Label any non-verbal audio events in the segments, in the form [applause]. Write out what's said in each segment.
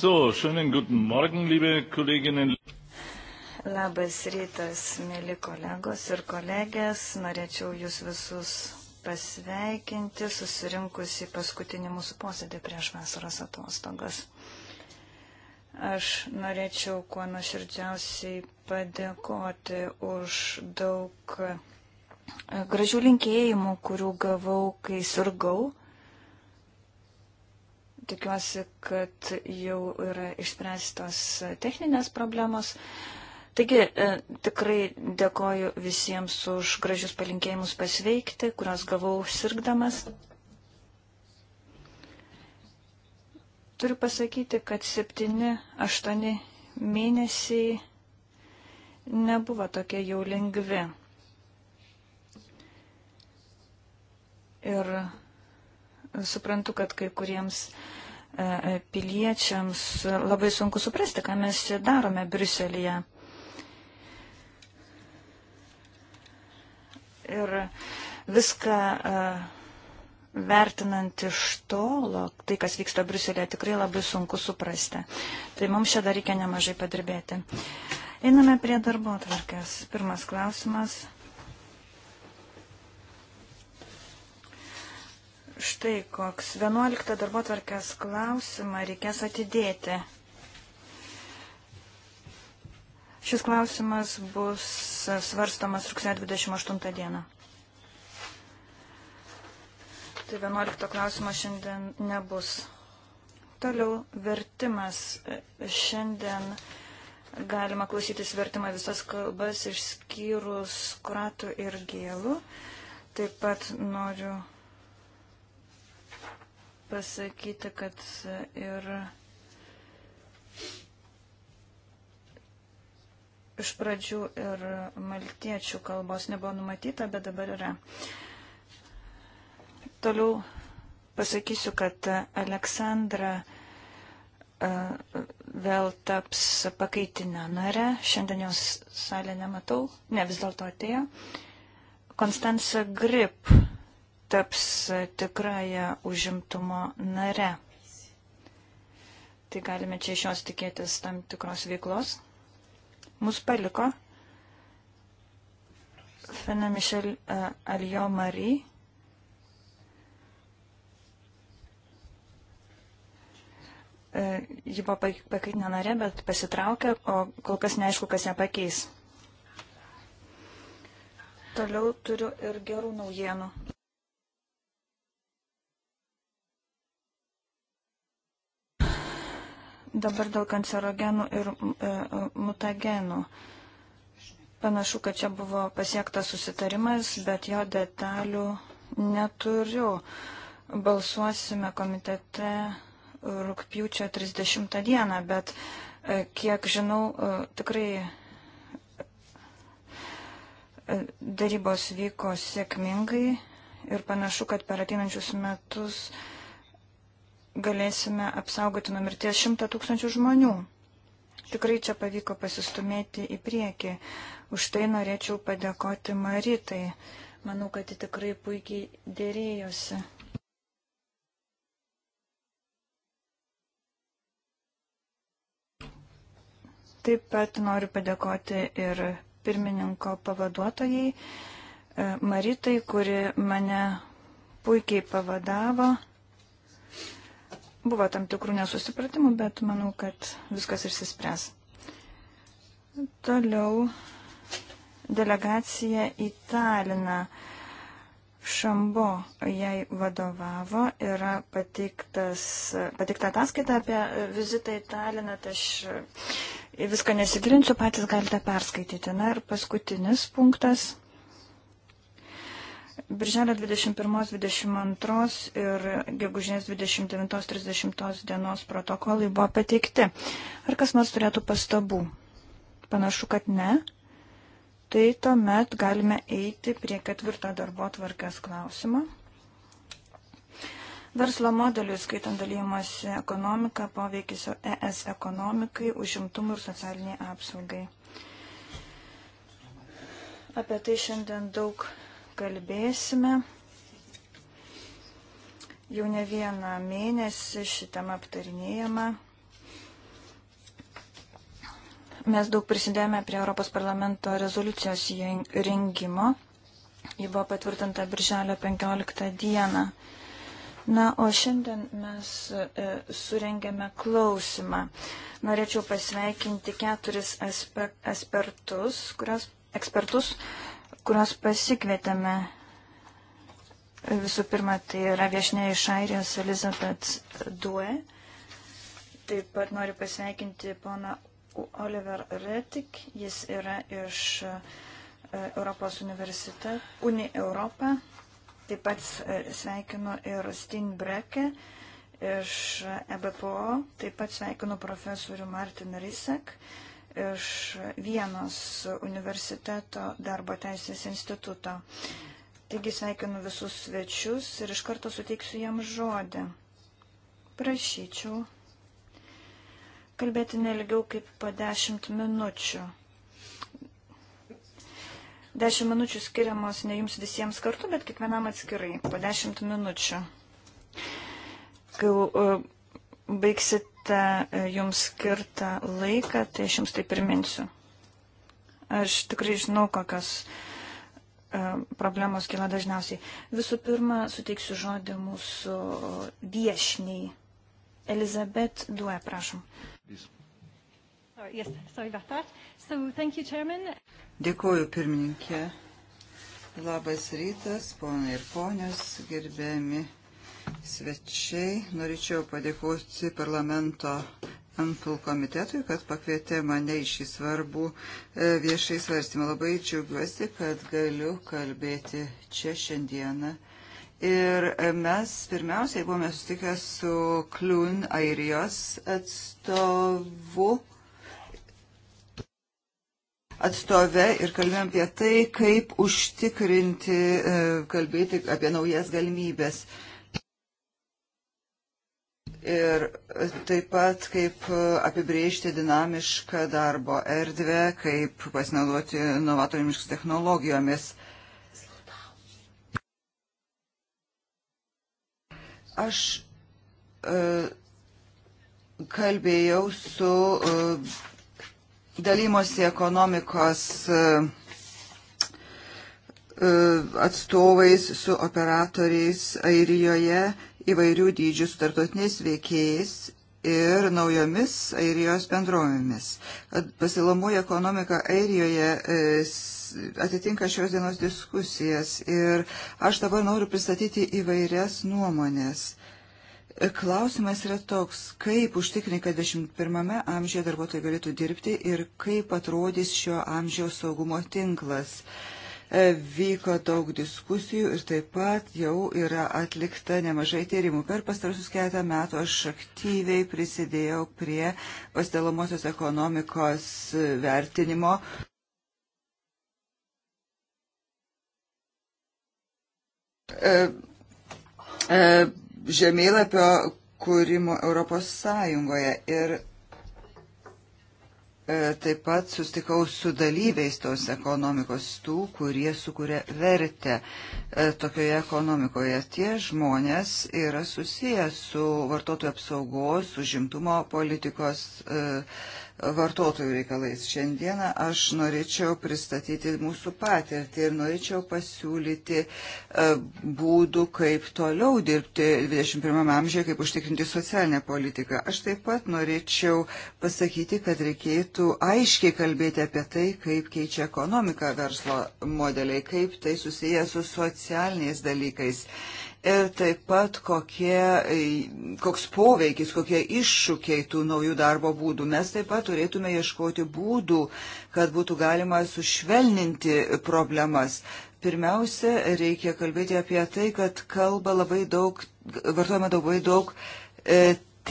So, šiandien guten morgen, liebe Kolleginnen. Labas rytas, mėly kolegos ir kolegės. Norėčiau jūs visus pasveikinti, susirinkus į paskutinį mūsų posėdį prieš vasaros atostogas. Aš norėčiau kuo nuoširdžiausiai padėkoti už daug gražių linkėjimų, kurių gavau, kai sirgau tikiuosi, kad jau yra išspręstos techninės problemos. Taigi e, tikrai dėkoju visiems už gražius palinkėjimus pasveikti, kuriuos gavau sirgdamas. Turiu pasakyti, kad 7-8 mėnesiai nebuvo tokie jau lengvi. Ir suprantu, kad kai kuriems e, e, piliečiams labai sunku suprasti, ką mes darome Briuselėje. Ir viską e, vertinant iš tolo, tai, kas vyksta Briuselėje, tikrai labai sunku suprasti. Tai mums čia dar reikia nemažai padirbėti. Einame prie darbo atvarkės. Pirmas klausimas. Štai koks 11 darbo tvarkės klausimą reikės atidėti. Šis klausimas bus svarstomas rugsėjo 28 dieną. Tai 11 klausimo šiandien nebus. Toliau vertimas. Šiandien galima klausytis vertimą visas kalbas išskyrus kuratų ir gėlų. Taip pat noriu pasakyti, kad ir iš pradžių ir maltiečių kalbos nebuvo numatyta, bet dabar yra. Toliau pasakysiu, kad Aleksandra e, vėl taps pakaitinę narę. Šiandien jos salę nematau, ne vis dėlto atėjo. Konstanca Grip taps tikrąją užimtumo nare. Tai galime čia iš jos tikėtis tam tikros veiklos. Mus paliko Fena Michel uh, e, Aljo Marie. Uh, ji buvo pakaitinė narė, bet pasitraukė, o kol kas neaišku, kas ją pakeis. Toliau turiu ir gerų naujienų. Dabar dėl kancerogenų ir e, mutagenų. Panašu, kad čia buvo pasiektas susitarimas, bet jo detalių neturiu. Balsuosime komitete rūpjūčio 30 dieną, bet e, kiek žinau, e, tikrai e, darybos vyko sėkmingai ir panašu, kad per ateinančius metus uh, galėsime apsaugoti nuo mirties šimtą tūkstančių žmonių. Tikrai čia pavyko pasistumėti į priekį. Už tai norėčiau padėkoti Maritai. Manau, kad ji tikrai puikiai dėrėjosi. Taip pat noriu padėkoti ir pirmininko pavaduotojai e, Maritai, kuri mane puikiai pavadavo. Buvo tam tikrų nesusipratimų, bet manau, kad viskas išsispręs. Toliau delegacija į Taliną. Šambo jai vadovavo, yra pateikta ataskaita apie vizitą į Taliną, tai aš viską nesigilinsiu, patys galite perskaityti. Na ir paskutinis punktas Birželio 21-22 ir gegužės 29-30 dienos protokolai buvo pateikti. Ar kas nors turėtų pastabų? Panašu, kad ne. Tai tuomet galime eiti prie ketvirto darbo tvarkės klausimo. Verslo modelių, skaitant dalymosi ekonomiką, poveikis e ES ekonomikai, užimtumui ir socialiniai apsaugai. Apie tai šiandien daug kalbėsime. Jau ne vieną mėnesį šitam aptarinėjama. Mes daug prisidėjome prie Europos parlamento rezoliucijos rengimo. Ji buvo patvirtinta birželio 15 dieną. Na, o šiandien mes e, surengėme klausimą. Norėčiau pasveikinti keturis aspe, ekspertus, kurios, ekspertus, kuriuos pasikvietėme. Visų pirma, tai yra viešinė iš Airijos Elizabeth Due. Taip pat noriu pasveikinti poną Oliver Retik. Jis yra iš e, Europos universiteto, Uni Europą. Taip pat e, sveikinu ir Stin Breke iš EBPO. E Taip pat sveikinu profesorių Martin Risek. Uh, iš vienos universiteto darbo teisės instituto. Taigi sveikinu visus svečius ir iš karto suteiksiu jam žodį. Prašyčiau kalbėti nelgiau kaip po 10 minučių. 10 minučių skiriamos ne jums visiems kartu, bet kiekvienam atskirai, po 10 minučių. Kai uh, baigsit minėjote e, jums skirtą laiką, tai aš jums tai priminsiu. Aš tikrai žinau, kokios e, problemos kyla dažniausiai. Visų pirma, suteiksiu žodį mūsų viešniai. Elizabeth Due, prašom. Dėkuoju, pirmininkė. Labas rytas, ponai ir ponios, gerbėmi svečiai. Norėčiau padėkoti parlamento Ampul komitetui, kad pakvietė mane į šį svarbų e, viešai svarstymą. Labai džiaugiuosi, kad galiu kalbėti čia šiandieną. Ir e, mes pirmiausiai buvome susitikę su Kliun Airijos atstovu atstove ir kalbėjom apie tai, kaip užtikrinti, e, kalbėti apie naujas galimybės. Ir taip pat kaip apibriežti dinamišką darbo erdvę, kaip pasinaudoti novatoriškus technologijomis. Aš e, kalbėjau su e, dalymosi ekonomikos e, atstovais, su operatoriais Airijoje įvairių dydžių su tartotiniais veikėjais ir naujomis Airijos bendrovėmis. Pasilamoja ekonomika Airijoje e, atitinka šios dienos diskusijas ir aš dabar noriu pristatyti įvairias nuomonės. E, klausimas yra toks, kaip užtikrinti, kad 21 amžiuje darbuotojai galėtų dirbti ir kaip atrodys šio amžiaus saugumo tinklas. Uh, vyko daug diskusijų ir taip pat jau yra atlikta nemažai tyrimų. Per pastarusius keletą metų aš aktyviai prisidėjau prie pastelomosios ekonomikos vertinimo. E, e, žemėlapio kūrimo Europos Sąjungoje ir E, taip pat sustikau su dalyviais tos ekonomikos, tų, kurie sukuria vertę e, tokioje ekonomikoje. Tie žmonės yra susiję su vartotojų apsaugos, užimtumo politikos e, vartotojų reikalais. Šiandieną aš norėčiau pristatyti mūsų patirtį ir norėčiau pasiūlyti e, būdų, kaip toliau dirbti 21 amžiuje, kaip užtikrinti socialinę politiką. Aš taip pat norėčiau pasakyti, kad reikėtų aiškiai kalbėti apie tai, kaip keičia ekonomika verslo modeliai, kaip tai susiję su socialiniais dalykais ir taip pat kokie, koks poveikis, kokie iššūkiai tų naujų darbo būdų. Mes taip pat turėtume ieškoti būdų, kad būtų galima sušvelninti problemas. Pirmiausia, reikia kalbėti apie tai, kad kalba labai daug, vartojame labai daug e,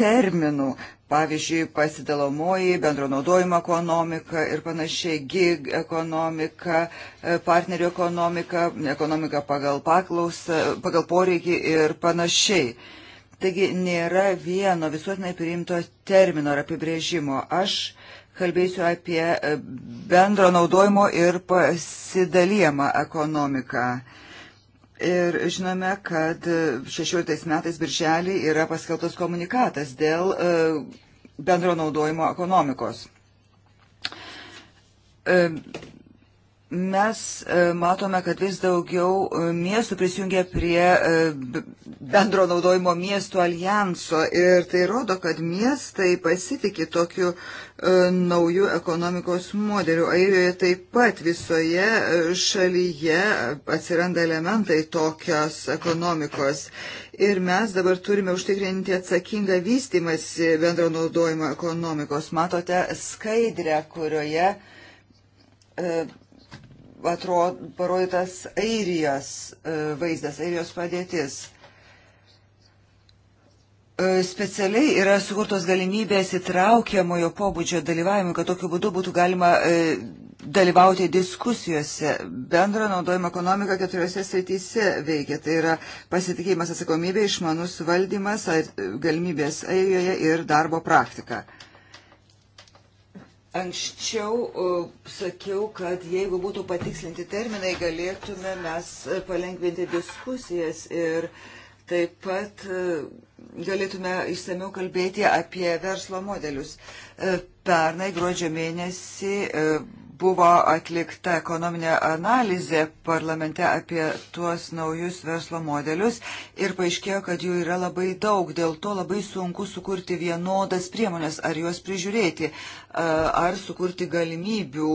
terminų pavyzdžiui, pasidalomoji, bendro naudojimo ekonomika ir panašiai, gig ekonomika, e, partnerių ekonomika, ekonomika pagal paklausą, pagal poreikį ir panašiai. Taigi nėra vieno visuotinai priimto termino ar apibrėžimo. Aš kalbėsiu apie e, bendro naudojimo ir pasidalijamą ekonomiką. Ir žinome, kad 16 metais birželį yra paskeltas komunikatas dėl e, bendro naudojimo ekonomikos e, Mes e, matome, kad vis daugiau e, miestų prisijungia prie e, bendro naudojimo miestų alijanso ir tai rodo, kad miestai pasitikė tokiu naujų ekonomikos modelių. Airijoje taip pat visoje šalyje atsiranda elementai tokios ekonomikos. Ir mes dabar turime užtikrinti atsakingą vystimąsi bendro naudojimo ekonomikos. Matote skaidrę, kurioje e, atrod, parodytas Airijos e, vaizdas, Airijos padėtis. E, specialiai yra sukurtos galimybės įtraukiamojo pobūdžio dalyvavimui, kad tokiu būdu būtų galima e, dalyvauti diskusijose. Bendra naudojimo ekonomika keturiose srityse veikia. Tai yra pasitikėjimas atsakomybė, išmanus valdymas, galimybės airijoje ir darbo praktika. Anksčiau sakiau, kad jeigu būtų patikslinti terminai, galėtume mes e, palengvinti diskusijas ir taip pat e, galėtume išsameu kalbėti apie verslo modelius. E, pernai gruodžio mėnesį buvo atlikta ekonominė analizė parlamente apie tuos naujus verslo modelius ir paaiškėjo, kad jų yra labai daug, dėl to labai sunku sukurti vienodas priemonės, ar juos prižiūrėti, ar sukurti galimybių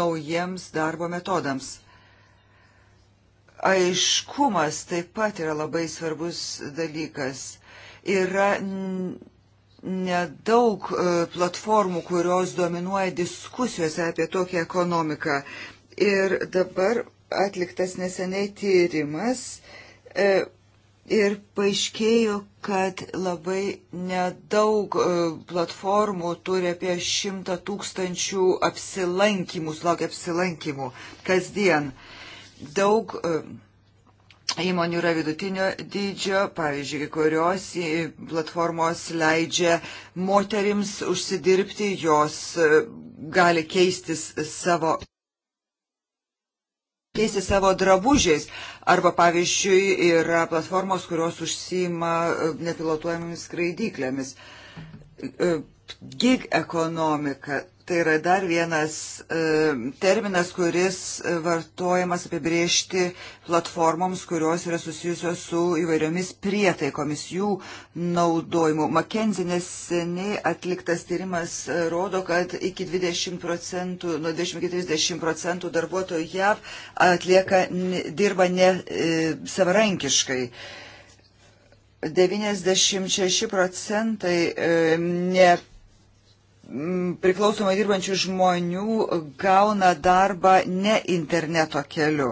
naujiems darbo metodams. Aiškumas taip pat yra labai svarbus dalykas. Yra nedaug e, platformų, kurios dominuoja diskusijose apie tokią ekonomiką. Ir dabar atliktas neseniai tyrimas e, ir paaiškėjo, kad labai nedaug e, platformų turi apie šimtą tūkstančių apsilankimų, sulaukia apsilankimų kasdien. Daug Įmonių yra vidutinio dydžio, pavyzdžiui, kurios platformos leidžia moterims užsidirbti, jos e, gali keistis savo, keisti savo drabužiais. Arba, pavyzdžiui, yra platformos, kurios užsima e, nepilotuojamomis skraidyklėmis. E, gig ekonomika Tai yra dar vienas e, terminas, kuris e, vartojamas apibriežti platformoms, kurios yra susijusios su įvairiomis prietaikomis, jų naudojimu. McKenzie neseniai atliktas tyrimas e, rodo, kad iki 20 procentų, nuo 20 iki 30 procentų darbuotojų JAV atlieka, dirba ne e, savarankiškai. 96 procentai e, ne priklausomai dirbančių žmonių gauna darbą ne interneto keliu.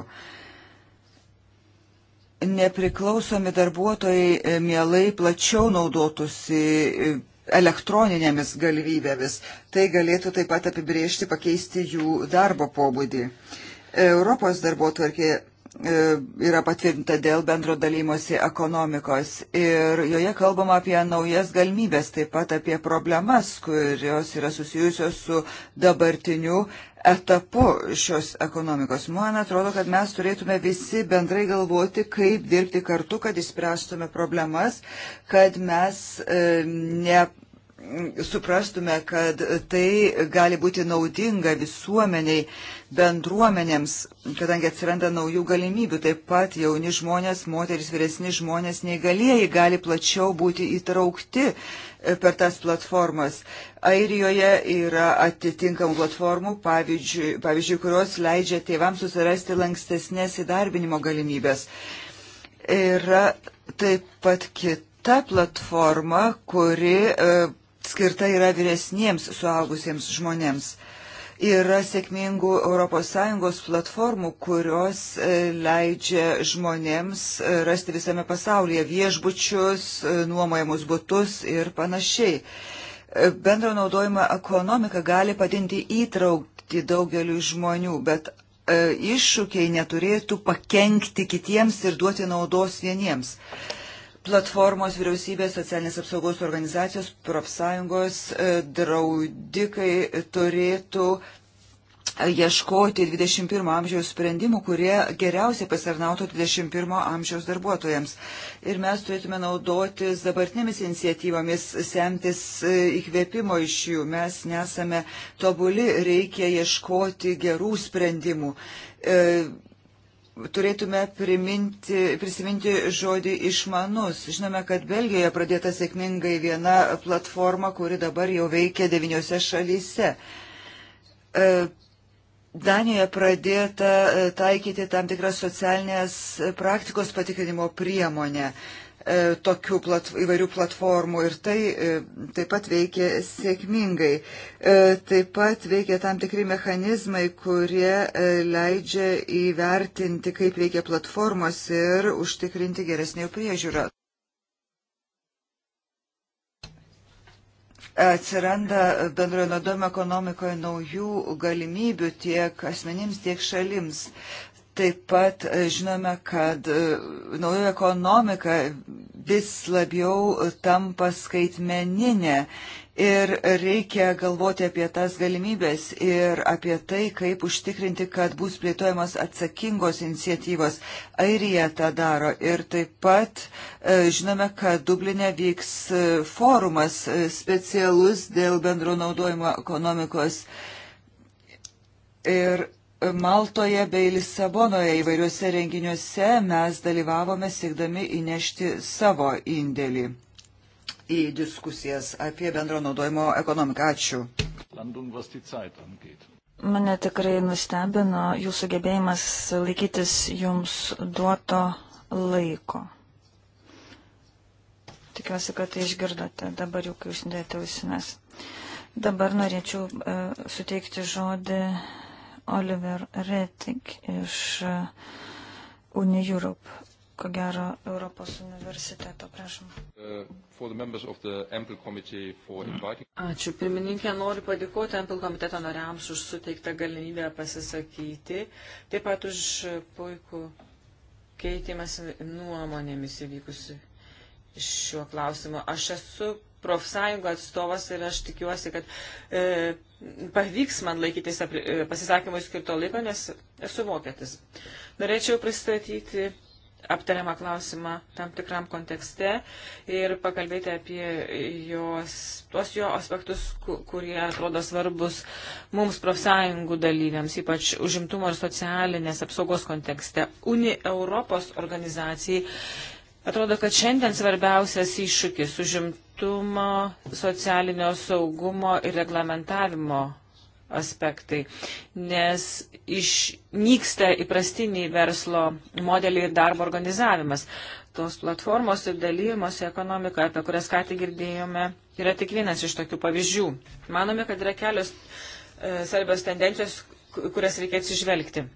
Nepriklausomi darbuotojai e, mielai plačiau naudotųsi e, elektroninėmis galimybėmis. Tai galėtų taip pat apibriežti, pakeisti jų darbo pobūdį. Europos darbo tvarkė E, yra patvirtinta dėl bendro dalymosi ekonomikos ir joje kalbama apie naujas galimybės, taip pat apie problemas, kurios yra susijusios su dabartiniu etapu šios ekonomikos. Man atrodo, kad mes turėtume visi bendrai galvoti, kaip dirbti kartu, kad išspręstume problemas, kad mes e, ne suprastume, kad tai gali būti naudinga visuomeniai, bendruomenėms, kadangi atsiranda naujų galimybių. Taip pat jauni žmonės, moteris, vyresni žmonės, neįgalieji gali plačiau būti įtraukti e, per tas platformas. Airijoje yra atitinkamų platformų, pavyzdžiui, pavyzdžiui kurios leidžia tėvams susirasti lankstesnės įdarbinimo galimybės. Yra taip pat kita kita platforma, kuri e, skirta yra vyresniems suaugusiems žmonėms. Yra sėkmingų ES platformų, kurios e, leidžia žmonėms e, rasti visame pasaulyje viešbučius, e, nuomojamus butus ir panašiai. Bendro naudojimo ekonomika gali padinti įtraukti daugeliu žmonių, bet iššūkiai neturėtų pakengti kitiems ir duoti naudos vieniems platformos vyriausybės, socialinės apsaugos organizacijos, profsąjungos e, draudikai turėtų e, ieškoti 21 amžiaus sprendimų, kurie geriausiai pasarnautų 21 amžiaus darbuotojams. Ir mes turėtume naudotis dabartinėmis iniciatyvomis, semtis e, įkvėpimo iš jų. Mes nesame tobuli, reikia ieškoti gerų sprendimų. E, turėtume priminti, prisiminti žodį išmanus. Žinome, kad Belgijoje pradėta sėkmingai viena platforma, kuri dabar jau veikia deviniuose šalyse. E, Danijoje pradėta e, taikyti tam tikras socialinės praktikos patikrinimo priemonę. E, tokių plat, įvairių platformų ir tai e, taip pat veikia sėkmingai. E, taip pat veikia tam tikri mechanizmai, kurie leidžia įvertinti, kaip veikia platformos ir užtikrinti geresnį priežiūrą. Atsiranda bendrojo naudojimo ekonomikoje naujų galimybių tiek asmenims, tiek šalims. Taip pat e, žinome, kad e, naujoji ekonomika vis labiau tampa skaitmeninė ir reikia galvoti apie tas galimybės ir apie tai, kaip užtikrinti, kad bus plėtojamos atsakingos iniciatyvos. Airija tą daro ir taip pat e, žinome, kad Dublinė vyks forumas specialus dėl bendro naudojimo ekonomikos. Ir Maltoje bei Lisabonoje įvairiuose renginiuose mes dalyvavome siekdami įnešti savo indėlį į diskusijas apie bendro naudojimo ekonomiką. Ačiū. Mane tikrai nustebino jūsų gebėjimas laikytis jums duoto laiko. Tikiuosi, kad tai išgirdote dabar jau, kai užsidėjote ausines. Dabar norėčiau e, suteikti žodį Oliver Retik iš uh, Uni Europe, ko gero Europos universiteto, prašom. Uh, mhm. Ačiū pirmininkė, noriu padėkoti Ampil komiteto nariams už suteiktą galimybę pasisakyti, taip pat už puikų keitimas nuomonėmis įvykusi šiuo klausimu. Aš esu profsąjungo atstovas ir aš tikiuosi, kad e, pavyks man laikytis apri, e, pasisakymui skirto laiko, nes esu vokietis. Norėčiau pristatyti aptariamą klausimą tam tikram kontekste ir pakalbėti apie jos, tuos jo aspektus, kurie atrodo svarbus mums profsąjungų dalyviams, ypač užimtumo ir socialinės apsaugos kontekste. Uni Europos organizacijai Atrodo, kad šiandien svarbiausias iššūkis užimtumo, socialinio saugumo ir reglamentavimo aspektai, nes išnyksta įprastiniai verslo modeliai ir darbo organizavimas. Tos platformos ir dalymosi ekonomika, apie kurias ką tik girdėjome, yra tik vienas iš tokių pavyzdžių. Manome, kad yra kelios e, svarbios tendencijos, kurias reikia atsižvelgti.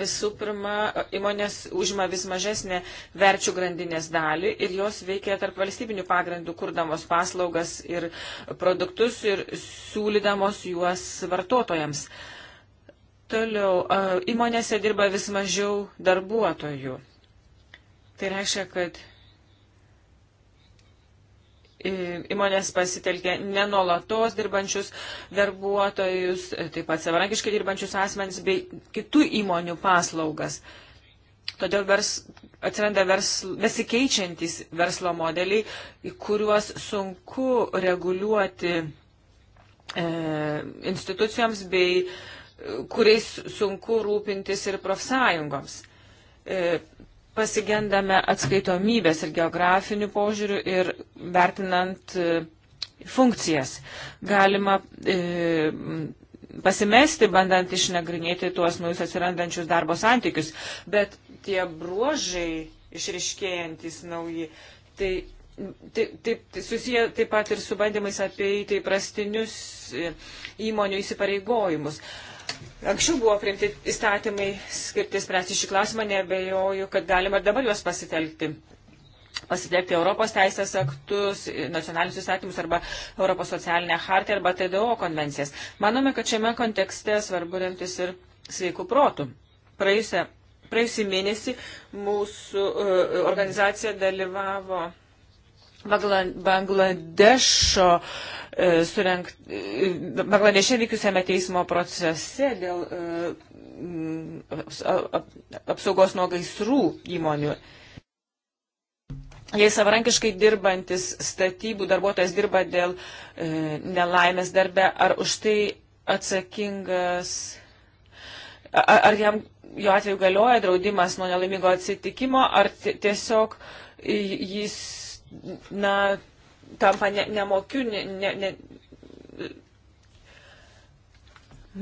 Visų pirma, įmonės užima vis mažesnę verčių grandinės dalį ir jos veikia tarp valstybinių pagrindų, kurdamos paslaugas ir produktus ir siūlydamos juos vartotojams. Toliau, įmonėse dirba vis mažiau darbuotojų. Tai reiškia, kad įmonės pasitelkė nenolatos dirbančius darbuotojus, taip pat savarankiškai dirbančius asmenys bei kitų įmonių paslaugas. Todėl vers, atsiranda versl, besikeičiantys verslo modeliai, kuriuos sunku reguliuoti e, institucijoms bei e, kuriais sunku rūpintis ir profsąjungoms. E, pasigendame atskaitomybės ir geografinių požiūrių ir vertinant e, funkcijas. Galima e, pasimesti, bandant išnagrinėti tuos naujus atsirandančius darbo santykius, bet tie bruožai išriškėjantis nauji, tai Taip, taip, tai susiję taip pat ir su bandymais apeiti įprastinius e, įmonių įsipareigojimus. Anksčiau buvo priimti įstatymai skirti spręsti šį klausimą, nebejoju, kad galima ir dabar juos pasitelkti. Pasitelkti Europos teisės aktus, nacionalinius įstatymus arba Europos socialinę hartę arba TDO konvencijas. Manome, kad šiame kontekste svarbu remtis ir sveikų protų. Praėjusią, praėjusį mėnesį mūsų uh, organizacija dalyvavo Bangladešo e, surenk, e, Bangladeše vykusiame teismo procese dėl e, apsaugos nuo gaisrų įmonių. Jei savarankiškai dirbantis statybų darbuotojas dirba dėl e, nelaimės darbe, ar už tai atsakingas, ar, ar jam jo atveju galioja draudimas nuo nelaimingo atsitikimo, ar tiesiog jis na, tampa ne, nemokiu, ne, ne, ne.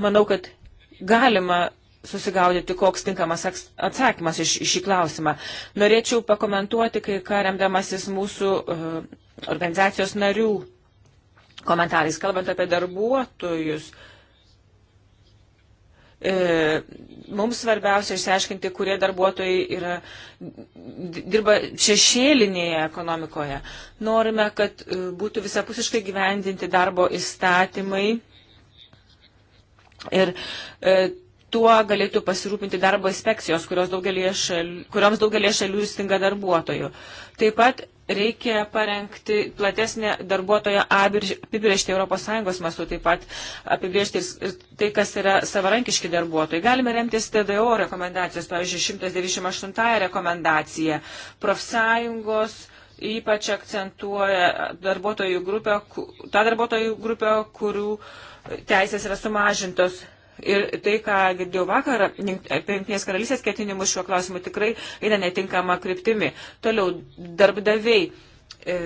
manau, kad galima susigaudyti, koks tinkamas atsakymas iš, iš šį klausimą. Norėčiau pakomentuoti, kai ką remdamasis mūsų uh, organizacijos narių komentarais, kalbant apie darbuotojus. Uh, E, mums svarbiausia išsiaiškinti, kurie darbuotojai yra, dirba šešėlinėje ekonomikoje. Norime, kad e, būtų visapusiškai gyvendinti darbo įstatymai ir e, tuo galėtų pasirūpinti darbo inspekcijos, daugelie šal, kurioms daugelie šalių stinga darbuotojų. Taip pat reikia parengti platesnę darbuotojo apibriežti ES mastu, taip pat apibriežti ir tai, kas yra savarankiški darbuotojai. Galime remtis TDO rekomendacijos, pavyzdžiui, 198 rekomendacija. Profsąjungos ypač akcentuoja darbuotojų grupę, tą darbuotojų grupę, kurių teisės yra sumažintos Ir tai, ką girdėjau vakar apie Junktinės karalystės ketinimus šiuo klausimu, tikrai yra netinkama kryptimi. Toliau, darbdaviai. E,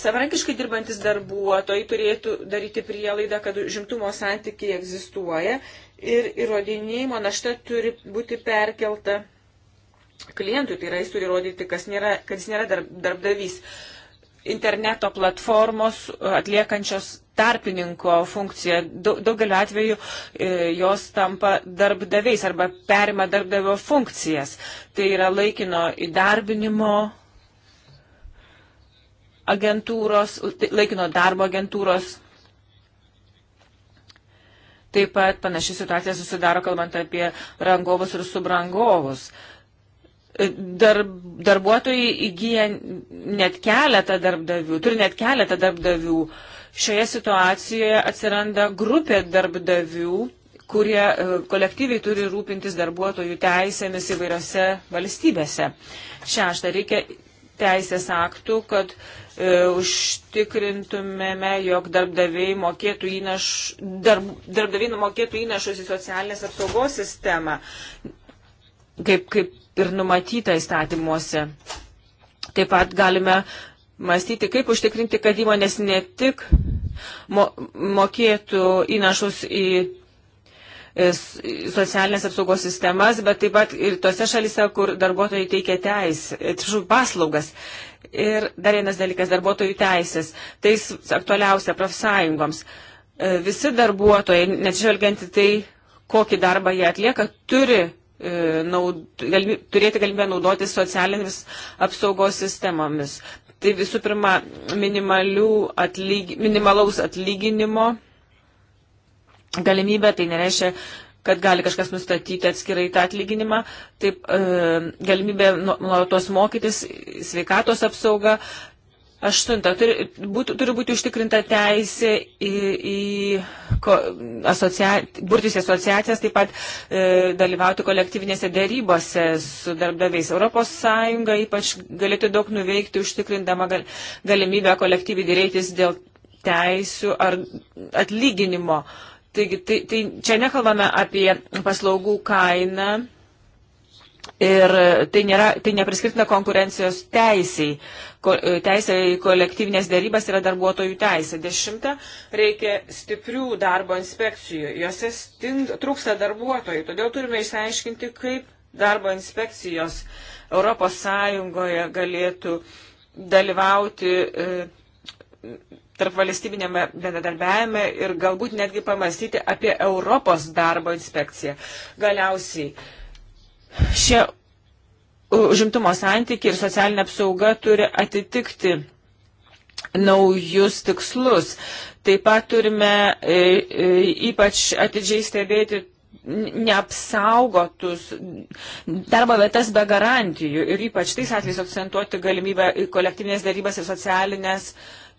Savarankiškai dirbantis darbuotojai turėtų daryti prielaidą, kad žimtumo santykiai egzistuoja ir įrodinėjimo našta turi būti perkelta klientui, tai yra jis turi įrodyti, nėra, kad jis nėra darb, darbdavys. E, interneto platformos atliekančios tarpininko funkciją. Daugeliu atveju e, jos tampa darbdaviais arba perima darbdavio funkcijas. Tai yra laikino įdarbinimo agentūros, tai laikino darbo agentūros. Taip pat panaši situacija susidaro, kalbant apie rangovus ir subrangovus. Uh, dar, darbuotojai įgyja net keletą darbdavių, turi net keletą darbdavių. Šioje situacijoje atsiranda grupė darbdavių, kurie e, kolektyviai turi rūpintis darbuotojų teisėmis įvairiose valstybėse. Šešta, reikia teisės aktų, kad e, užtikrintumėme, jog darbdaviai mokėtų, įnaš, darb, darbdaviai mokėtų įnašus į socialinės apsaugos sistemą. Kaip, kaip ir numatyta įstatymuose. Taip pat galime mąstyti, kaip užtikrinti, kad įmonės ne tik mo mokėtų įnašus į socialinės apsaugos sistemas, bet taip pat ir tose šalise, kur darbuotojai teikia teis, paslaugas. Ir dar vienas dalykas - darbuotojų teisės. Tai aktualiausia profsąjungoms. E, visi darbuotojai, neatsižvelgianti tai, kokį darbą jie atlieka, turi E, naud, galimi, turėti galimybę naudotis socialinėmis apsaugos sistemomis. Tai visų pirma, atlyg, minimalaus atlyginimo galimybė, tai nereiškia, kad gali kažkas nustatyti atskirai tą atlyginimą, taip e, galimybė nu, nuolatos mokytis, sveikatos apsauga, Aštunta, turi, būtų, turi būti užtikrinta teisė į, į ko, asocia, burtis asociacijas, taip pat e, dalyvauti kolektyvinėse dėrybose su darbdaviais. Europos Sąjunga ypač galėtų daug nuveikti užtikrindama gal, galimybę kolektyviai dėrėtis dėl teisių ar atlyginimo. Taigi, tai, tai čia nekalbame apie paslaugų kainą. Ir tai, nėra, tai nepriskirtina konkurencijos teisiai. Uh, E, teisė į kolektyvinės dėrybas yra darbuotojų teisė. Dešimta, reikia stiprių darbo inspekcijų. Jose sting, trūksta darbuotojų, todėl turime išsiaiškinti, kaip darbo inspekcijos ES galėtų dalyvauti e, tarp valstybinėme bendradarbiajame ir galbūt netgi pamastyti apie Europos darbo inspekciją. Galiausiai šie užimtumo santykiai ir socialinė apsauga turi atitikti naujus tikslus. Taip pat turime e, e, ypač atidžiai stebėti neapsaugotus darbo vietas be garantijų ir ypač tais atvejais akcentuoti galimybę kolektyvinės darybas ir socialinės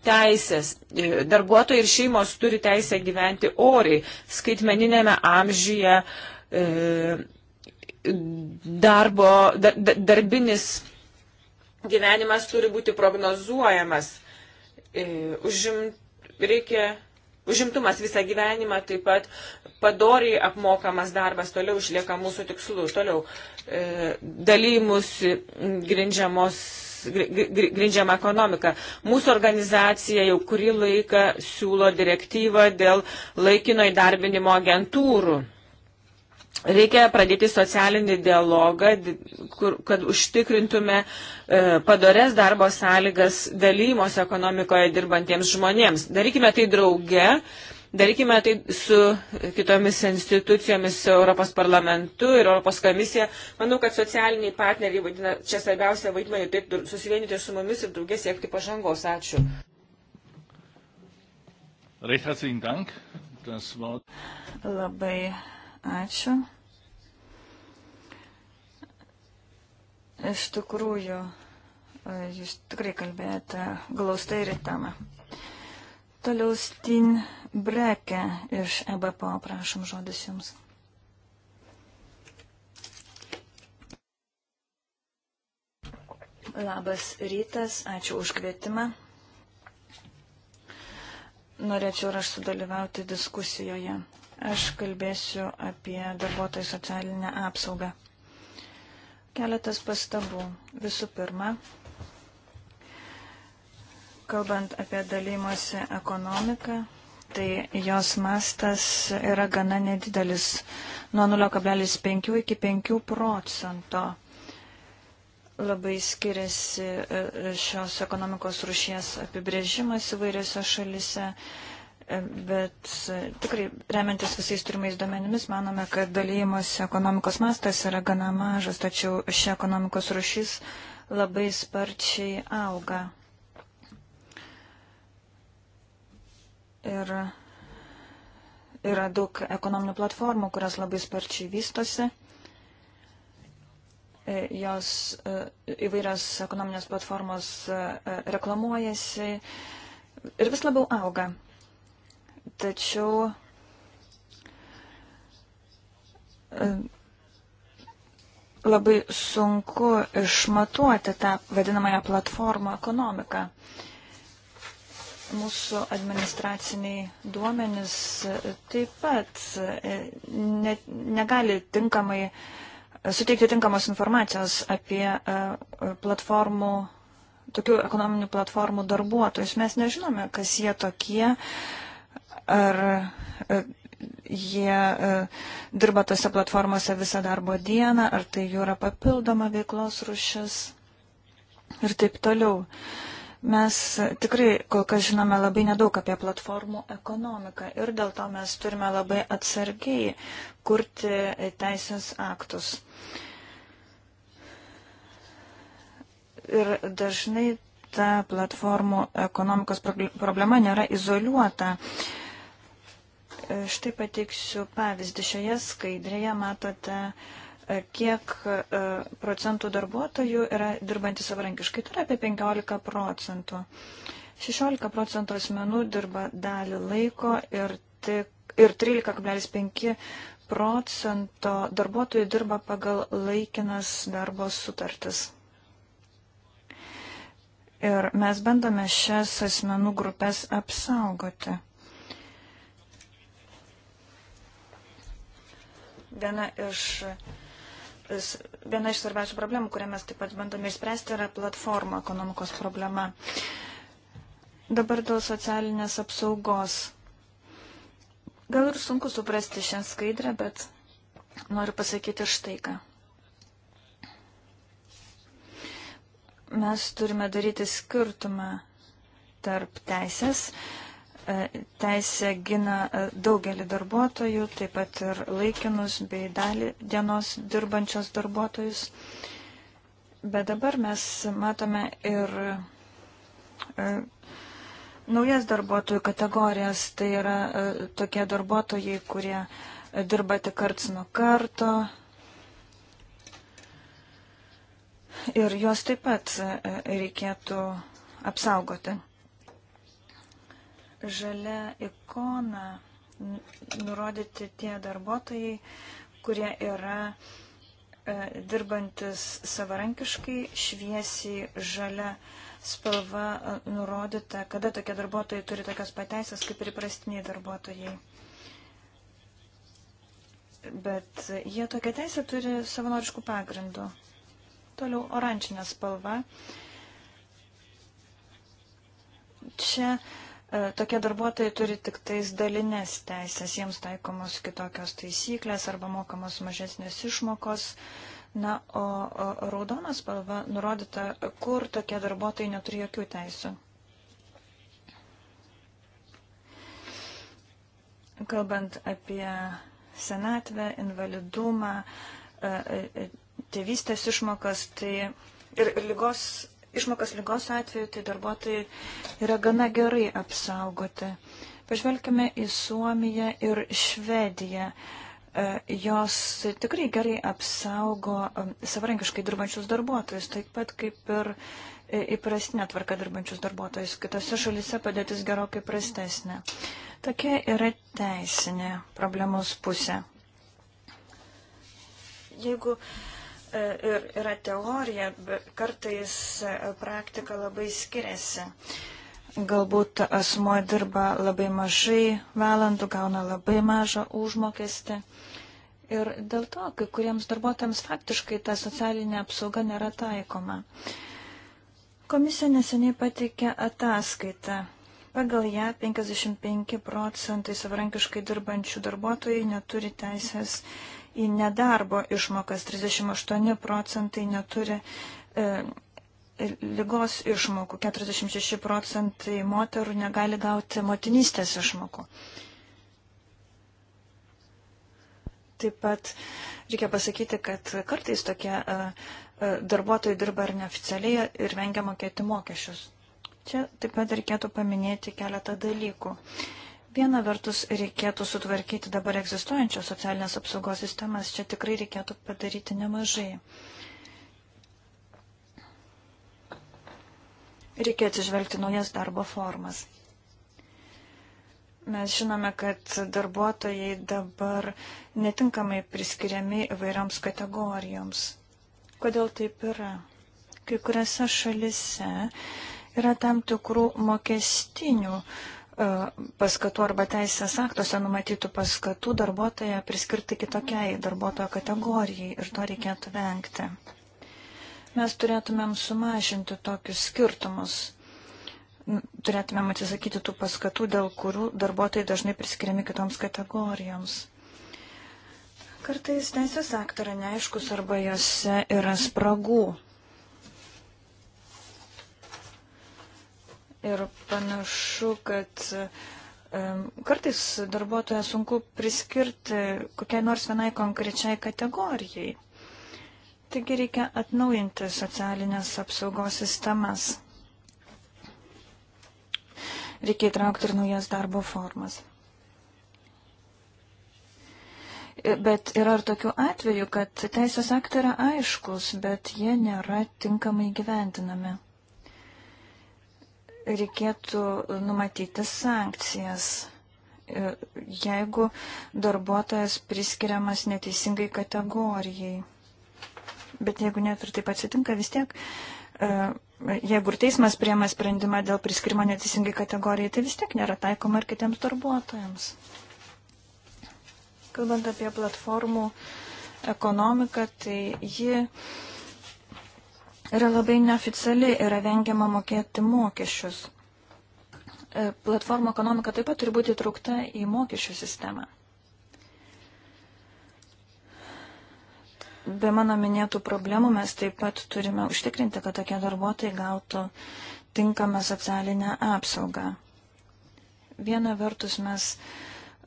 teisės. E, darbuotojai ir šeimos turi teisę gyventi oriai. Skaitmeninėme amžiuje e, darbo, dar, darbinis gyvenimas turi būti prognozuojamas. E, užim, reikia, užimtumas visą gyvenimą, taip pat padoriai apmokamas darbas toliau išlieka mūsų tikslu. Toliau e, dalymus grindžiamos grindžiama ekonomika. Mūsų organizacija jau kurį laiką siūlo direktyvą dėl laikino įdarbinimo agentūrų. Reikia pradėti socialinį dialogą, kur, kad užtikrintume e, padorės darbo sąlygas dalymos ekonomikoje dirbantiems žmonėms. Darykime tai drauge, darykime tai su kitomis institucijomis, Europos parlamentu ir Europos komisija. Manau, kad socialiniai partneriai vaidina čia svarbiausią vaidmenį, taip susivienyti su mumis ir draugės siekti pažangos. Ačiū. Recht herzlichen Dank. Das Wort. Labai Ačiū. Iš tikrųjų, e, jūs tikrai kalbėjote glaustai ir temą. Toliau Stin Breke iš EBPO, prašom žodis jums. Labas rytas, ačiū už kvietimą. Norėčiau ir aš sudalyvauti diskusijoje. Aš kalbėsiu apie darbuotojų socialinę apsaugą. Keletas pastabų. Visų pirma, kalbant apie dalymosi ekonomiką, tai jos mastas yra gana nedidelis - nuo 0,5 iki 5 procento. Labai skiriasi e, e, šios ekonomikos rušies apibrėžimas įvairiose šalise bet e, tikrai remiantis visais turimais duomenimis, manome, kad dalyjimas ekonomikos mastas yra gana mažas, tačiau ši ekonomikos rušis labai sparčiai auga. Ir yra daug ekonominių platformų, kurios labai sparčiai vystosi. E, jos e, įvairios ekonominės platformos reklamuojasi ir vis labiau auga. Tačiau e, labai sunku išmatuoti tą vadinamąją platformą ekonomiką. Mūsų administraciniai duomenys taip pat e, ne, negali tinkamai suteikti tinkamos informacijos apie e, platformų, tokių ekonominių platformų darbuotojus. Mes nežinome, kas jie tokie, ar e, jie e, dirba tose platformose visą darbo dieną, ar tai jų yra papildoma veiklos rušis ir taip toliau. Mes tikrai kol kas žinome labai nedaug apie platformų ekonomiką ir dėl to mes turime labai atsargiai kurti teisės aktus. Ir dažnai ta platformų ekonomikos problema nėra izoliuota. Uh, Štai pateiksiu pavyzdį. Šioje skaidrėje matote, e, kiek e, procentų darbuotojų yra dirbantys savarankiškai. Tai yra apie 15 procentų. 16 procentų asmenų dirba dalį laiko ir, tik, ir 13,5 procento darbuotojų dirba pagal laikinas darbo sutartis. Ir mes bandome šias asmenų grupės apsaugoti. viena iš, viena iš svarbiausių problemų, kurią mes taip pat bandome išspręsti, yra platforma ekonomikos problema. Dabar dėl socialinės apsaugos. Gal ir sunku suprasti šią skaidrę, bet noriu pasakyti štai ką. Mes turime daryti skirtumą tarp teisės E, teisė gina e, daugelį darbuotojų, taip pat ir laikinus bei dalį dienos dirbančios darbuotojus. Bet dabar mes matome ir e, naujas darbuotojų kategorijas. Tai yra tokie darbuotojai, kurie dirba tik karts nuo karto. Ir juos taip pat reikėtų apsaugoti žalia ikona nurodyti tie darbuotojai, kurie yra e, dirbantis savarankiškai, šviesiai žalia spalva e, nurodyta, kada tokie darbuotojai turi tokias pateisės kaip ir įprastiniai darbuotojai. Bet jie tokią teisę turi savanoriškų pagrindų. Toliau oranžinė spalva. Čia uh, E, tokie darbuotojai turi tik tais dalinės teisės, jiems taikomos kitokios taisyklės arba mokamos mažesnės išmokos. Na, o, o raudonas spalva nurodyta, kur tokie darbuotojai neturi jokių teisų. Kalbant apie senatvę, invalidumą, e, e, tėvystės išmokas tai, ir, ir lygos išmokas lygos atveju, tai darbuotojai yra gana gerai apsaugoti. Pažvelkime į Suomiją ir Švediją. E, jos tikrai gerai apsaugo e, savarankiškai dirbančius darbuotojus, taip pat kaip ir e, įprastinė tvarka dirbančius darbuotojus. Kitose šalise padėtis gerokai prastesnė. Tokia yra teisinė problemos pusė. Jeigu uh, ir yra teorija, bet kartais e, praktika labai skiriasi. Galbūt asmo dirba labai mažai valandų, gauna labai mažą užmokestį. Ir dėl to, kai kuriems darbuotojams faktiškai ta socialinė apsauga nėra taikoma. Komisija neseniai pateikė ataskaitą. Pagal ją 55 procentai savarankiškai dirbančių darbuotojai neturi teisės uh, į nedarbo išmokas, 38 procentai neturi e, lygos išmokų, 46 procentai moterų negali gauti motinystės išmokų. Taip pat reikia pasakyti, kad kartais tokie e, e, darbuotojai dirba ir neoficialiai ir vengia mokėti mokesčius. Čia taip pat reikėtų paminėti keletą dalykų. E, Viena vertus reikėtų sutvarkyti dabar egzistuojančios socialinės apsaugos sistemas, čia tikrai reikėtų padaryti nemažai. Reikia atsižvelgti naujas darbo formas. Mes žinome, kad darbuotojai dabar netinkamai priskiriami įvairioms kategorijoms. Kodėl taip yra? Kai kuriuose šalise yra tam tikrų mokestinių uh, E, paskatų arba teisės aktuose numatytų paskatų darbuotoją priskirti kitokiai darbuotojo kategorijai ir to reikėtų vengti. Mes turėtumėm sumažinti tokius skirtumus. Turėtumėm atsisakyti tų paskatų, dėl kurių darbuotojai dažnai priskiriami kitoms kategorijoms. Kartais teisės aktai yra neaiškus arba jose yra spragų. Ir panašu, kad kartais darbuotoją sunku priskirti kokiai nors vienai konkrečiai kategorijai. Taigi reikia atnaujinti socialinės apsaugos sistemas. Reikia įtraukti ir naujas darbo formas. Bet yra ir tokių atvejų, kad teisės aktai yra aiškus, bet jie nėra tinkamai gyventinami reikėtų numatyti sankcijas, e, jeigu darbuotojas priskiriamas neteisingai kategorijai. Bet jeigu net ir taip atsitinka, vis tiek, e, jeigu ir teismas priema sprendimą dėl priskirimo neteisingai kategorijai, tai vis tiek nėra taikoma ir kitiems darbuotojams. Kalbant apie platformų ekonomiką, tai ji. Uh, yra labai neoficiali, yra vengiama mokėti mokesčius. E, platformų ekonomika taip pat turi būti įtraukta į mokesčių sistemą. Be mano minėtų problemų mes taip pat turime užtikrinti, kad tokie darbuotojai gautų tinkamą socialinę apsaugą. Viena vertus mes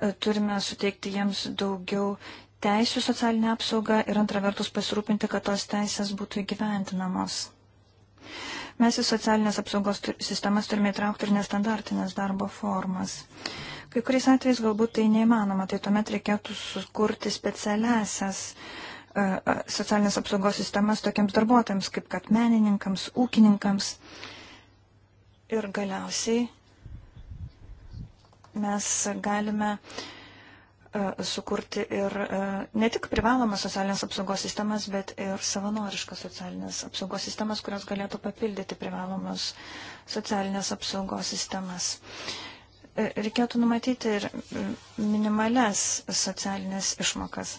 e, turime suteikti jiems daugiau teisų socialinę apsaugą ir antra vertus pasirūpinti, kad tos teisės būtų įgyventinamos. Mes į socialinės apsaugos sistemas turime įtraukti ir nestandartinės darbo formas. Kai kuriais atvejais galbūt tai neįmanoma, tai tuomet reikėtų sukurti specialiasias e, e, socialinės apsaugos sistemas tokiems darbuotojams, kaip kad menininkams, ūkininkams. Ir galiausiai mes galime uh, E, sukurti ir e, ne tik privalomas socialinės apsaugos sistemas, bet ir savanoriškas socialinės apsaugos sistemas, kurios galėtų papildyti privalomas socialinės apsaugos sistemas. E, reikėtų numatyti ir minimales socialinės išmokas.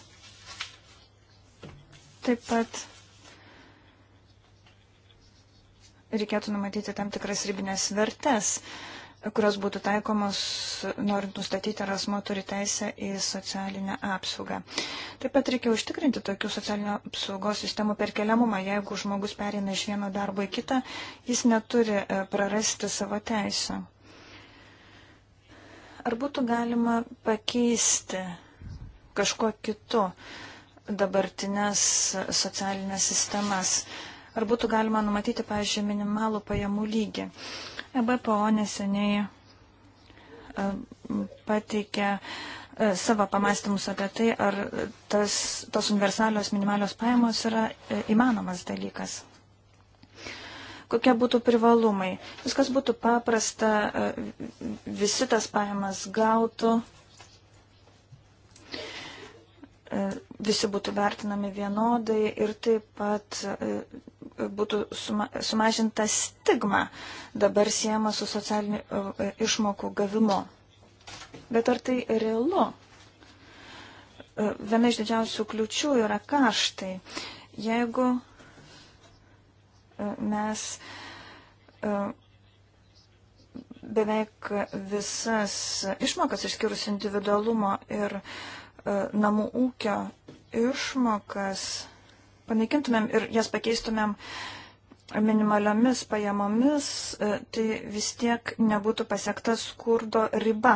Taip pat reikėtų numatyti tam tikras ribinės vertes. Uh, kurios būtų taikomos, norint nustatyti, ar asmo turi teisę į socialinę apsaugą. Taip pat reikia užtikrinti tokių socialinio apsaugos sistemų perkeliamumą. Jeigu žmogus perina iš vieno darbo į kitą, jis neturi e, prarasti savo teisę. Ar būtų galima pakeisti kažkuo kitu dabartinės socialinės sistemas? Ar būtų galima numatyti, pavyzdžiui, minimalų pajamų lygį? Uh, EBPO neseniai e, pateikė e, savo pamastymus apie tai, ar tas, tos universalios minimalios pajamos yra e, įmanomas dalykas. Kokie būtų privalumai? Viskas būtų paprasta, visi tas pajamas gautų, visi būtų vertinami vienodai ir taip pat būtų suma, sumažinta stigma dabar siejama su socialiniu e, išmokų gavimu. Bet ar tai realu? E, viena iš didžiausių kliučių yra kaštai. Jeigu e, mes beveik visas išmokas išskyrus individualumo ir namų ūkio išmokas panaikintumėm ir jas pakeistumėm minimaliomis pajamomis, e, tai vis tiek nebūtų pasiekta skurdo riba.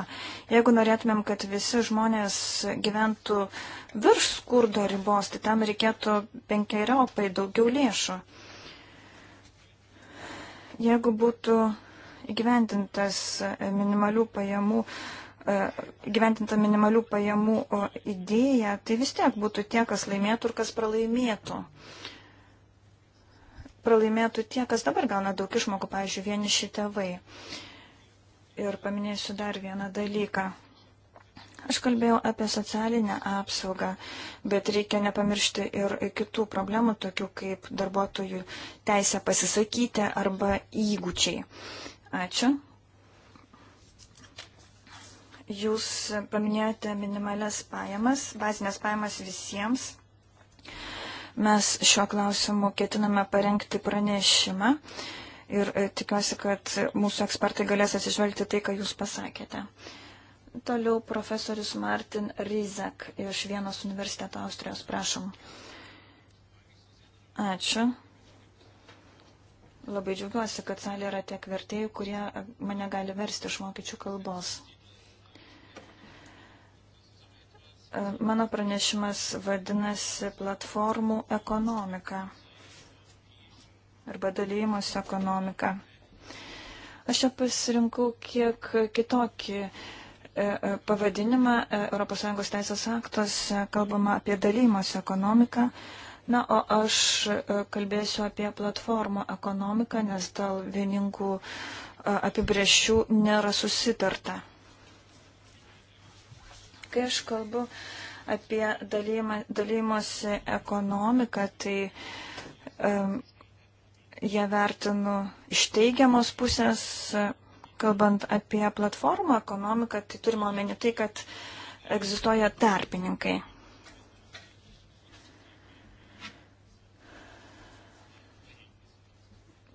Jeigu norėtumėm, kad visi žmonės gyventų virš skurdo ribos, tai tam reikėtų penkeriopai daugiau lėšų. Jeigu būtų įgyvendintas minimalių pajamų uh, E, gyventinta minimalių pajamų idėja, tai vis tiek būtų tie, kas laimėtų ir kas pralaimėtų. Pralaimėtų tie, kas dabar gauna daug išmokų, pavyzdžiui, vieniši tėvai. Ir paminėsiu dar vieną dalyką. Aš kalbėjau apie socialinę apsaugą, bet reikia nepamiršti ir kitų problemų, tokių kaip darbuotojų teisė pasisakyti arba įgūdžiai. Ačiū. Jūs paminėjote minimalias pajamas, bazinės pajamas visiems. Mes šiuo klausimu ketiname parengti pranešimą ir e, tikiuosi, kad mūsų ekspertai galės atsižvelgti tai, ką jūs pasakėte. Toliau profesorius Martin Rizek iš Vienos universiteto Austrijos, prašom. Ačiū. Labai džiaugiuosi, kad salė yra tiek vertėjų, kurie mane gali versti iš vokiečių kalbos. E, mano pranešimas vadinasi platformų ekonomika arba dalymosi ekonomika. Aš čia pasirinkau kiek kitokį e, e, pavadinimą. ES teisės aktos kalbama apie dalymosi ekonomiką. Na, o aš kalbėsiu apie platformą ekonomiką, nes dėl vieningų apibriešių nėra susitarta. Kai aš kalbu apie dalymą, dalymosi ekonomiką, tai um, ją vertinu iš teigiamos pusės, kalbant apie platformą ekonomiką, tai turime omeny tai, kad egzistuoja tarpininkai.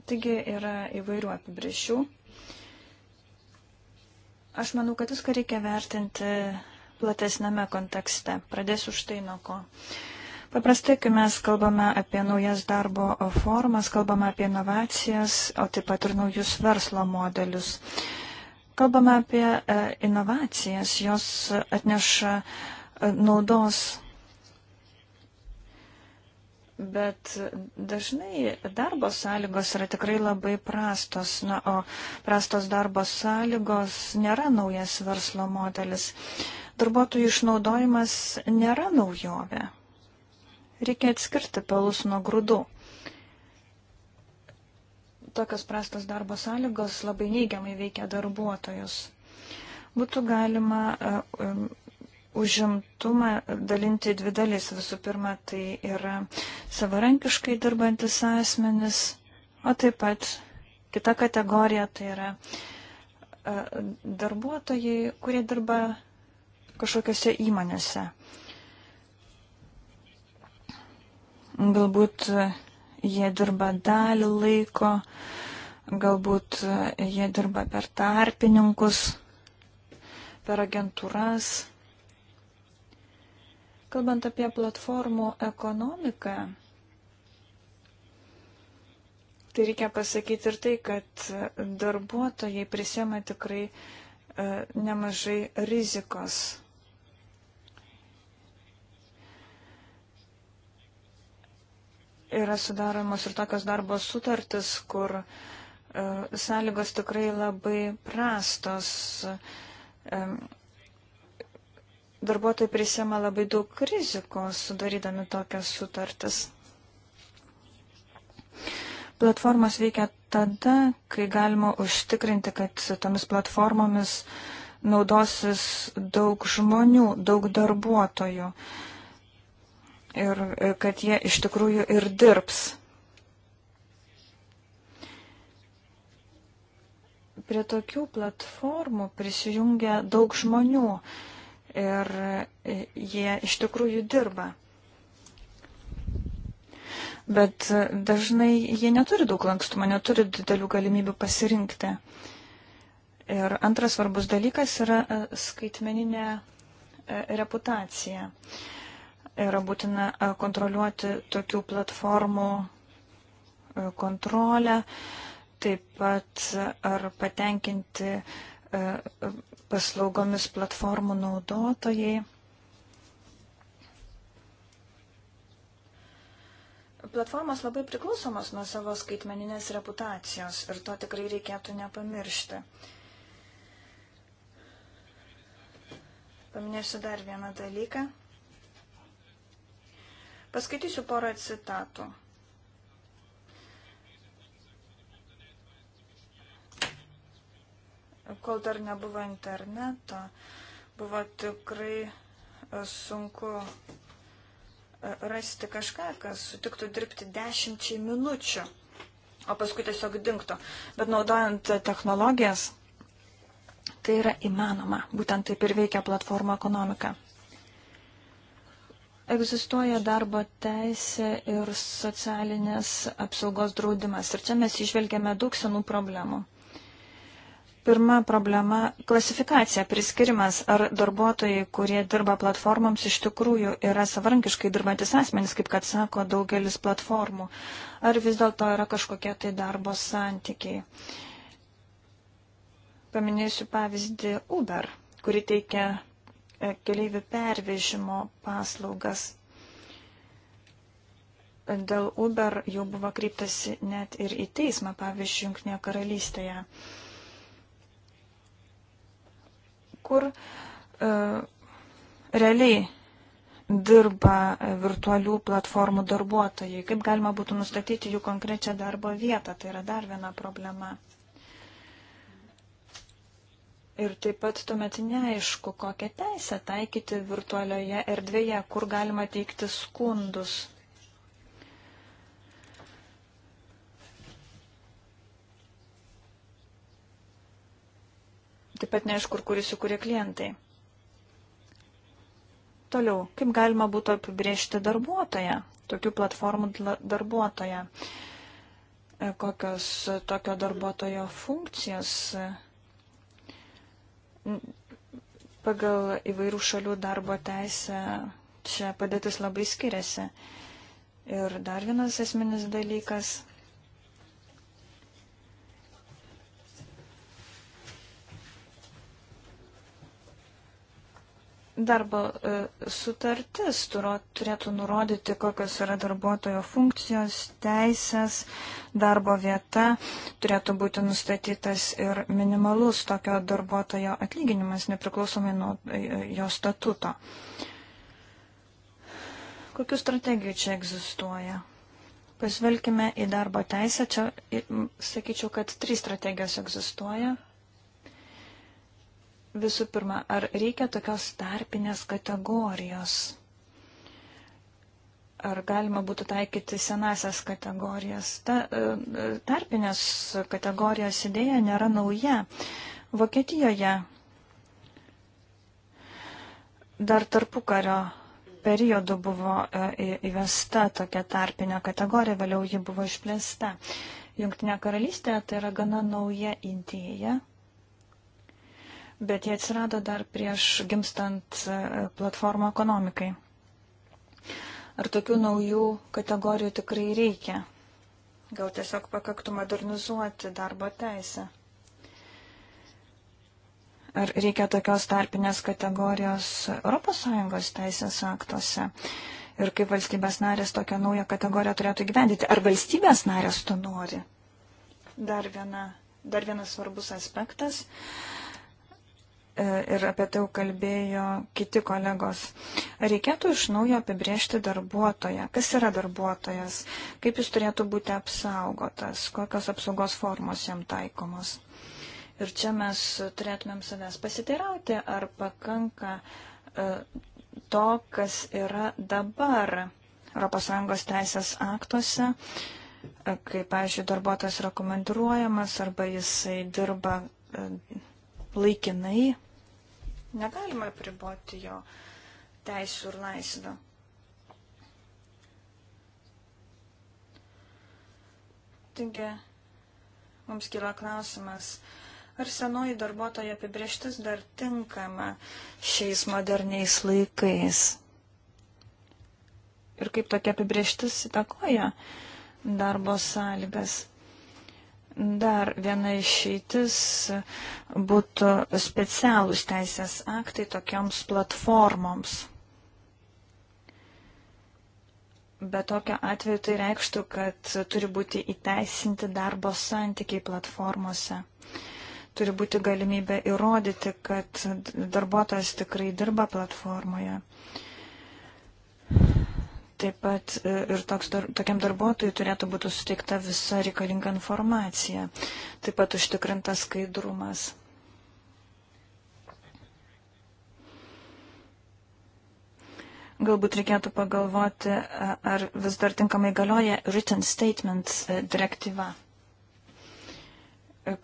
Taigi yra įvairių apibrėžčių. Aš manau, kad viską reikia vertinti platesnėme kontekste. Pradėsiu štai nuo ko. Paprastai, kai mes kalbame apie naujas darbo formas, kalbame apie inovacijas, o taip pat ir naujus verslo modelius. Kalbame apie e, inovacijas, jos atneša e, naudos bet dažnai darbo sąlygos yra tikrai labai prastos, na, o prastos darbo sąlygos nėra naujas verslo modelis. Darbuotojų išnaudojimas nėra naujovė. Reikia atskirti pelus nuo grūdų. Tokios prastos darbo sąlygos labai neigiamai veikia darbuotojus. Būtų galima e, e, užimtumą dalinti dvi dalis. Visų pirma, tai yra savarankiškai dirbantis asmenis, o taip pat kita kategorija tai yra e, darbuotojai, kurie dirba kažkokiose įmonėse. Galbūt jie dirba dalį laiko, galbūt jie dirba per tarpininkus, per agentūras. Kalbant apie platformų ekonomiką, tai reikia pasakyti ir tai, kad darbuotojai prisėma tikrai e, nemažai rizikos. yra sudaromos ir tokios darbo sutartis, kur e, sąlygos tikrai labai prastos. E, darbuotojai prisėma labai daug rizikos sudarydami tokias sutartis. Platformos veikia tada, kai galima užtikrinti, kad tomis platformomis naudosis daug žmonių, daug darbuotojų. Uh, ir e, kad jie iš tikrųjų ir dirbs. Prie tokių platformų prisijungia daug žmonių ir e, jie iš tikrųjų dirba. Bet e, dažnai jie neturi daug lankstumo, neturi didelių galimybių pasirinkti. Ir antras svarbus dalykas yra skaitmeninė reputacija. Uh, yra būtina e, kontroliuoti tokių platformų e, kontrolę, taip pat e, ar patenkinti paslaugomis platformų naudotojai. Platformos labai priklausomos nuo savo skaitmeninės reputacijos ir to tikrai reikėtų nepamiršti. Paminėsiu dar vieną dalyką. Paskaitysiu porą citatų. Kol dar nebuvo interneto, buvo tikrai e, sunku e, rasti kažką, kas sutiktų dirbti dešimčiai minučių, o paskui tiesiog dinktų. Bet naudojant technologijas, tai yra įmanoma. Būtent taip ir veikia platformų ekonomika egzistuoja darbo teisė ir socialinės apsaugos draudimas. Ir čia mes išvelgiame daug senų problemų. Pirma problema - klasifikacija, priskirimas, ar darbuotojai, kurie dirba platformoms, iš tikrųjų yra savarankiškai dirbantis asmenys, kaip kad sako daugelis platformų, ar vis dėlto yra kažkokie tai darbo santykiai. Paminėsiu pavyzdį Uber, kuri teikia E, keleivių pervežimo paslaugas. Dėl Uber jau buvo kryptasi net ir į teismą, pavyzdžiui, Junknėje karalystėje, kur uh, realiai dirba virtualių platformų darbuotojai. Kaip galima būtų nustatyti jų konkrečią darbo vietą, tai yra dar viena problema. Ir taip pat tuomet neaišku, kokią teisę taikyti virtualioje erdvėje, kur galima teikti skundus. Taip pat neaišku, kur įsikūrė klientai. Toliau, kaip galima būtų apibriežti darbuotoją, tokių platformų darbuotoją, e, kokios tokio darbuotojo funkcijos pagal įvairių šalių darbo teisę čia padėtis labai skiriasi. Ir dar vienas esminis dalykas Darbo e, sutartis turėtų nurodyti, kokios yra darbuotojo funkcijos, teisės, darbo vieta, turėtų būti nustatytas ir minimalus tokio darbuotojo atlyginimas, nepriklausomai nuo e, e, jo statuto. Kokių strategijų čia egzistuoja? Pasvelkime į darbo teisę. Čia sakyčiau, kad trys strategijos egzistuoja. Visų pirma, ar reikia tokios tarpinės kategorijos? Ar galima būtų taikyti senasias kategorijas? Ta, e, e, tarpinės kategorijos idėja nėra nauja. Vokietijoje dar tarpukario periodu buvo e, įvesta tokia tarpinė kategorija, vėliau ji buvo išplėsta. Junktinė karalystė tai yra gana nauja idėja bet jie atsirado dar prieš gimstant e, platformų ekonomikai. Ar tokių naujų kategorijų tikrai reikia? Gal tiesiog pakaktų modernizuoti darbo teisę? Ar reikia tokios tarpinės kategorijos ES teisės aktuose? Ir kaip valstybės narės tokią naują kategoriją turėtų gyvendyti? Ar valstybės narės to nori? Dar, viena, dar vienas svarbus aspektas. Uh, E, ir apie tai jau kalbėjo kiti kolegos. Ar reikėtų iš naujo apibriežti darbuotoją? Kas yra darbuotojas? Kaip jis turėtų būti apsaugotas? Kokios apsaugos formos jam taikomos? Ir čia mes turėtumėm savęs pasiteirauti, ar pakanka e, to, kas yra dabar ES teisės aktuose, e, kaip, pavyzdžiui, darbuotojas yra komandiruojamas arba jisai dirba laikinai Negalima priboti jo teisų ir laisvių. Taigi, mums kyla klausimas, ar senoji darbuotojo apibrieštis dar tinkama šiais moderniais laikais? Ir kaip tokia apibrieštis įtakoja darbo sąlygas? Dar viena išeitis būtų specialūs teisės aktai tokioms platformoms. Bet tokio atveju tai reikštų, kad turi būti įteisinti darbo santykiai platformose. Turi būti galimybė įrodyti, kad darbuotojas tikrai dirba platformoje. Uh, Taip pat e, ir toks, tokiam darbuotojui turėtų būti suteikta visa reikalinga informacija. Taip pat užtikrintas skaidrumas. Galbūt reikėtų pagalvoti, e, ar vis dar tinkamai galioja written statements e, direktyva.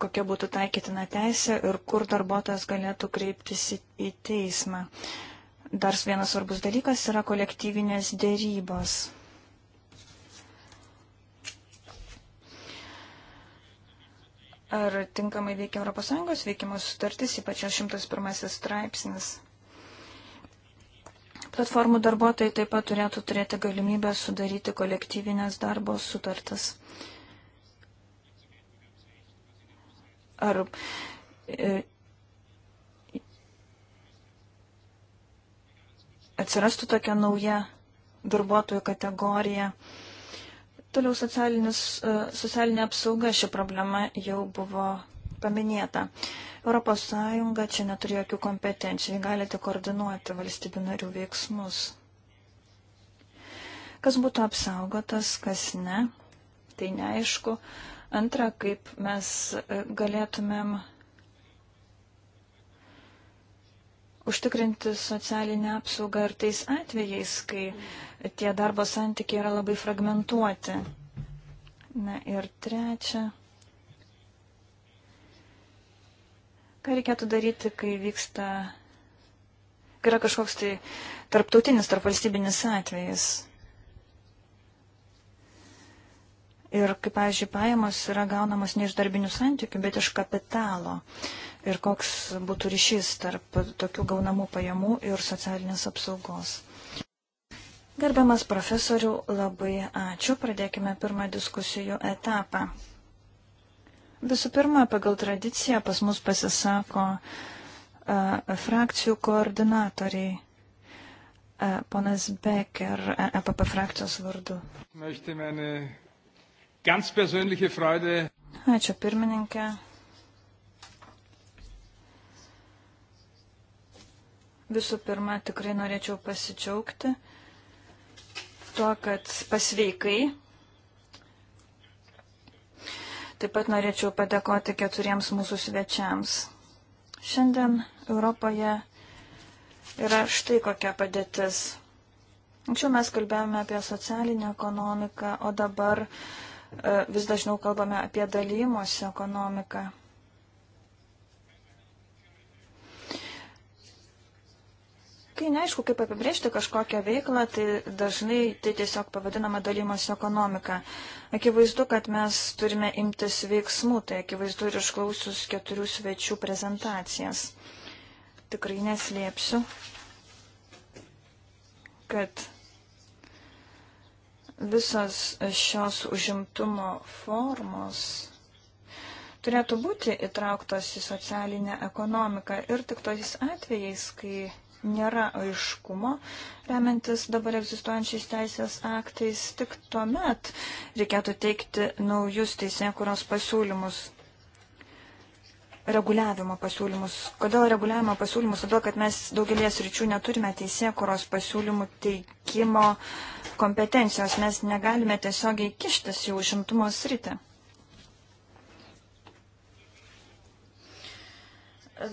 Kokia būtų taikytina teisė ir kur darbuotojas galėtų kreiptis į teismą. Uh, dar vienas svarbus dalykas yra kolektyvinės dėrybos. Ar tinkamai veikia ES veikimo sutartis, ypač 101 straipsnis. Platformų darbuotojai taip pat turėtų turėti galimybę sudaryti kolektyvinės darbo sutartas. Ar e, atsirastų tokia nauja darbuotojų kategorija. Toliau e, socialinė apsauga, ši problema jau buvo paminėta. ES čia neturi jokių kompetencijų, galite koordinuoti valstybių narių veiksmus. Kas būtų apsaugotas, kas ne, tai neaišku. Antra, kaip mes e, galėtumėm užtikrinti socialinę apsaugą ir tais atvejais, kai tie darbo santykiai yra labai fragmentuoti. Na ir trečia. Ką reikėtų daryti, kai vyksta, kai yra kažkoks tai tarptautinis, tarpvalstybinis atvejis. Ir kaip, pavyzdžiui, pajamos yra gaunamos ne iš darbinių santykių, bet iš kapitalo. Uh, ir koks būtų ryšys tarp tokių gaunamų pajamų ir socialinės apsaugos. Gerbiamas profesorių, labai ačiū. Pradėkime pirmą diskusijų etapą. Visų pirma, pagal tradiciją pas mus pasisako a, frakcijų koordinatoriai. A, ponas Becker, EPP frakcijos vardu. Ačiū pirmininkė. Visų pirma, tikrai norėčiau pasidžiaugti tuo, kad pasveikai. Taip pat norėčiau padėkoti keturiems mūsų svečiams. Šiandien Europoje yra štai kokia padėtis. Anksčiau mes kalbėjome apie socialinę ekonomiką, o dabar e, vis dažniau kalbame apie dalymosi ekonomiką. Kai neaišku, kaip apibrėžti kažkokią veiklą, tai dažnai tai tiesiog pavadinama dalymosi ekonomika. Akivaizdu, kad mes turime imtis veiksmų, tai akivaizdu ir išklausius keturių svečių prezentacijas. Tikrai neslėpsiu, kad visos šios užimtumo formos turėtų būti įtrauktos į socialinę ekonomiką ir tik tojais atvejais, kai nėra aiškumo, remiantis dabar egzistuojančiais teisės aktais, tik tuomet reikėtų teikti naujus teisėkuros pasiūlymus reguliavimo pasiūlymus. Kodėl reguliavimo pasiūlymus? Todėl, kad mes daugelės ryčių neturime teisėkuros pasiūlymų teikimo kompetencijos. Mes negalime tiesiogiai kištis jų užimtumo sritį.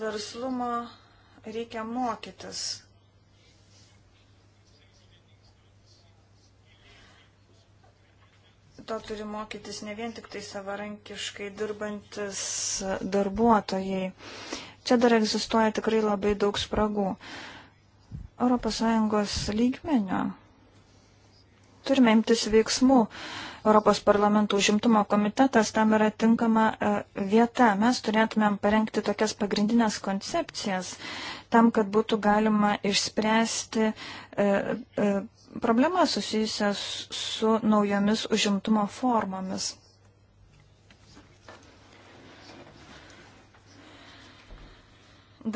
Verslumo reikia mokytis. To turi mokytis ne vien tik tai savarankiškai dirbantis darbuotojai. Čia dar egzistuoja tikrai labai daug spragų. ES lygmenio turime imtis veiksmų. Uh, Europos parlamento užimtumo komitetas tam yra tinkama e, vieta. Mes turėtumėm parengti tokias pagrindinės koncepcijas tam, kad būtų galima išspręsti e, e, problemas susijusias su naujomis užimtumo formomis.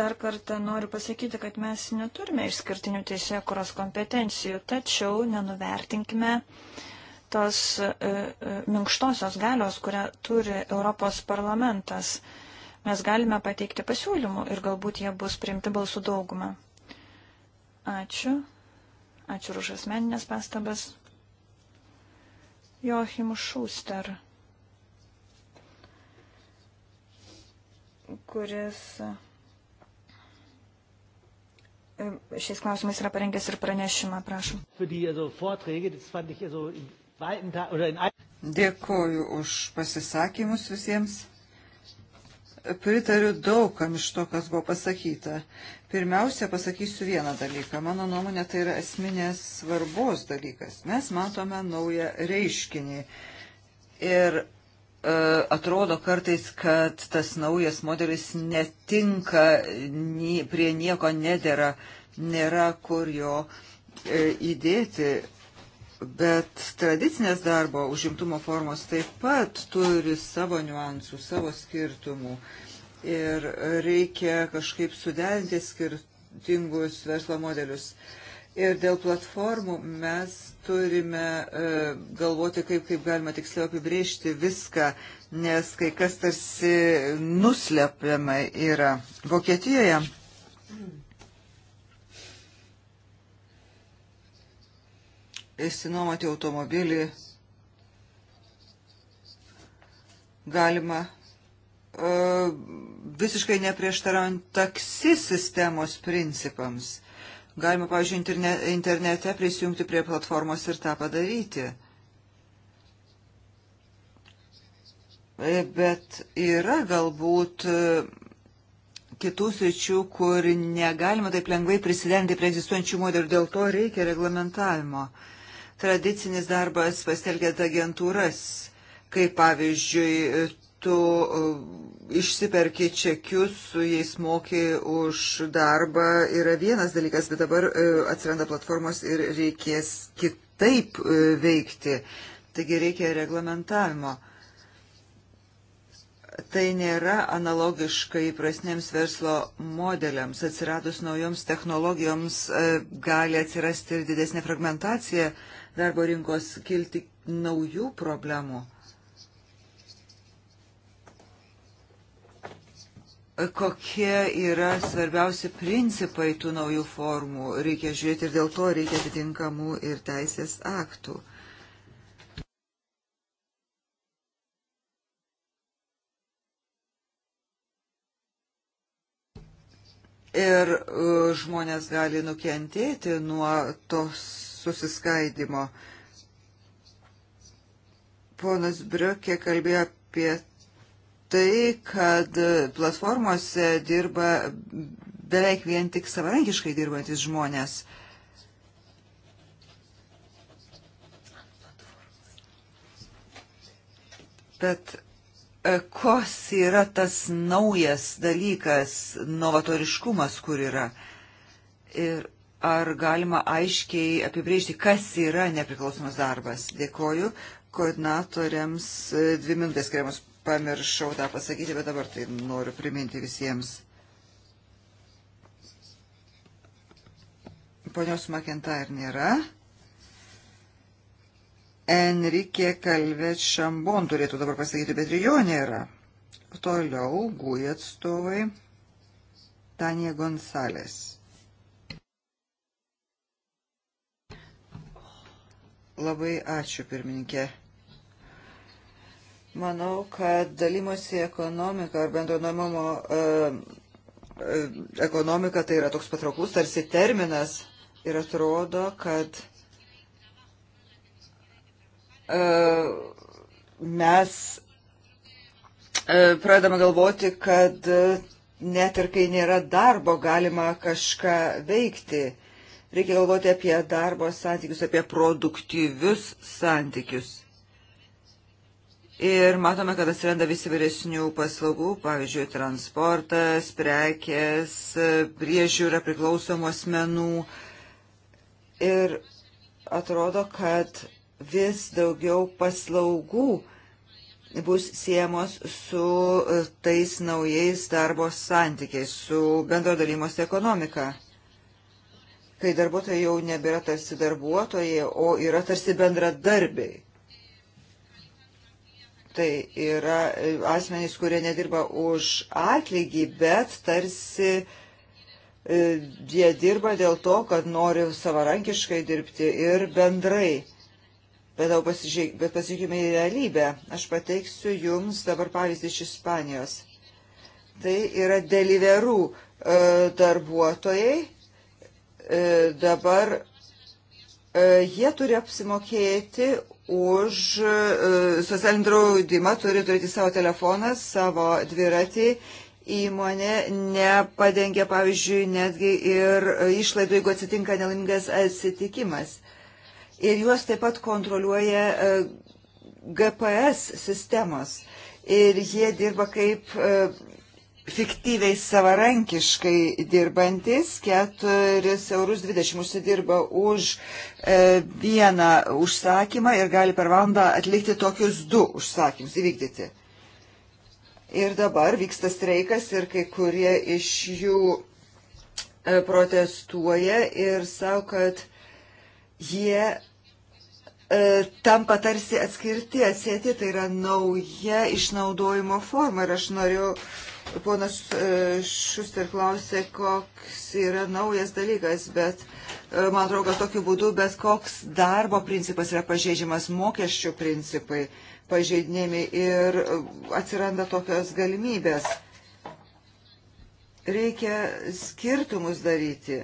Dar kartą noriu pasakyti, kad mes neturime išskirtinių teisėkuros kompetencijų, tačiau nenuvertinkime uh, tos e, e, minkštosios galios, kurią turi Europos parlamentas. Mes galime pateikti pasiūlymų ir galbūt jie bus priimti balsų daugumą. Ačiū. Ačiū už asmeninės pastabas. Joachim Šūster, kuris e, šiais klausimais yra parengęs ir pranešimą, prašom. Dėkoju už pasisakymus visiems. Pritariu daugam iš to, kas buvo pasakyta. Pirmiausia, pasakysiu vieną dalyką. Mano nuomonė, tai yra esminės svarbos dalykas. Mes matome naują reiškinį. Ir e, atrodo kartais, kad tas naujas modelis netinka, prie nieko nedėra, nėra kur jo e, įdėti. Bet tradicinės darbo užimtumo formos taip pat turi savo niuansų, savo skirtumų. Ir reikia kažkaip suderinti skirtingus verslo modelius. Ir dėl platformų mes turime e, galvoti, kaip, kaip galima tiksliau apibriežti viską, nes kai kas tarsi nuslepiama yra Vokietijoje. įsinuomoti automobilį galima e, visiškai neprieštaraujant taksi sistemos principams. Galima, pavyzdžiui, interne, internete prisijungti prie platformos ir tą padaryti. E, bet yra galbūt e, kitų sričių, kur negalima taip lengvai prisidengti prie egzistuojančių modelių, dėl to reikia reglamentavimo. Uh, tradicinis darbas pasitelkiant agentūras, kaip pavyzdžiui, tu e, išsiperki čekius, su jais moki už darbą, yra vienas dalykas, bet dabar e, atsiranda platformos ir reikės kitaip e, veikti. Taigi reikia reglamentavimo tai nėra analogiška įprasniems verslo modeliams. Atsiradus naujoms technologijoms gali atsirasti ir didesnė fragmentacija darbo rinkos kilti naujų problemų. Kokie yra svarbiausi principai tų naujų formų? Reikia žiūrėti ir dėl to reikia atitinkamų ir teisės aktų. ir uh, žmonės gali nukentėti nuo tos susiskaidimo. Ponas Briukė kalbėjo apie tai, kad platformose dirba beveik vien tik savarankiškai dirbantis žmonės. Bet e, kos yra tas naujas dalykas, novatoriškumas, kur yra. Ir ar galima aiškiai apibrėžti, kas yra nepriklausomas darbas. Dėkoju koordinatoriams e, dvi minutės skiriamas. Pamiršau tą pasakyti, bet dabar tai noriu priminti visiems. Ponios Makenta ir nėra. Enrique Kalvet Šambon turėtų dabar pasakyti, bet ir jo nėra. Toliau gūja atstovai Tanja Gonsalės. Labai ačiū, pirmininkė. Manau, kad dalymosi ekonomika ar bendronomimo e, e, ekonomika tai yra toks patrauklus tarsi terminas ir atrodo, kad e, mes e, pradame galvoti, kad e, net ir kai nėra darbo, galima kažką veikti. Reikia galvoti apie darbo santykius, apie produktyvius santykius. Ir matome, kad atsiranda visi vyresnių paslaugų, pavyzdžiui, transportas, prekės, priežiūra priklausomų asmenų. Ir atrodo, kad vis daugiau paslaugų bus siemos su tais naujais darbo santykiais, su bendro dalymosi ekonomika kai darbuotojai jau nebėra tarsi darbuotojai, o yra tarsi bendradarbiai. Tai yra e, asmenys, kurie nedirba už atlygį, bet tarsi e, jie dirba dėl to, kad nori savarankiškai dirbti ir bendrai. Bet, pasižiūrėk, bet pasižiūrėkime į realybę. Aš pateiksiu Jums dabar pavyzdį iš Ispanijos. Tai yra deliverų e, darbuotojai, E, dabar e, jie turi apsimokėti už e, socialinį draudimą, turi turėti savo telefoną, savo dviratį. Įmonė nepadengia, pavyzdžiui, netgi ir išlaidų, jeigu atsitinka nelaimingas atsitikimas. Ir juos taip pat kontroliuoja GPS sistemos. Ir jie dirba kaip fiktyviai savarankiškai dirbantis 4,20 eurus užsidirba už e, vieną užsakymą ir gali per valandą atlikti tokius du užsakymus įvykdyti. Ir dabar vyksta streikas ir kai kurie iš jų e, protestuoja ir savo, kad jie e, tampa tarsi atskirti, atsėti, tai yra nauja išnaudojimo forma ir aš noriu uh, Ponas e, Šuster klausė, koks yra naujas dalykas, bet e, man atrodo, kad tokiu būdu, bet koks darbo principas yra pažeidžiamas, mokesčių principai pažeidinėmi ir e, atsiranda tokios galimybės. Reikia skirtumus daryti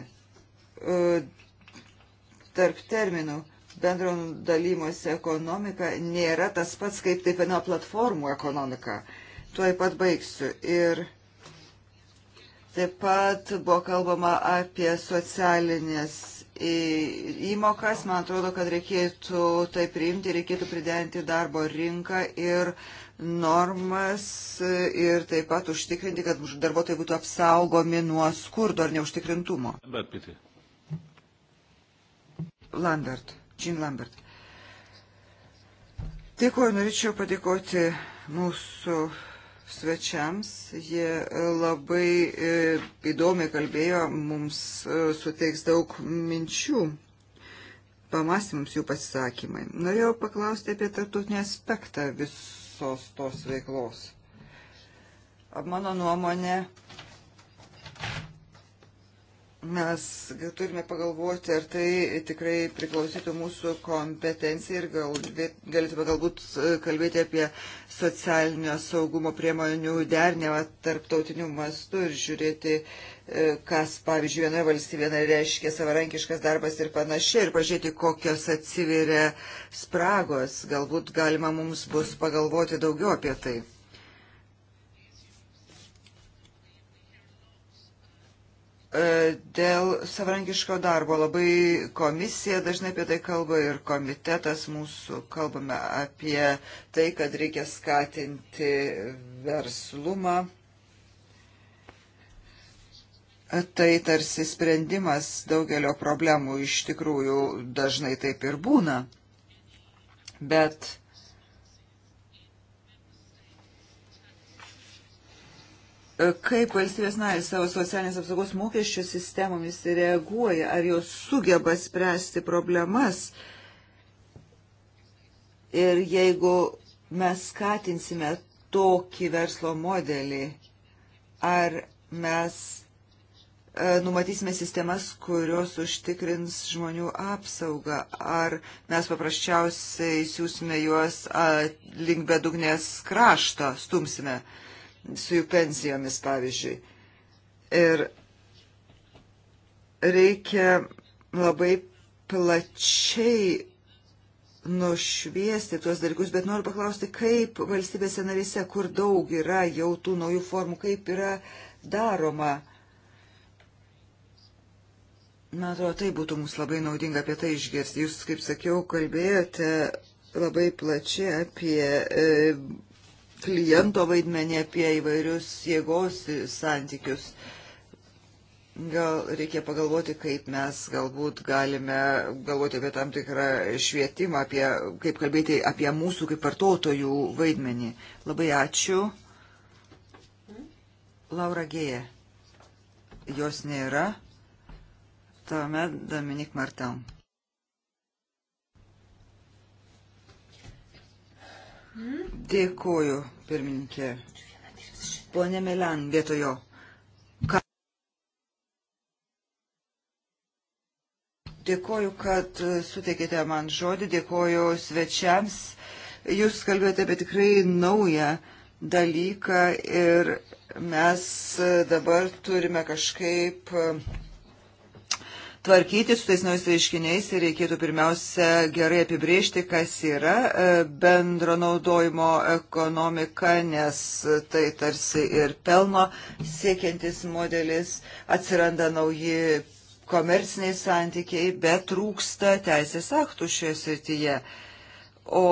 tarp terminų bendro dalymosi ekonomika nėra tas pats kaip taip viena platformų ekonomika tuoj pat baigsiu. Ir taip pat buvo kalbama apie socialinės įmokas. Man atrodo, kad reikėtų tai priimti, reikėtų pridenti darbo rinką ir normas ir taip pat užtikrinti, kad darbuotojai būtų apsaugomi nuo skurdo ar neužtikrintumo. Lambert, Lambert. Jean Lambert. Dėkuoju, norėčiau padėkoti mūsų svečiams. Jie labai e, įdomiai kalbėjo, mums e, suteiks daug minčių, pamastymams jų pasisakymai. Norėjau paklausti apie tarptautinį aspektą visos tos veiklos. Mano nuomonė, mes turime pagalvoti, ar tai tikrai priklausytų mūsų kompetencijai ir gal, galėtume galbūt e, kalbėti apie socialinio saugumo priemonių dernevą tarptautiniu mastu ir žiūrėti, e, kas, pavyzdžiui, vienoje valstybėje reiškia savarankiškas darbas ir panašiai, ir pažiūrėti, kokios atsiveria spragos. Galbūt galima mums bus pagalvoti daugiau apie tai. E, dėl savarankiško darbo labai komisija dažnai apie tai kalba ir komitetas mūsų kalbame apie tai, kad reikia skatinti verslumą. Tai tarsi sprendimas daugelio problemų iš tikrųjų dažnai taip ir būna. Bet Kaip valstybės narės savo socialinės apsaugos mokesčio sistemomis reaguoja, ar jos sugeba spręsti problemas? Ir jeigu mes skatinsime tokį verslo modelį, ar mes e, numatysime sistemas, kurios užtikrins žmonių apsaugą, ar mes paprasčiausiai siūsime juos link bedugnės krašto, stumsime. Uh, su jų pensijomis, pavyzdžiui. Ir reikia labai plačiai nušviesti tuos dalykus, bet noriu paklausti, kaip valstybėse narise, kur daug yra jau tų naujų formų, kaip yra daroma. Man atrodo, tai būtų mums labai naudinga apie tai išgirsti. Jūs, kaip sakiau, kalbėjote labai plačiai apie e, kliento vaidmenį, apie įvairius jėgos santykius. Gal reikia pagalvoti, kaip mes galbūt galime galvoti apie tam tikrą švietimą, apie, kaip kalbėti apie mūsų kaip vartotojų vaidmenį. Labai ačiū. Laura Gėja. Jos nėra. Tuomet Dominik Martam. Dėkuoju, pirmininkė. Pone Melan, vietojo. Ka... Dėkuoju, kad suteikėte man žodį, dėkuoju svečiams. Jūs kalbėjote apie tikrai naują dalyką ir mes dabar turime kažkaip tvarkyti su tais naujais reiškiniais ir reikėtų pirmiausia gerai apibriežti, kas yra e, bendro naudojimo ekonomika, nes tai tarsi ir pelno siekiantis modelis, atsiranda nauji komerciniai santykiai, bet trūksta teisės aktų šioje srityje. O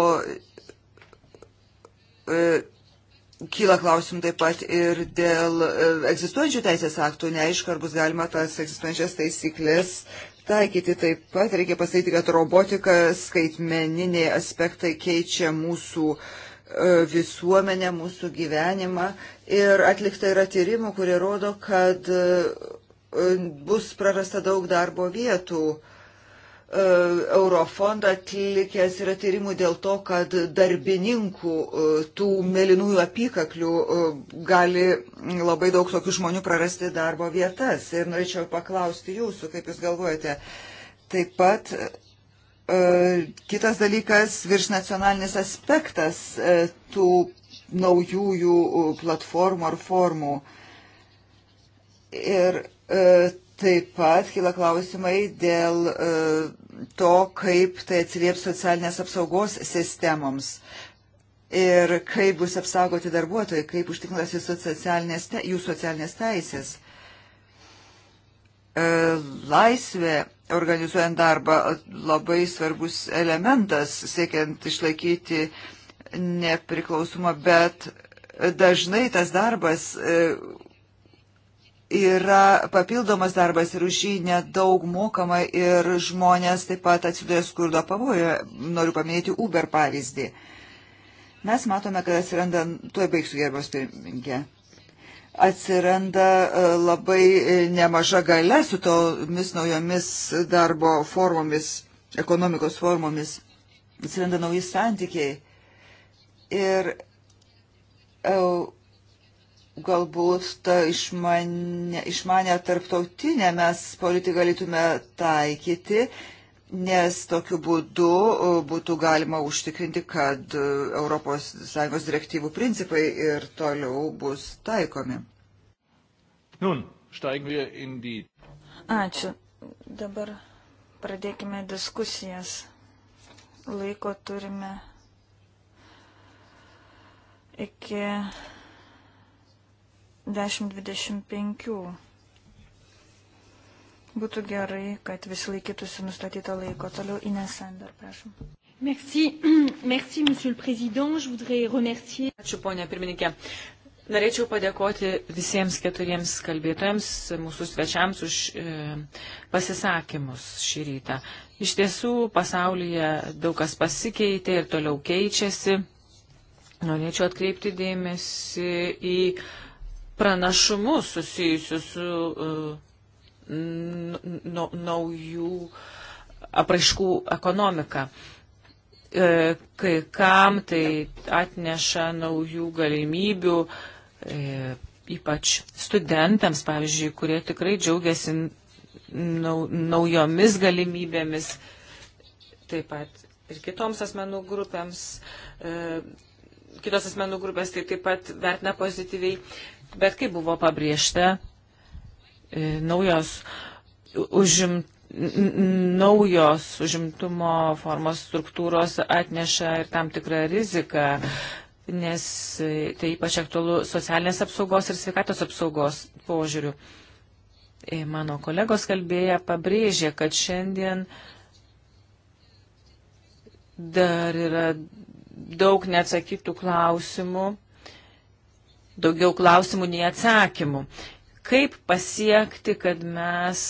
e, Kyla klausimų taip pat ir dėl e, egzistuojančių teisės aktų, neaišku, ar bus galima tas egzistuojančias taisyklės taikyti. Taip pat reikia pasakyti, kad robotika, skaitmeniniai aspektai keičia mūsų e, visuomenę, mūsų gyvenimą ir atlikta yra tyrimų, kurie rodo, kad e, bus prarasta daug darbo vietų E, Eurofondą atlikęs yra tyrimų dėl to, kad darbininkų e, tų mėlynųjų apykaklių e, gali labai daug tokių žmonių prarasti darbo vietas. Ir norėčiau paklausti jūsų, kaip jūs galvojate. Taip pat kitas dalykas - virš nacionalinis aspektas tų naujųjų platformų ar formų. Ir Taip pat kyla klausimai dėl e, to, kaip tai atsilieps socialinės apsaugos sistemoms ir kaip bus apsaugoti darbuotojai, kaip užtikrintas socialinės te, jų socialinės teisės. E, laisvė organizuojant darbą labai svarbus elementas, siekiant išlaikyti nepriklausomą, bet dažnai tas darbas e, yra papildomas darbas ir už jį nedaug mokama ir žmonės taip pat atsiduria skurdo pavojoje. Noriu paminėti Uber pavyzdį. Mes matome, kad atsiranda, tuoj baigsiu gerbos pirmininkė, atsiranda e, labai e, nemaža gale su tomis naujomis darbo formomis, ekonomikos formomis. Atsiranda nauji santykiai. Ir eu, galbūt tą išmanę, išmanę tarptautinę mes politiką galėtume taikyti, nes tokiu būdu uh, būtų galima užtikrinti, kad uh, ES direktyvų principai ir toliau bus taikomi. Nun, die... Ačiū. Dabar pradėkime diskusijas. Laiko turime iki 10.25. Būtų gerai, kad visi laikytųsi nustatytą laiko. Toliau Ines Sander, prašom. Merci, [clears throat] merci, monsieur le président. Je voudrais remercier. Ačiū, ponia pirmininkė. Norėčiau padėkoti visiems keturiems kalbėtojams, mūsų svečiams už e, pasisakymus šį rytą. Iš tiesų, pasaulyje daug kas pasikeitė ir toliau keičiasi. Norėčiau atkreipti dėmesį į pranašumus susijusius su uh, naujų apraiškų ekonomika. E, kai kam tai atneša naujų galimybių, e, ypač studentams, pavyzdžiui, kurie tikrai džiaugiasi nau, naujomis galimybėmis, taip pat ir kitoms asmenų grupėms. E, kitos asmenų grupės tai taip pat vertina pozityviai. Bet kaip buvo pabrėžta, e, naujos, užim, naujos užimtumo formos struktūros atneša ir tam tikrą riziką nes e, tai ypač aktualu socialinės apsaugos ir sveikatos apsaugos požiūrių. E, mano kolegos kalbėję pabrėžė, kad šiandien dar yra daug neatsakytų klausimų daugiau klausimų nei atsakymų. Kaip pasiekti, kad mes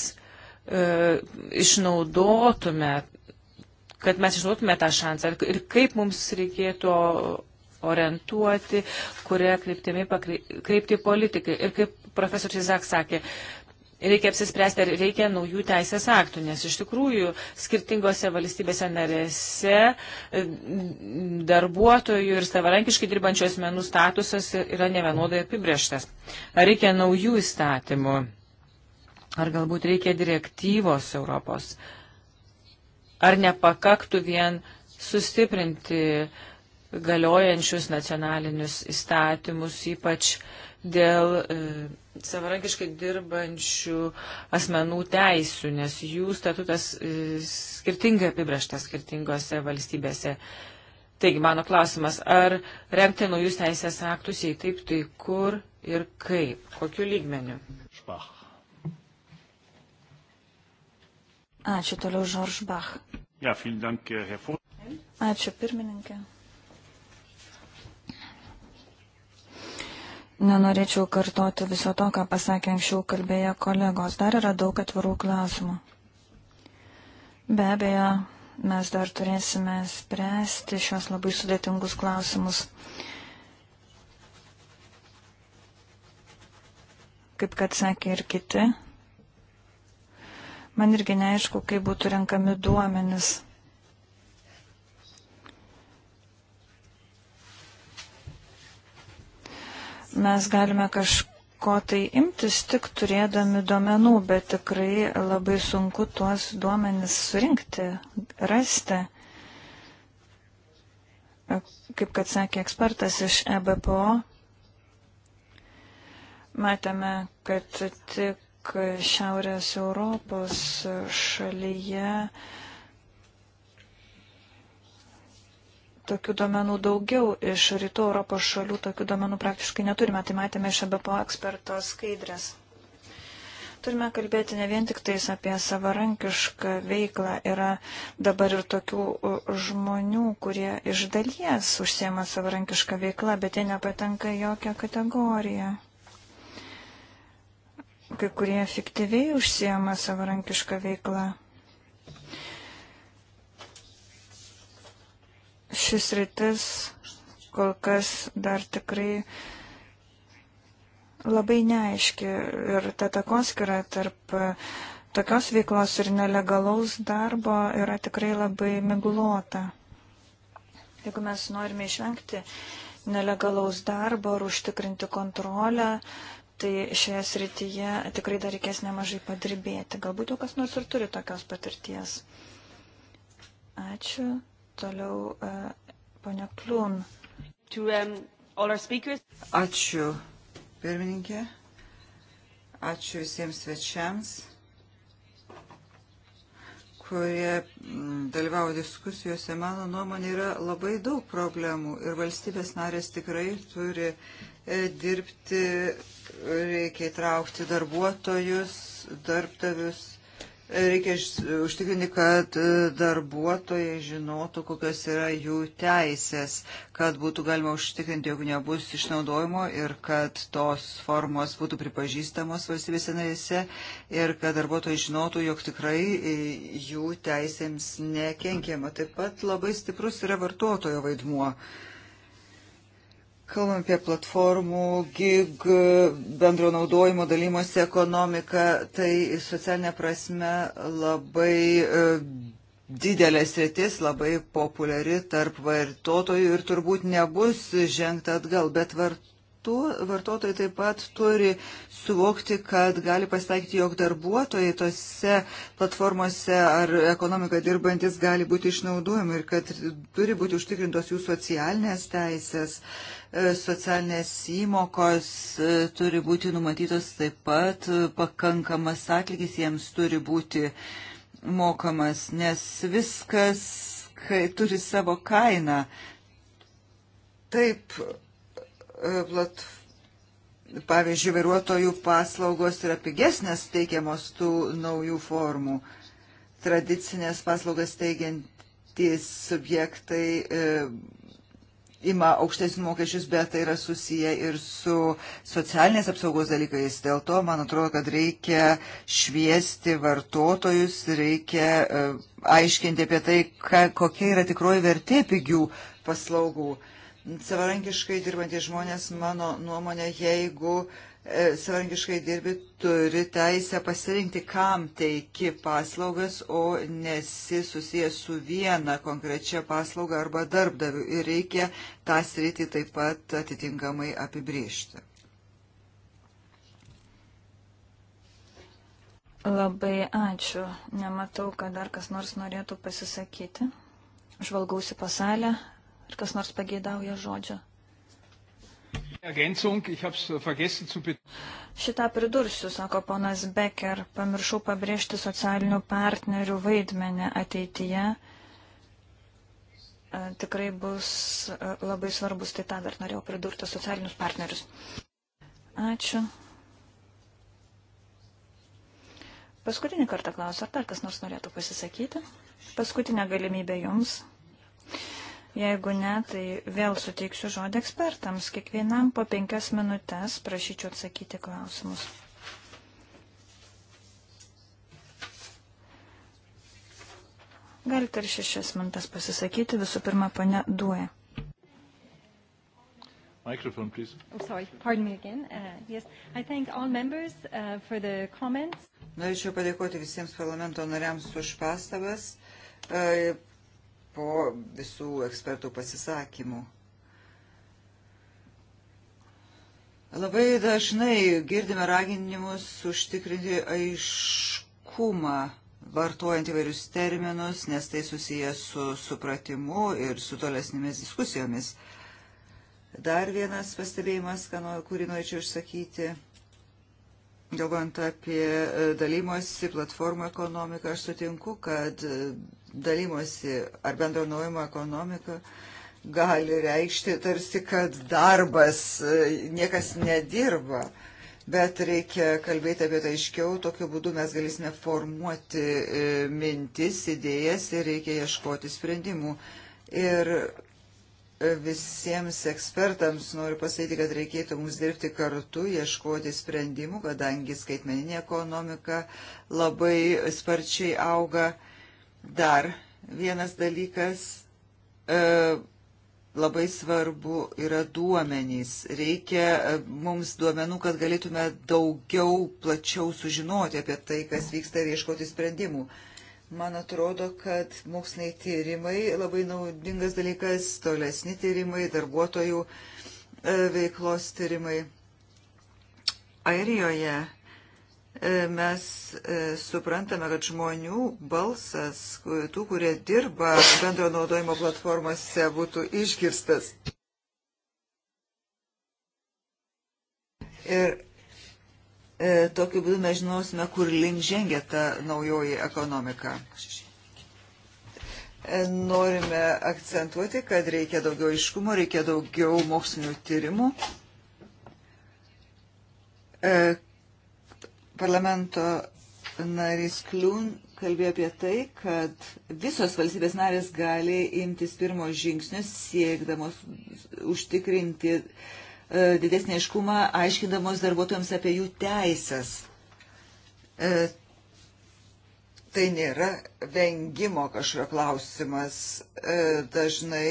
e, išnaudotume, kad mes išnaudotume tą šansą ir kaip mums reikėtų orientuoti, kurie kryptimi pakreipti politikai. Ir kaip profesorius Izak sakė, e, Reikia apsispręsti, ar reikia naujų teisės aktų, nes iš tikrųjų skirtingose valstybėse narėse e, darbuotojų ir savarankiškai dirbančių asmenų statusas yra nevienodai apibrieštas. Ar reikia naujų įstatymų? Ar galbūt reikia direktyvos Europos? Ar nepakaktų vien sustiprinti galiojančius nacionalinius įstatymus, ypač uh, dėl e, savarankiškai dirbančių asmenų teisių, nes jų statutas e, skirtingai apibrieštas skirtingose valstybėse. Taigi, mano klausimas, ar renkti naujus teisės aktus, jei taip, tai kur ir kaip, kokiu lygmeniu? Šbach. Ačiū toliau, Žorž Bach. Ja, dank, Ačiū pirmininkė. Nenorėčiau kartoti viso to, ką pasakė anksčiau kalbėję kolegos. Dar yra daug atvirų klausimų. Be abejo, mes dar turėsime spręsti šios labai sudėtingus klausimus. Kaip kad sakė ir kiti, man irgi neaišku, kaip būtų renkami duomenis mes galime kažko tai imtis tik turėdami duomenų, bet tikrai labai sunku tuos duomenis surinkti, rasti. Kaip kad sakė ekspertas iš EBPO, matėme, kad tik Šiaurės Europos šalyje uh, tokių duomenų daugiau. Iš rytų Europos šalių tokių duomenų praktiškai neturime, tai matėme iš ABPO eksperto skaidrės. Turime kalbėti ne vien tik tais apie savarankišką veiklą. Yra dabar ir tokių žmonių, kurie iš dalies užsiema savarankišką veiklą, bet jie nepatenka jokią kategoriją. Kai kurie efektyviai užsiema savarankišką veiklą. šis rytis kol kas dar tikrai labai neaiški ir ta takoskira tarp tokios veiklos ir nelegalaus darbo yra tikrai labai miglota. Jeigu mes norime išvengti nelegalaus darbo ar užtikrinti kontrolę, tai šioje srityje tikrai dar reikės nemažai padirbėti. Galbūt jau kas nors ir turi tokios patirties. Ačiū. Toliau e, ponia Kliūn. Um, Ačiū, pirmininkė. Ačiū visiems svečiams, kurie dalyvavo diskusijose. Mano nuomonė yra labai daug problemų ir valstybės narės tikrai turi e, dirbti, reikia įtraukti darbuotojus, darbdavius Reikia užtikrinti, kad e, darbuotojai žinotų, kokios yra jų teisės, kad būtų galima užtikrinti, jog nebus išnaudojimo ir kad tos formos būtų pripažįstamos valstybėse narėse ir kad darbuotojai žinotų, jog tikrai e, jų teisėms nekenkiama. Taip pat labai stiprus yra vartotojo vaidmuo. Uh, Kalbam apie platformų, gig, bendro naudojimo dalymosi ekonomiką, tai socialinė prasme labai e, didelė sritis, labai populiari tarp vartotojų ir turbūt nebus žengta atgal, bet vartotojų metu vartotojai taip pat turi suvokti, kad gali pasitaikyti, jog darbuotojai tose platformose ar ekonomikoje dirbantis gali būti išnaudojami ir kad turi būti užtikrintos jų socialinės teisės, e, socialinės įmokos e, turi būti numatytos taip pat, e, pakankamas atlygis jiems turi būti mokamas, nes viskas kai, turi savo kainą. Taip, E, plat, pavyzdžiui, vairuotojų paslaugos yra pigesnės teikiamos tų naujų formų. Tradicinės paslaugas teigiantys subjektai e, ima aukštesnius mokesčius, bet tai yra susiję ir su socialinės apsaugos dalykais. Dėl to, man atrodo, kad reikia šviesti vartotojus, reikia e, aiškinti apie tai, ka, kokia yra tikroji vertė pigių paslaugų. E, savarankiškai dirbantys žmonės, mano nuomonė, jeigu e, savarankiškai dirbi, turi teisę pasirinkti, kam teiki paslaugas, o nesi susijęs su viena konkrečia paslauga arba darbdaviu. Ir reikia tą sritį taip pat atitinkamai apibriežti. Labai ačiū. Nematau, kad dar kas nors norėtų pasisakyti. Žvalgausi pasalę, Ar kas nors pageidauja žodžio? Äh, Šitą pridursiu, sako ponas Becker, pamiršau pabrėžti socialinių partnerių vaidmenį ateityje. E, tikrai bus e, labai svarbus, tai tą dar norėjau pridurti socialinius partnerius. Ačiū. Paskutinį kartą klausiu, ar dar kas nors norėtų pasisakyti? Paskutinę galimybę jums. Jeigu ne, tai vėl suteiksiu žodį ekspertams. Kiekvienam po penkias minutės prašyčiau atsakyti klausimus. Galite ir šešias mintas pasisakyti. Visų pirma, pane Duoja. Microphone, please. Oh, sorry. Pardon me again. Uh, yes, I thank all members uh, for the comments. Norėčiau padėkoti visiems parlamento nariams už pastabas. Uh, po visų ekspertų pasisakymų. Labai dažnai girdime raginimus užtikrinti aiškumą, vartojant įvairius terminus, nes tai susijęs su supratimu ir su tolesnėmis diskusijomis. Dar vienas pastebėjimas, kurį norėčiau išsakyti Galvant apie e, dalymosi platformų ekonomiką, aš sutinku, kad e, dalymosi ar bendro naujimo ekonomika gali reikšti tarsi, kad darbas e, niekas nedirba. Bet reikia kalbėti apie tai aiškiau, tokiu būdu mes galėsime formuoti mintis, idėjas ir reikia ieškoti sprendimų. Ir visiems ekspertams noriu pasakyti, kad reikėtų mums dirbti kartu, ieškoti sprendimų, kadangi skaitmeninė ekonomika labai sparčiai auga. Dar vienas dalykas e, labai svarbu yra duomenys. Reikia e, mums duomenų, kad galėtume daugiau plačiau sužinoti apie tai, kas vyksta ir ieškoti sprendimų. E, Man atrodo, kad moksliniai tyrimai labai naudingas dalykas, tolesni tyrimai, darbuotojų e, veiklos tyrimai. Airijoje e, mes e, suprantame, kad žmonių balsas, tų, kurie dirba bendro naudojimo platformose, būtų išgirstas. Ir E, tokiu būdu mes žinosime, kur link žengia ta naujoji ekonomika. E, norime akcentuoti, kad reikia daugiau iškumo, reikia daugiau mokslinių tyrimų. E, parlamento narys Kliūn kalbėjo apie tai, kad visos valstybės narės gali imtis pirmo žingsnius siekdamos užtikrinti uh, E, didesnį aiškumą, aiškindamos darbuotojams apie jų teisės. E, tai nėra vengimo kažkokio klausimas. E, dažnai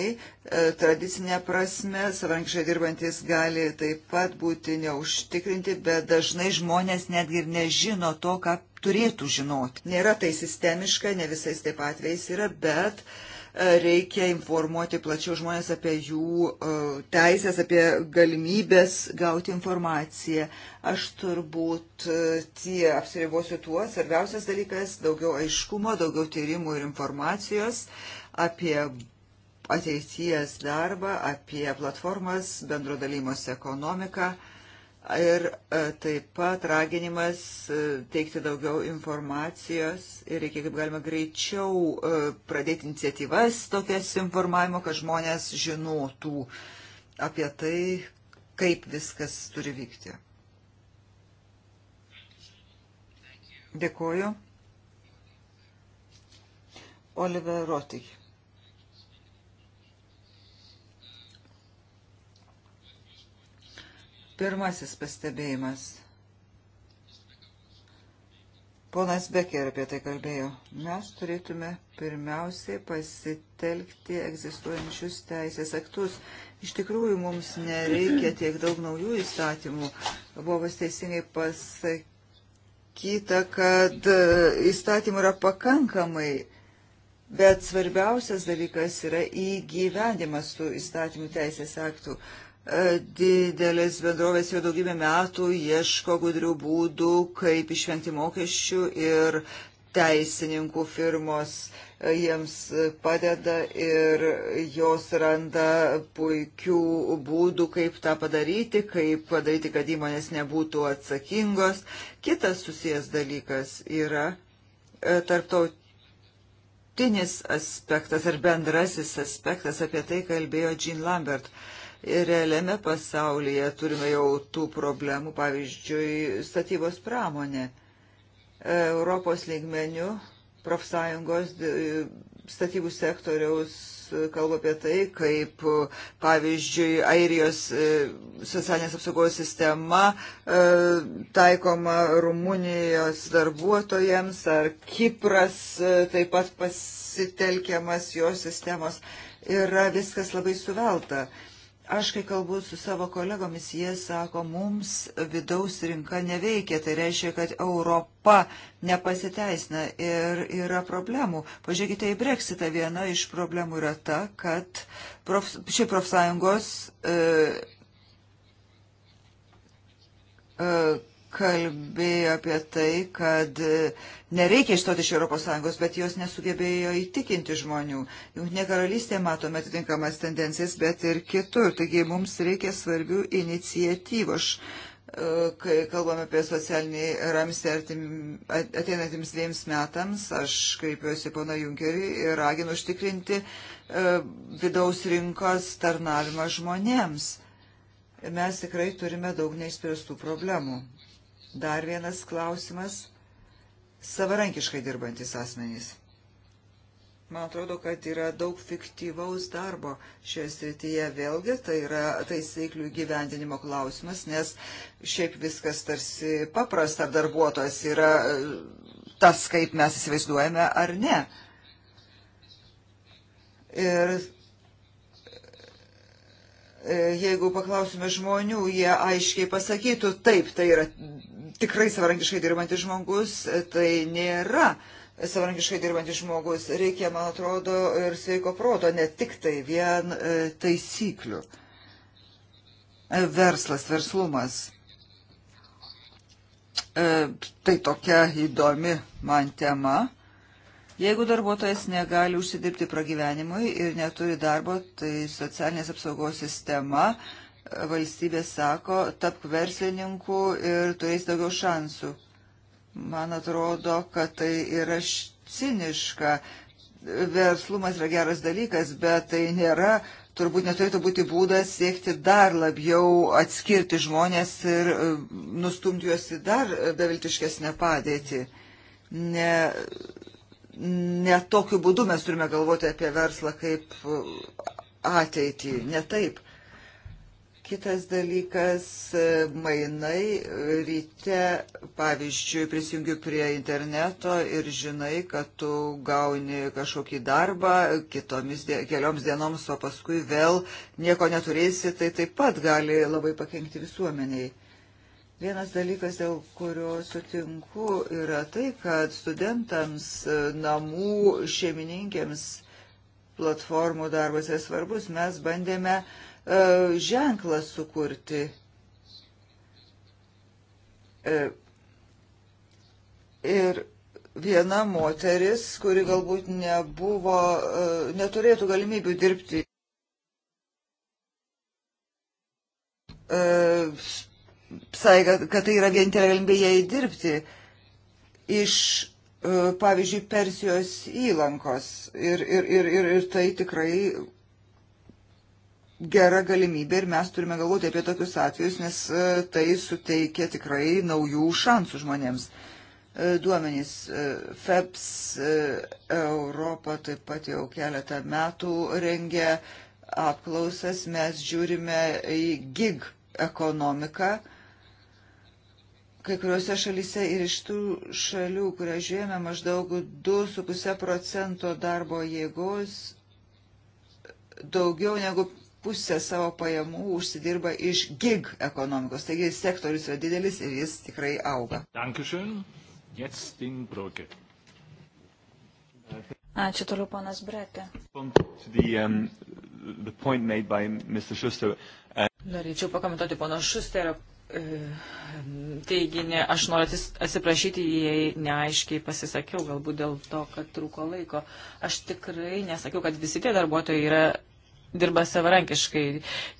tradicinė prasme savarankiškai dirbantis gali taip pat būti neužtikrinti, bet dažnai žmonės netgi ir nežino to, ką turėtų žinoti. Nėra tai sistemiška, ne visais taip atvejais yra, bet uh, reikia informuoti plačiau žmonės apie jų e, teisės, apie galimybės gauti informaciją. Aš turbūt e, tie apsiribosiu tuo, svarbiausias dalykas - daugiau aiškumo, daugiau tyrimų ir informacijos apie ateities darbą, apie platformas, bendrodalymosi ekonomiką ir e, taip pat raginimas e, teikti daugiau informacijos ir reikia kaip galima greičiau e, pradėti iniciatyvas tokias informavimo, kad žmonės žinotų apie tai, kaip viskas turi vykti. Dėkuoju. Oliver Rotik. Pirmasis pastebėjimas. Ponas Becker apie tai kalbėjo. Mes turėtume pirmiausiai pasitelkti egzistuojančius teisės aktus. Iš tikrųjų, mums nereikia tiek daug naujų įstatymų. Buvo teisingai pasakyta, kad e, įstatymų yra pakankamai. Bet svarbiausias dalykas yra įgyvendimas tų įstatymų teisės aktų. E, didelės bendrovės jau daugybę metų ieško gudrių būdų, kaip išvengti mokesčių ir teisininkų firmos e, jiems padeda ir jos randa puikių būdų, kaip tą padaryti, kaip padaryti, kad įmonės nebūtų atsakingos. Kitas susijęs dalykas yra e, tarptautinis aspektas ar bendrasis aspektas, apie tai kalbėjo Jean Lambert. Uh, realiame pasaulyje turime jau tų problemų, pavyzdžiui, statybos pramonė. Europos lygmenių profsąjungos statybų sektoriaus kalba apie tai, kaip pavyzdžiui Airijos e, socialinės apsaugos sistema e, taikoma Rumunijos darbuotojams ar Kipras e, taip pat pasitelkiamas jos sistemos. Yra viskas labai suvelta. Aš, kai kalbu su savo kolegomis, jie sako, mums vidaus rinka neveikia, tai reiškia, kad Europa nepasiteisina ir yra problemų. Pažiūrėkite į Brexitą, viena iš problemų yra ta, kad prof, ši profsąjungos e, e, kalbėjo apie tai, kad e, nereikia išstoti iš ES, bet jos nesugebėjo įtikinti žmonių. Junktinė karalystė matome atitinkamas tendencijas, bet ir kitur. Taigi mums reikia svarbių iniciatyvų. Aš, e, kai kalbame apie socialinį ramstį ateinantiems dviems metams, aš kreipiuosi pana Junkerį ir raginu užtikrinti e, vidaus rinkos tarnavimą žmonėms. Mes tikrai turime daug neišspręstų problemų. Dar vienas klausimas. Savarankiškai dirbantis asmenys. Man atrodo, kad yra daug fiktyvaus darbo šioje srityje. Vėlgi, tai yra taisyklių gyvendinimo klausimas, nes šiaip viskas tarsi paprasta, darbuotojas yra e, tas, kaip mes įsivaizduojame, ar ne. Ir e, jeigu paklausime žmonių, jie aiškiai pasakytų, taip, tai yra tikrai savarankiškai dirbantis žmogus, tai nėra savarankiškai dirbantis žmogus. Reikia, man atrodo, ir sveiko proto, ne tik tai vien e, taisyklių. E, verslas, verslumas. E, tai tokia įdomi man tema. Jeigu darbuotojas negali užsidirbti pragyvenimui ir neturi darbo, tai socialinės apsaugos sistema uh, valstybė sako, tapk verslininku ir turės daugiau šansų. Man atrodo, kad tai yra ciniška. Verslumas yra geras dalykas, bet tai nėra, turbūt neturėtų būti būdas siekti dar labiau atskirti žmonės ir e, nustumti juos į dar beviltiškesnę padėtį. Ne, ne tokiu būdu mes turime galvoti apie verslą kaip e, ateitį, ne taip. Kitas dalykas e, - mainai. Ryte, pavyzdžiui, prisijungiu prie interneto ir žinai, kad tu gauni kažkokį darbą kitomis die, kelioms dienoms, o paskui vėl nieko neturėsi, tai taip pat gali labai pakengti visuomeniai. Vienas dalykas, dėl kurio sutinku, yra tai, kad studentams, e, namų šeimininkėms platformų darbas yra svarbus. Mes bandėme uh, E, ženklą sukurti. E, ir viena moteris, kuri galbūt nebuvo, e, neturėtų galimybių dirbti. Psai, kad tai yra vienintelė galimybė jai dirbti iš, pavyzdžiui, Persijos įlankos. Ir, ir, ir, ir, ir tai tikrai gera galimybė ir mes turime galvoti apie tokius atvejus, nes e, tai suteikia tikrai naujų šansų žmonėms. E, duomenys e, FEPS Europą taip pat jau keletą metų rengia apklausas, mes žiūrime į gig ekonomiką. Kai kuriuose šalyse ir iš tų šalių, kurią žiūrėjome, maždaug 2,5 procento darbo jėgos daugiau negu pusę savo pajamų užsidirba iš gig ekonomikos. Taigi sektorius yra didelis ir jis tikrai auga. Ačiū toliau, ponas Bretė. Um, uh, Norėčiau pakomentuoti pono Šusterio e, teiginį. Aš noriu atsiprašyti, jei neaiškiai pasisakiau, galbūt dėl to, kad trūko laiko. Aš tikrai nesakiau, kad visi tie darbuotojai yra dirba savarankiškai.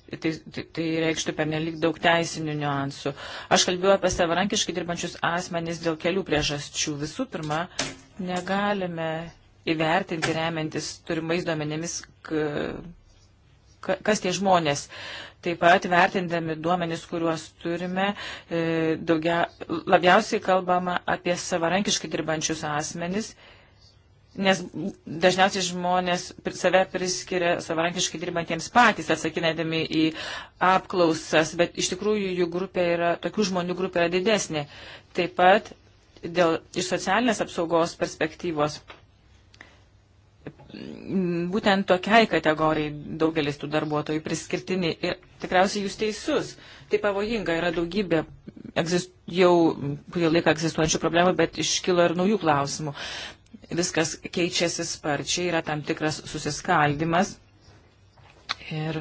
Tai, tai, tai reikštų per nelik daug teisinių niuansų. Aš kalbėjau apie savarankiškai dirbančius asmenys dėl kelių priežasčių. Visų pirma, negalime įvertinti remiantis turimais duomenėmis, kas tie žmonės. Taip pat vertindami duomenis, kuriuos turime, e, daugia, labiausiai kalbama apie savarankiškai dirbančius asmenys nes dažniausiai žmonės save priskiria savarankiškai dirbantiems patys, atsakinėdami į apklausas, bet iš tikrųjų jų grupė yra, tokių žmonių grupė yra didesnė. Taip pat dėl iš socialinės apsaugos perspektyvos. Būtent tokiai kategorijai daugelis tų darbuotojų priskirtini ir tikriausiai jūs teisus. Tai pavojinga yra daugybė egzist, jau kurį laiką egzistuojančių problemų, bet iškilo ir naujų klausimų viskas keičiasi sparčiai, yra tam tikras susiskaldimas. Ir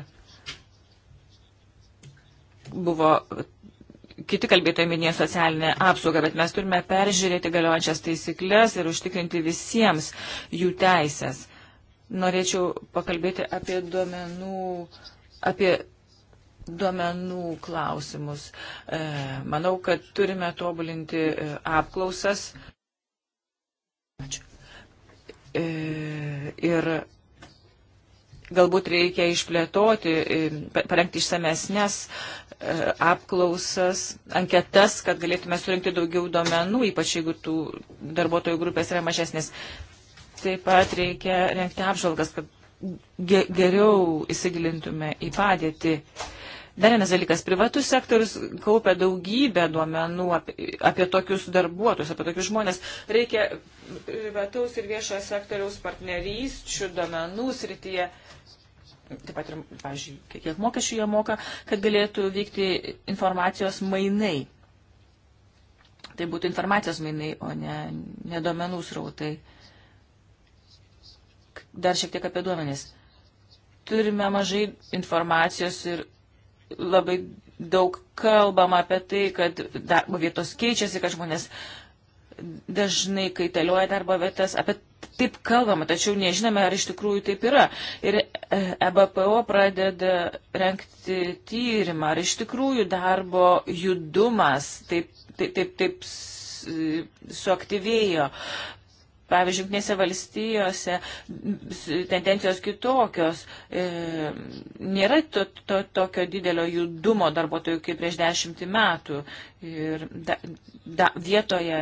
buvo kiti kalbėtojai minėjo socialinę apsaugą, bet mes turime peržiūrėti galiojančias taisyklės ir užtikrinti visiems jų teisės. Norėčiau pakalbėti apie duomenų, apie duomenų klausimus. E, manau, kad turime tobulinti e, apklausas. Ačiū. E, ir galbūt reikia išplėtoti, e, parengti išsamesnės e, apklausas, anketas, kad galėtume surinkti daugiau duomenų, ypač jeigu tų darbuotojų grupės yra mažesnės. Taip pat reikia renkti apžvalgas, kad geriau įsigilintume į padėtį. Dar vienas dalykas, privatus sektorius kaupia daugybę duomenų apie, apie tokius darbuotojus, apie tokius žmonės. Reikia privataus ir viešojo sektoriaus partnerysčių duomenų srityje. Taip pat ir, pavyzdžiui, kiek mokesčių jie moka, kad galėtų vykti informacijos mainai. Tai būtų informacijos mainai, o ne, ne duomenų srautai. Dar šiek tiek apie duomenys turime mažai informacijos ir labai daug kalbama apie tai, kad darbo vietos keičiasi, kad žmonės dažnai kaitalioja darbo vietas, apie taip kalbama, tačiau nežinome, ar iš tikrųjų taip yra. Ir EBPO e pradeda renkti tyrimą, ar iš tikrųjų darbo judumas taip, taip, taip, taip suaktyvėjo. Pavyzdžiui, Junktinėse valstijose tendencijos kitokios. E, nėra to, to, tokio didelio judumo darbuotojų kaip prieš dešimtį metų. Ir da, da, vietoje,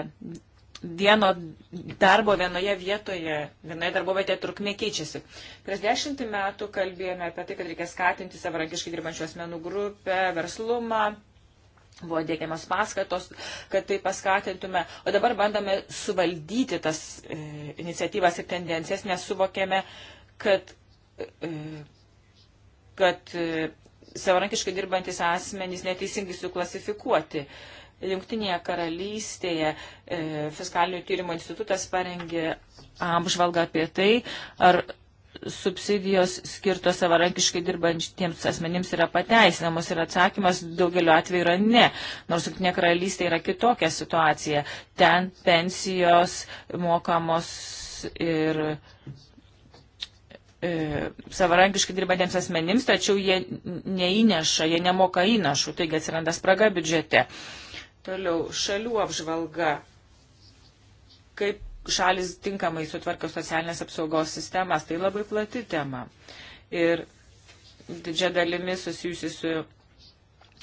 vieno darbo vienoje vietoje, vienoje darbo vietoje trukmė keičiasi. Prieš dešimtį metų kalbėjome apie tai, kad reikia skatinti savarankiškai dirbančių asmenų grupę, verslumą Buvo dėkiamas paskatos, kad tai paskatintume. O dabar bandome suvaldyti tas e, iniciatyvas ir tendencijas, nes suvokėme, kad, e, kad e, savarankiškai dirbantis asmenys neteisingai suklasifikuoti. Junktinėje karalystėje e, fiskalinių tyrimo institutas parengė apžvalgą apie tai, ar subsidijos skirtos savarankiškai dirbantiems asmenims yra pateisinamos ir atsakymas daugeliu atveju yra ne, nors Junktinė karalystė yra kitokia situacija. Ten pensijos mokamos ir e, savarankiškai dirbantiems asmenims, tačiau jie neįneša, jie nemoka įnašų, taigi atsiranda spraga biudžete. Toliau šalių apžvalga. Kaip šalis tinkamai sutvarkė socialinės apsaugos sistemas. Tai labai plati tema. Ir didžia dalimi susijusi su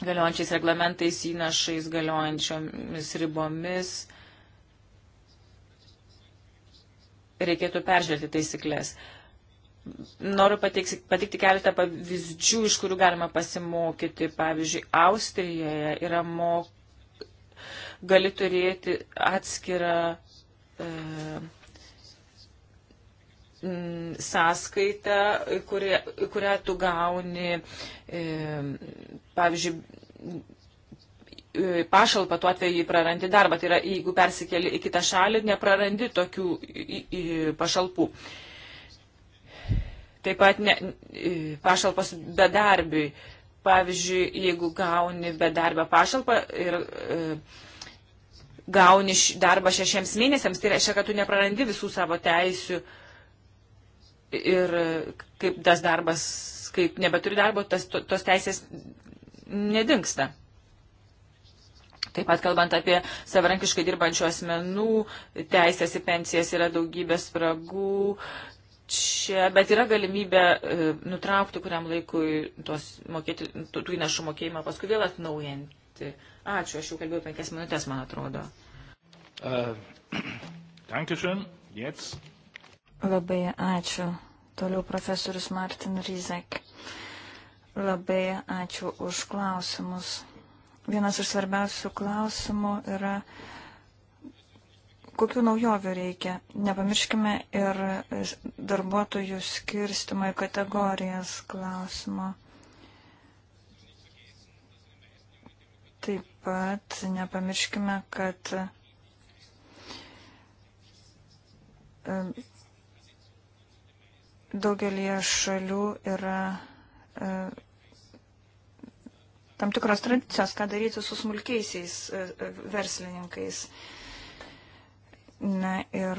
galiojančiais reglamentais, įnašais, galiojančiomis ribomis. Reikėtų peržiūrėti taisyklės. Noriu pateikti, pateikti keletą pavyzdžių, iš kurių galima pasimokyti. Pavyzdžiui, Austrijoje yra mok... gali turėti atskirą E, mm, sąskaitą, kurią, kurią tu gauni, e, pavyzdžiui, e, pašalpą tuo atveju jį prarandi darbą. Tai yra, jeigu persikeli į kitą šalį, neprarandi tokių pašalpų. Taip pat ne, pašalpos bedarbiui. Pavyzdžiui, jeigu gauni bedarbę pašalpą ir e, gauni darbą šešiems mėnesiams, tai reiškia, kad tu neprarandi visų savo teisių ir kaip tas darbas, kaip nebeturi darbo, tas, to, tos teisės nedingsta. Taip pat kalbant apie savarankiškai dirbančių asmenų, teisės į pensijas yra daugybė spragų. Čia, bet yra galimybė e, nutraukti kuriam laikui tos mokėti, tų įnašų mokėjimą, paskui vėl atnaujinti. E, Ačiū, aš jau kalbėjau penkias minutės, man atrodo. Uh, [clears throat] Dankeschön, jetzt. Labai ačiū. Toliau profesorius Martin Rizek. Labai ačiū už klausimus. Vienas iš svarbiausių klausimų yra, kokių naujovių reikia. Nepamirškime ir darbuotojų skirstimo į kategorijas klausimo. pat nepamirškime, kad daugelie šalių yra tam tikros tradicijos, ką daryti su smulkiaisiais e, e, verslininkais. Na ir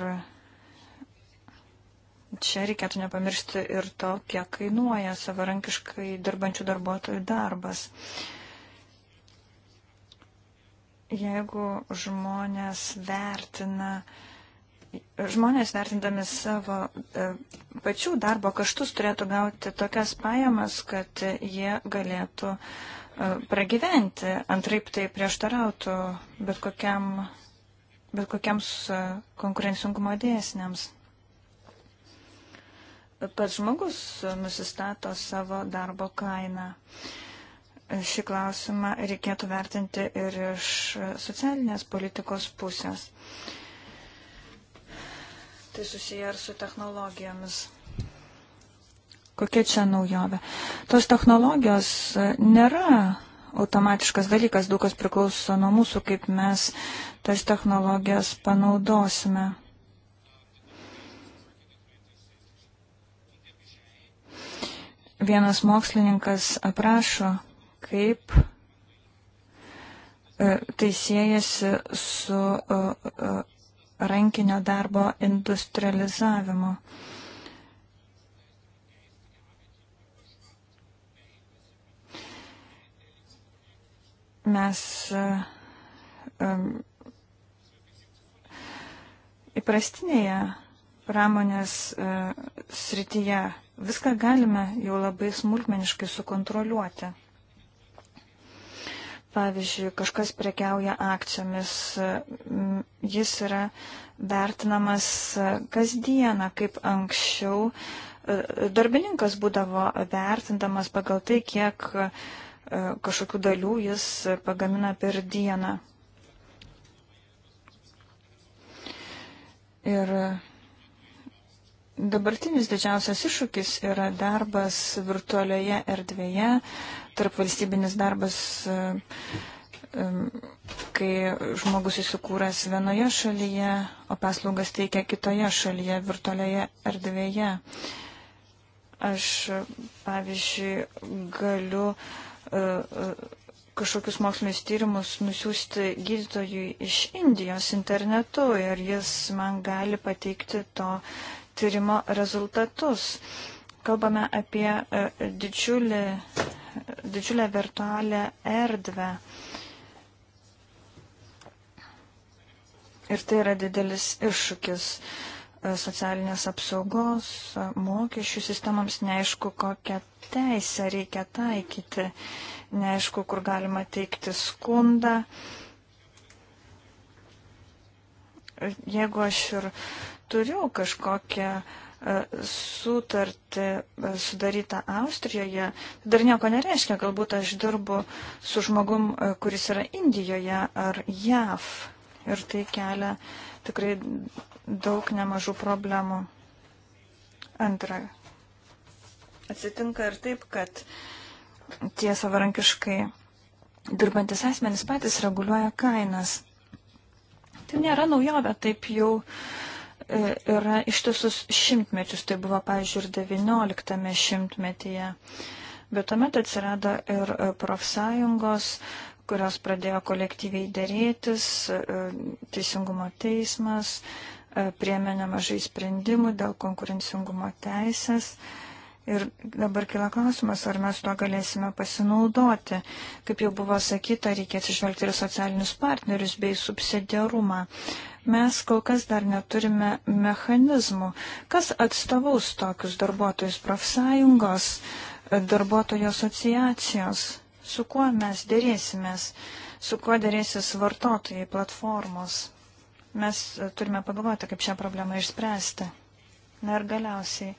čia reikėtų nepamiršti ir to, kiek kainuoja savarankiškai dirbančių darbuotojų darbas. Uh, jeigu žmonės vertina, žmonės vertindami savo e, pačių darbo kaštus turėtų gauti tokias pajamas, kad jie galėtų e, pragyventi, antraip tai prieštarautų bet, kokiam, bet kokiems e, konkurencingumo dėsniams. Pats žmogus nusistato savo darbo kainą. Uh, šį klausimą reikėtų vertinti ir iš socialinės politikos pusės. Tai susiję ir su technologijomis. Kokia čia naujovė? Tos technologijos e, nėra automatiškas dalykas, daug kas priklauso nuo mūsų, kaip mes tas technologijas panaudosime. Vienas mokslininkas aprašo kaip e, tai siejasi su e, e, rankinio darbo industrializavimu. Mes įprastinėje pramonės srityje viską galime jau labai smulkmeniškai sukontroliuoti. Pavyzdžiui, kažkas prekiauja akcijomis, jis yra vertinamas kasdieną, kaip anksčiau e, darbininkas būdavo vertindamas pagal tai, kiek e, kažkokių dalių jis pagamina per dieną. Ir dabartinis didžiausias iššūkis yra darbas virtualioje erdvėje, tarp valstybinis darbas, e, e, kai žmogus įsikūręs vienoje šalyje, o paslaugas teikia kitoje šalyje, virtualioje erdvėje. Aš, pavyzdžiui, galiu e, kažkokius mokslinius tyrimus nusiųsti gydytojui iš Indijos internetu ir jis man gali pateikti to tyrimo rezultatus. Kalbame apie didžiulį didžiulę virtualią erdvę. Ir tai yra didelis iššūkis e, socialinės apsaugos, e, mokesčių sistemams, neaišku, kokią teisę reikia taikyti, neaišku, kur galima teikti skundą. Jeigu aš ir turiu kažkokią uh, sutartį e, sudarytą Austrijoje, dar nieko nereiškia, galbūt aš dirbu su žmogum, e, kuris yra Indijoje ar JAV ir tai kelia tikrai daug nemažų problemų. Antra, atsitinka ir taip, kad tie savarankiškai dirbantis asmenys patys reguliuoja kainas. Tai nėra naujovė, taip jau uh, E, yra ištisus šimtmečius, tai buvo, pavyzdžiui, ir 19 šimtmetyje. Bet tuomet atsirado ir e, profsąjungos, kurios pradėjo kolektyviai dėrėtis, e, teisingumo teismas, priemė nemažai sprendimų dėl konkurencingumo teisės. Uh, Ir dabar kila klausimas, ar mes tuo galėsime pasinaudoti. Kaip jau buvo sakyta, reikia atsižvelgti ir socialinius partnerius bei subsidiarumą. Mes kol kas dar neturime mechanizmų. Kas atstovaus tokius darbuotojus profsąjungos, darbuotojų asociacijos? Su kuo mes dėrėsimės? Su kuo dėrėsis vartotojai platformos? Mes turime pagalvoti, kaip šią problemą išspręsti. Na ir galiausiai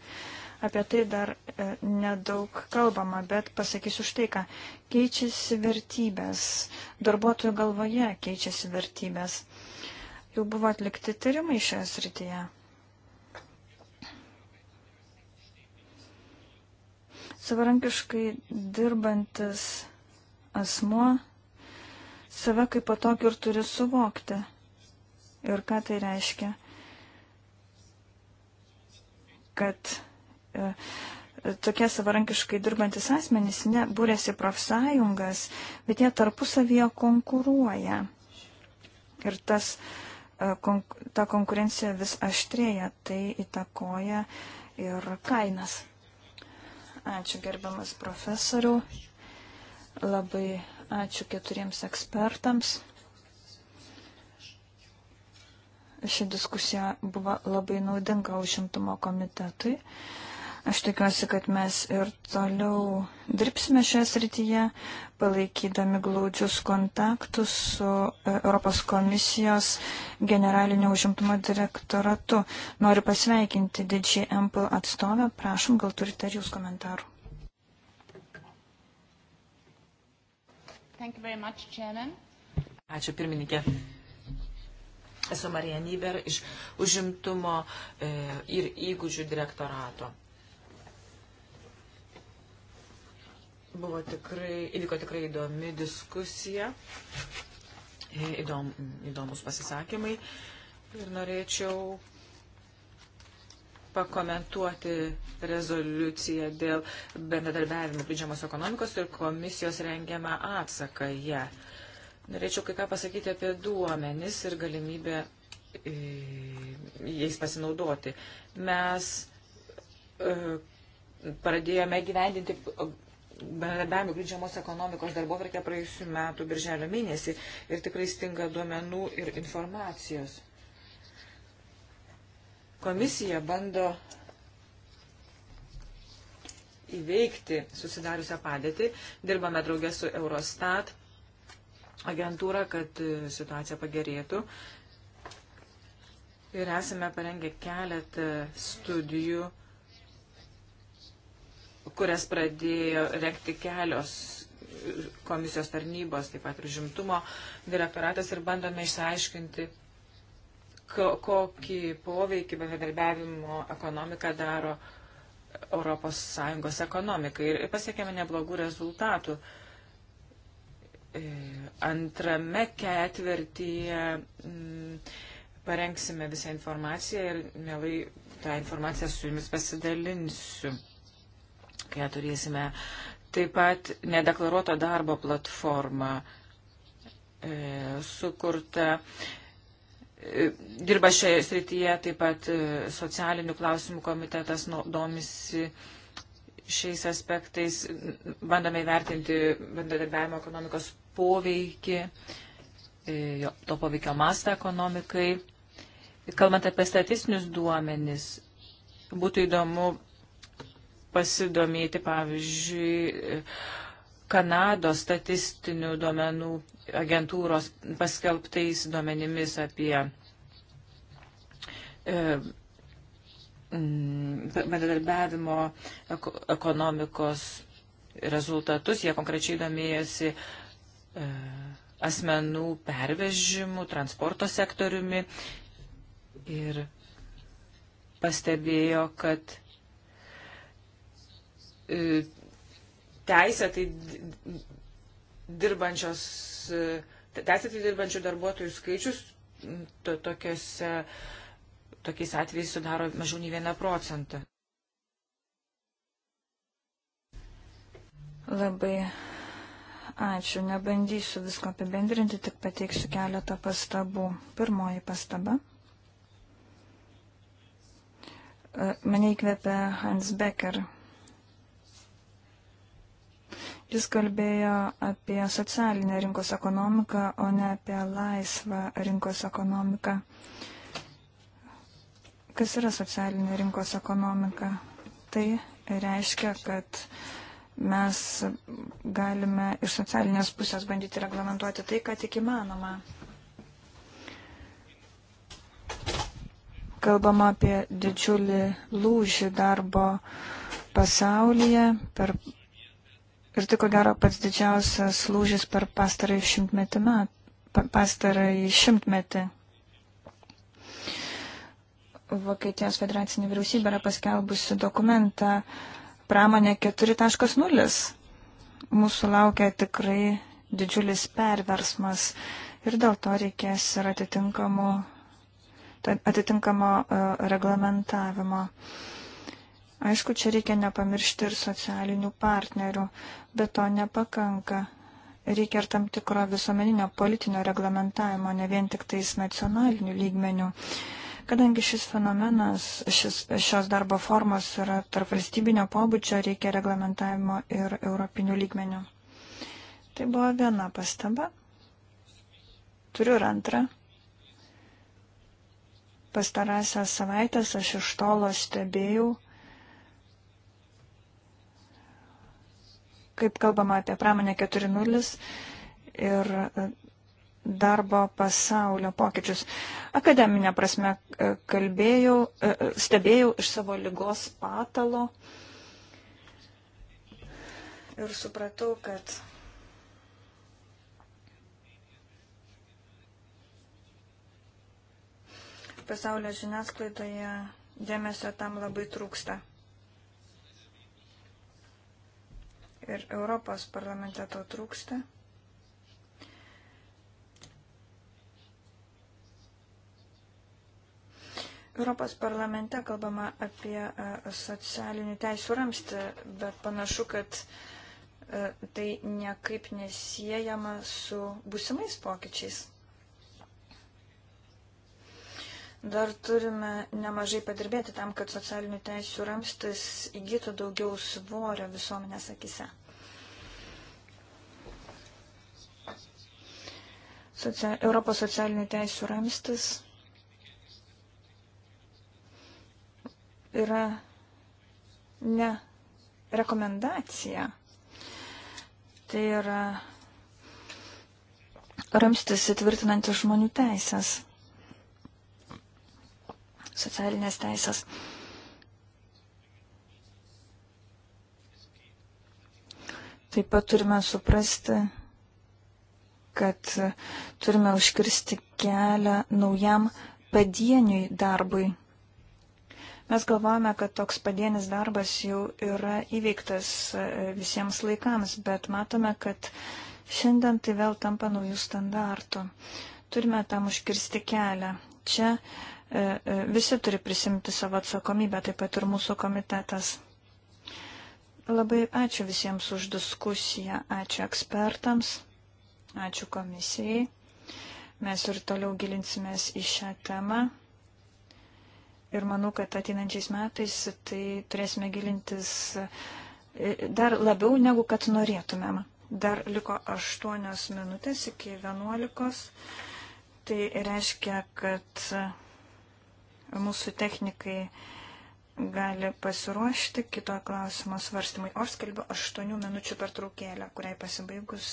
Apie tai dar e, nedaug kalbama, bet pasakysiu štai ką. Keičiasi vertybės. Darbuotojų galvoje keičiasi vertybės. Jau buvo atlikti tyrimai šioje srityje. Savarankiškai dirbantis asmuo save kaip patokį ir turi suvokti. Ir ką tai reiškia? Kad E, tokie savarankiškai dirbantis asmenys nebūrėsi profsąjungas, bet jie tarpusavyje konkuruoja. Ir tas, e, ta konkurencija vis aštrėja, tai įtakoja ir kainas. Ačiū gerbiamas profesorių, labai ačiū keturiems ekspertams. Ši diskusija buvo labai naudinga užimtumo komitetui. Aš tikiuosi, kad mes ir toliau dirbsime šią srityje, palaikydami glaudžius kontaktus su e, Europos komisijos generalinio užimtumo direktoratu. Noriu pasveikinti didžiai Ample atstovę. Prašom, gal turite ir jūs komentarų. Much, Ačiū pirmininkė. Esu Marija Nyber iš užimtumo e, ir įgūdžių direktorato. Buvo tikrai, įvyko tikrai įdomi diskusija, įdom, įdomus pasisakymai ir norėčiau pakomentuoti rezoliuciją dėl bendradarbiavimo pridžiamos ekonomikos ir komisijos rengiamą atsaką ją. Ja. Norėčiau kai ką pasakyti apie duomenis ir galimybę jais pasinaudoti. Mes e, pradėjome gyvendinti bendradarbiavimo grindžiamos ekonomikos darbo vertė praėjusiu metu birželio mėnesį ir tikrai stinga duomenų ir informacijos. Komisija bando įveikti susidariusią padėtį. Dirbame draugė su Eurostat agentūra, kad e, situacija pagerėtų. Ir esame parengę keletą studijų kurias pradėjo rekti kelios komisijos tarnybos, taip pat ir žimtumo direktoratas ir bandome išsiaiškinti, kokį poveikį bendradarbiavimo ekonomika daro ES ekonomikai. Ir pasiekėme neblogų rezultatų. E, antrame ketvirtyje mm, parengsime visą informaciją ir mielai tą informaciją su jumis pasidalinsiu kai ją turėsime. Taip pat nedeklaruoto darbo platforma e, sukurta. E, dirba šioje srityje taip pat e, socialinių klausimų komitetas nu, domisi šiais aspektais. Bandome įvertinti bendradarbiavimo ekonomikos poveikį, e, jo, to poveikio mastą ekonomikai. Kalbant apie statistinius duomenis, būtų įdomu pasidomėti, pavyzdžiui, Kanados statistinių duomenų agentūros paskelbtais duomenimis apie e, bendradarbiavimo ekonomikos rezultatus. Jie konkrečiai domėjasi e, asmenų pervežimų, transporto sektoriumi ir pastebėjo, kad E, teisę, tai dirbančios, e, teisė tai dirbančių darbuotojų skaičius to, tokiose, tokiais atvejais sudaro mažiau nei vieną procentą. Labai ačiū. Nebandysiu visko apibendrinti, tik pateiksiu keletą pastabų. Pirmoji pastaba. E, mane įkvėpė Hans Becker Jis kalbėjo apie socialinę rinkos ekonomiką, o ne apie laisvą rinkos ekonomiką. Kas yra socialinė rinkos ekonomika? Tai reiškia, kad mes galime iš socialinės pusės bandyti reglamentuoti tai, ką tik įmanoma. Kalbama apie didžiulį lūžį darbo pasaulyje per Ir tai ko gero pats didžiausias lūžis per pastarąjį šimtmetį. Met, pastarąjį šimtmetį. Vokietijos federacinė vyriausybė yra paskelbusi dokumentą Pramonė 4.0. Mūsų laukia tikrai didžiulis perversmas ir dėl to reikės ir atitinkamo, atitinkamo e, reglamentavimo. Uh, Aišku, čia reikia nepamiršti ir socialinių partnerių, bet to nepakanka. Reikia ir tam tikro visuomeninio politinio reglamentavimo, ne vien tik tais nacionalinių lygmenių. Kadangi šis fenomenas, šis, šios darbo formos yra tarp valstybinio pobūdžio, reikia reglamentavimo ir europinių lygmenių. Tai buvo viena pastaba. Turiu ir antrą. Pastarąsias savaitės aš iš tolo stebėjau kaip kalbama apie pramonę 4.0 ir e, darbo pasaulio pokyčius. Akademinė prasme e, kalbėjau, e, stebėjau iš savo lygos patalo ir supratau, kad pasaulio žiniasklaidoje dėmesio tam labai trūksta. ir Europos parlamente to trūksta. Europos parlamente kalbama apie e, socialinių teisų ramstį, bet panašu, kad e, tai niekaip nesijama su būsimais pokyčiais. Dar turime nemažai padirbėti tam, kad socialinių teisų ramstis įgytų daugiau svorio visuomenės akise. Socia Europos socialinių teisų ramstis yra ne rekomendacija. Tai yra ramstis įtvirtinantis žmonių teisės socialinės teisės. Taip pat turime suprasti, kad turime užkirsti kelią naujam padieniui darbui. Mes galvojame, kad toks padienis darbas jau yra įveiktas visiems laikams, bet matome, kad šiandien tai vėl tampa naujų standartų. Turime tam užkirsti kelią. Čia uh, E, e, visi turi prisimti savo atsakomybę, taip pat ir mūsų komitetas. Labai ačiū visiems už diskusiją, ačiū ekspertams, ačiū komisijai. Mes ir toliau gilinsimės į šią temą. Ir manau, kad ateinančiais metais tai turėsime gilintis e, dar labiau, negu kad norėtumėm. Dar liko 8 minutės iki 11. Tai reiškia, kad mūsų technikai gali pasiruošti kito klausimo svarstymui. O aš skelbiu 8 minučių per traukėlę, kuriai pasibaigus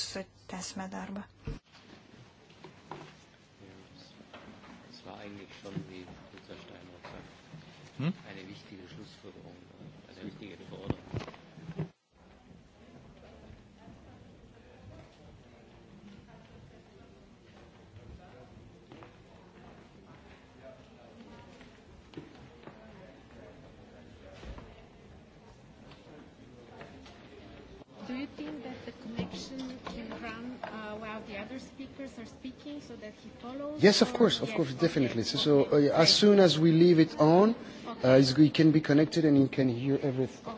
tęsime darbą. Hm? what the other speakers are speaking so that he follows? Yes, of course, of yes, course, definitely. Okay, so okay, so uh, as soon as we leave it on, uh, okay. uh, he can be connected and he can hear everything. Okay.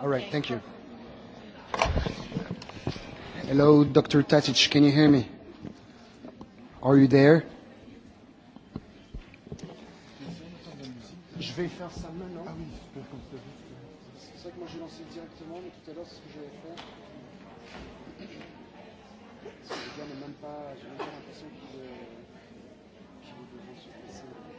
All right, okay. thank you. Perfect. Hello, Dr. Tatic, can you hear me? Are you there? Je vais faire ça maintenant. Ah oui, c'est ça que moi j'ai lancé directement, mais tout à l'heure c'est ce que j'avais fait. Parce que le gars n'a même pas, j'ai même pas l'impression qu'il est, euh, qu'il est devant son PC.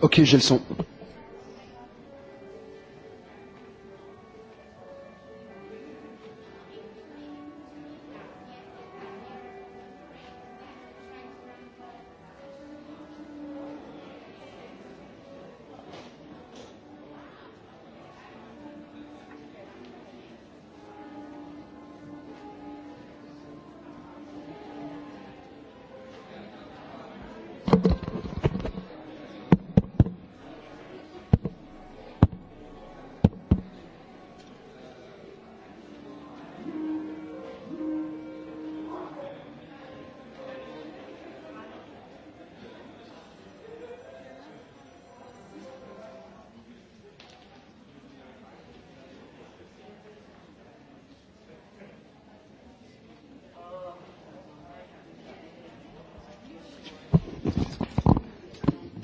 Ok, j'ai le son.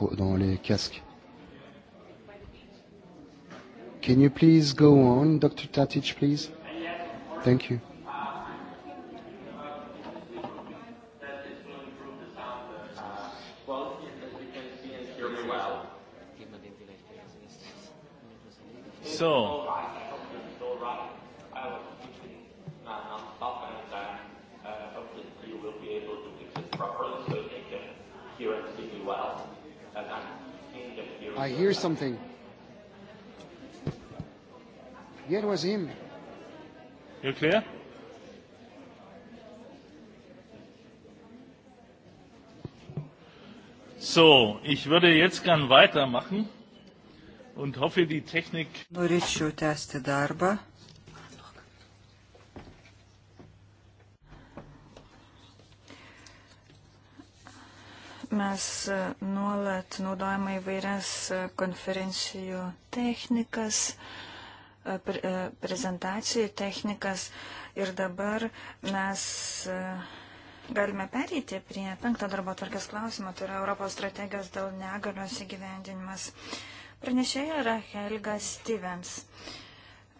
micro, dans les casques. Can you please go on, Dr. Tatic, please? Thank you. something. Yeah, it was him. You clear? So, ich würde jetzt gern weitermachen und hoffe, die Technik. Norėčiau tęsti darbą. Mes e, nuolat naudojame įvairias e, konferencijų technikas, e, prezentacijų technikas ir dabar mes galime pereiti prie penktą darbo tvarkės klausimą, tai yra Europos strategijos dėl negalios įgyvendinimas. Pranešėja yra Helga Stevens. Uh,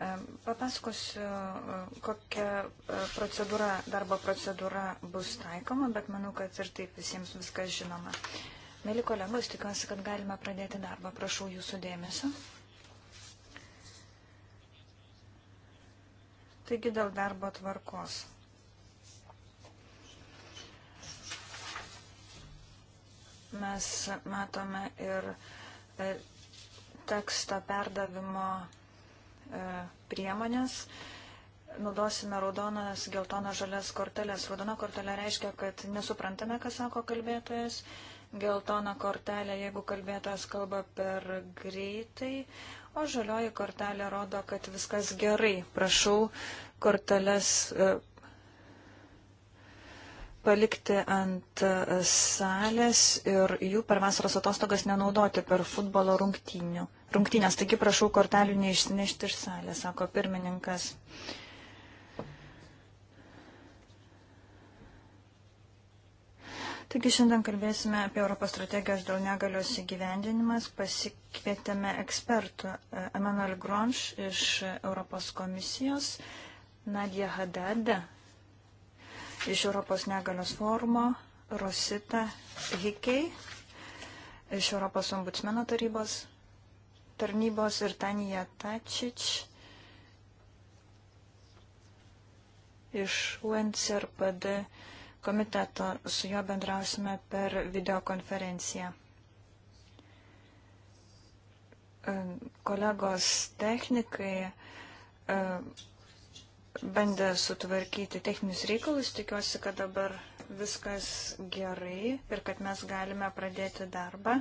E, Papasakosiu, e, kokia e, procedūra, darbo procedūra bus taikoma, bet manau, kad ir taip visiems viskas žinoma. Mėly kolegos, tikiuosi, kad galime pradėti darbą. Prašau jūsų dėmesio. Taigi dėl darbo tvarkos. Mes matome ir teksto perdavimo E, priemonės. Naudosime raudonas, geltonas, žalias kortelės. Raudona kortelė reiškia, kad nesuprantame, ką sako kalbėtojas. Geltona kortelė, jeigu kalbėtojas kalba per greitai. O žalioji kortelė rodo, kad viskas gerai. Prašau korteles e, palikti ant salės ir jų per vasaros atostogas nenaudoti per futbolo rungtynių. rungtynės. Taigi prašau kortelių neišsinešti iš salės, sako pirmininkas. Taigi šiandien kalbėsime apie Europos strategijos dėl negalios įgyvendinimas. Pasikvietėme ekspertų e, Emanuel Gronš iš Europos komisijos, Nadia Hadada iš Europos negalios forumo Rosita Hikiai, iš Europos ombudsmeno tarybos tarnybos ir Tanija Tačič iš UNCRPD komiteto. Su juo bendrausime per videokonferenciją. Kolegos technikai bandė sutvarkyti techninius reikalus. Tikiuosi, kad dabar viskas gerai ir kad mes galime pradėti darbą.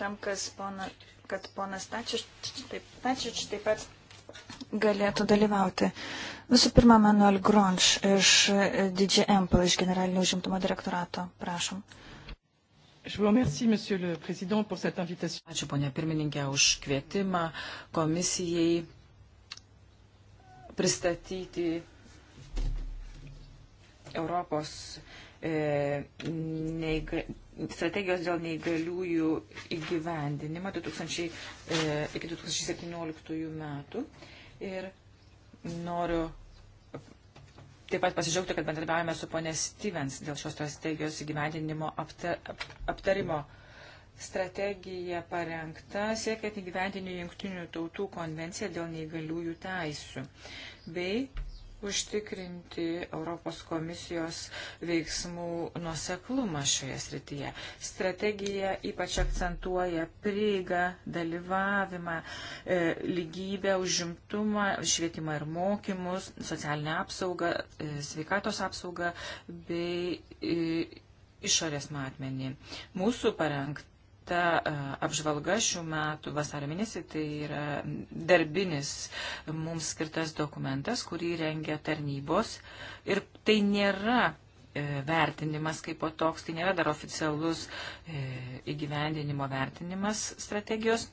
Tam, pona, kad ponas Tačič taip, Tačič taip pat galėtų dalyvauti. Visų pirma, Manuel Gronš iš DJ Empel, iš Generalinio užimtumo direktorato. Prašom. Ačiū, ponia pirmininkė, už kvietimą komisijai pristatyti Europos e, neįga, strategijos dėl neįgaliųjų įgyvendinimą 2000, e, iki 2017 metų. Ir noriu taip pat pasižiaugti, kad bendradarbiavame su ponė Stevens dėl šios strategijos įgyvendinimo apta, ap, aptarimo. Mm strategija parengta siekiant įgyvendinti Junktinių tautų konvenciją dėl neįgaliųjų teisių bei užtikrinti Europos komisijos veiksmų nuoseklumą šioje srityje. Strategija ypač akcentuoja prieigą, dalyvavimą, e, lygybę, užimtumą, švietimą ir mokymus, socialinę apsaugą, e, sveikatos apsaugą bei e, išorės matmenį. Mūsų parengta kita e, apžvalga šių metų vasario mėnesį, tai yra darbinis mums skirtas dokumentas, kurį rengia tarnybos. Ir tai nėra e, vertinimas kaip po toks, tai nėra dar oficialus e, įgyvendinimo vertinimas strategijos,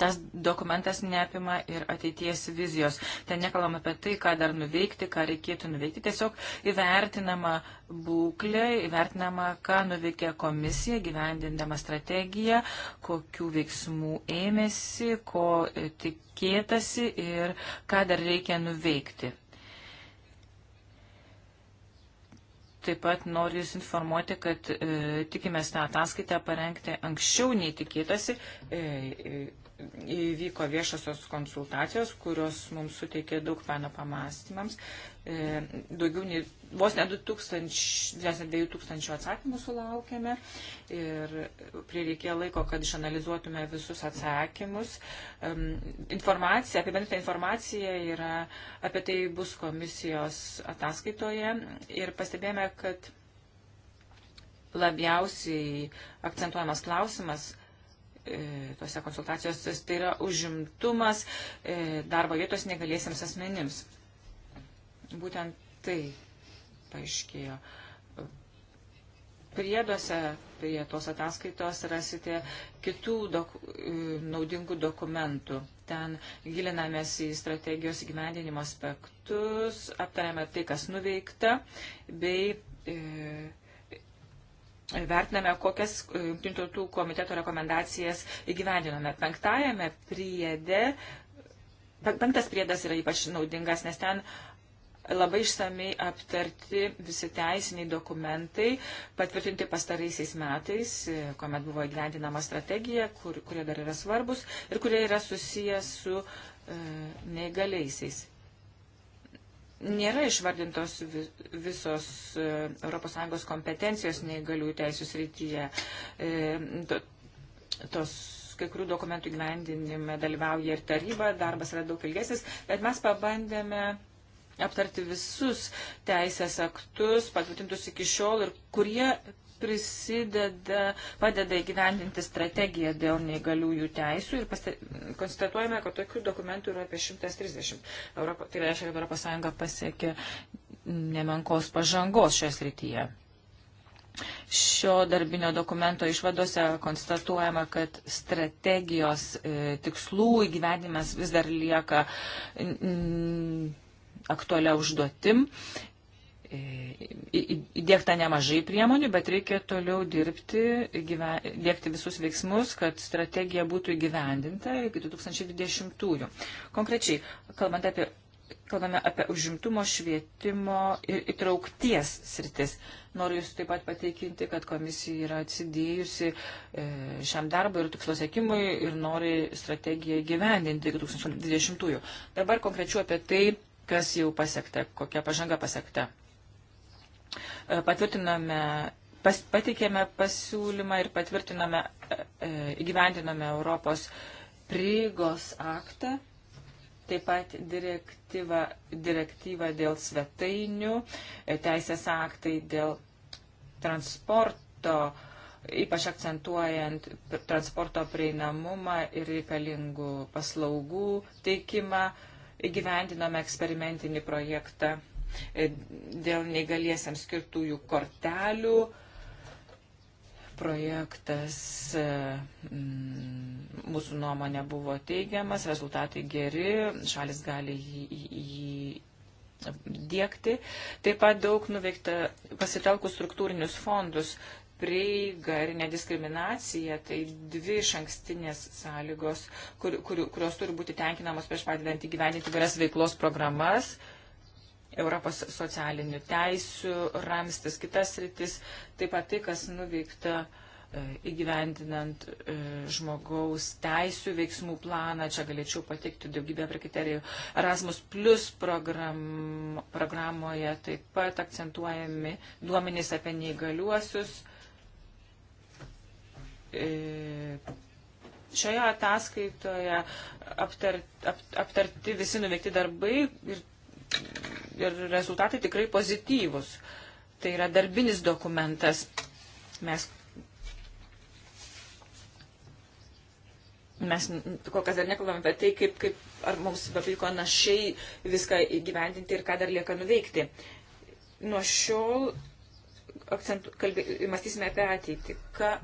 tas dokumentas neapima ir ateities vizijos. Ten nekalbam apie tai, ką dar nuveikti, ką reikėtų nuveikti. Tiesiog įvertinama būklė, įvertinama, ką nuveikė komisija, gyvendindama strategiją, kokių veiksmų ėmėsi, ko tikėtasi ir ką dar reikia nuveikti. Taip pat noriu Jūs informuoti, kad e, tikimės tą ataskaitę parengti anksčiau nei tikėtasi. E, e, įvyko viešosios konsultacijos, kurios mums suteikė daug peno pamastymams. E, daugiau nei vos ne 2000 atsakymų sulaukėme ir prireikėjo laiko, kad išanalizuotume visus atsakymus. Informacija, apibendrinta informacija yra, apie tai bus komisijos ataskaitoje ir pastebėjome, kad labiausiai akcentuojamas klausimas E, tose konsultacijose, tai yra užimtumas e, darbo vietos negalėsiams asmenims. Būtent tai paaiškėjo. Prieduose prie tos ataskaitos rasite kitų dok, e, naudingų dokumentų. Ten gilinamės į strategijos įgyvendinimo aspektus, aptariame tai, kas nuveikta, bei e, vertiname, kokias e, jungtinių tautų komiteto rekomendacijas įgyvendinome. Penktajame priede, penktas priedas yra ypač naudingas, nes ten labai išsamei aptarti visi teisiniai dokumentai, patvirtinti pastaraisiais metais, e, kuomet buvo įgyvendinama strategija, kur, kurie dar yra svarbus ir kurie yra susijęs su e, neįgaliaisiais nėra išvardintos visos e, ES kompetencijos neįgaliųjų teisų srityje. E, tos kai kurių dokumentų gyvendinime dalyvauja ir taryba, darbas yra daug ilgesnis, bet mes pabandėme aptarti visus teisės aktus, patvirtintus iki šiol ir kurie prisideda, padeda įgyvendinti strategiją dėl neįgaliųjų teisų ir pasta, konstatuojame, kad tokių dokumentų yra apie 130. Europa, tai reiškia, kad ES pasiekė nemenkos pažangos šios rytyje. Šio darbinio dokumento išvadose konstatuojama, kad strategijos e, tikslų įgyvenimas vis dar lieka n, aktualia užduotim įdėkta nemažai priemonių, bet reikia toliau dirbti, gyven, dėkti visus veiksmus, kad strategija būtų įgyvendinta iki 2020-ųjų. Konkrečiai, kalbant apie, kalbame apie užimtumo, švietimo ir įtraukties sritis. Noriu Jūs taip pat pateikinti, kad komisija yra atsidėjusi e, šiam darbui ir tikslo sėkimui ir nori strategiją gyvendinti iki 2020-ųjų. Dabar konkrečiu apie tai, kas jau pasiekta, kokia pažanga pasiekta. E, patvirtinome, pas, patikėme pasiūlymą ir patvirtinome, e, e, įgyvendinome Europos prieigos aktą, taip pat direktyva, direktyva dėl svetainių, teisės aktai dėl transporto, ypač akcentuojant transporto prieinamumą ir reikalingų paslaugų teikimą, įgyvendinome eksperimentinį projektą E, dėl neįgaliesiams skirtųjų kortelių. Projektas e, mūsų nuomonė buvo teigiamas, rezultatai geri, šalis gali jį, jį dėkti. Taip pat daug nuveikta pasitelkus struktūrinius fondus prieiga ir nediskriminacija, tai dvi iš ankstinės sąlygos, kur, kur, kurios turi būti tenkinamos prieš padedant įgyvendinti vairias veiklos programas. Uh, Europos socialinių teisių, ramstis kitas rytis, taip pat tai, kas nuveikta e, įgyvendinant e, žmogaus teisų veiksmų planą. Čia galėčiau patikti daugybę prie kriterijų. Erasmus Plus program, programoje taip pat akcentuojami duomenys apie neįgaliuosius. E, šioje ataskaitoje aptart, ap, aptarti visi nuveikti darbai ir ir rezultatai tikrai pozityvus. Tai yra darbinis dokumentas. Mes, mes kol kas dar nekalbame apie tai, kaip, kaip, ar mums pavyko našiai viską įgyvendinti ir ką dar lieka nuveikti. Nuo šiol akcentu, kalbė, mąstysime apie ateitį. Ką,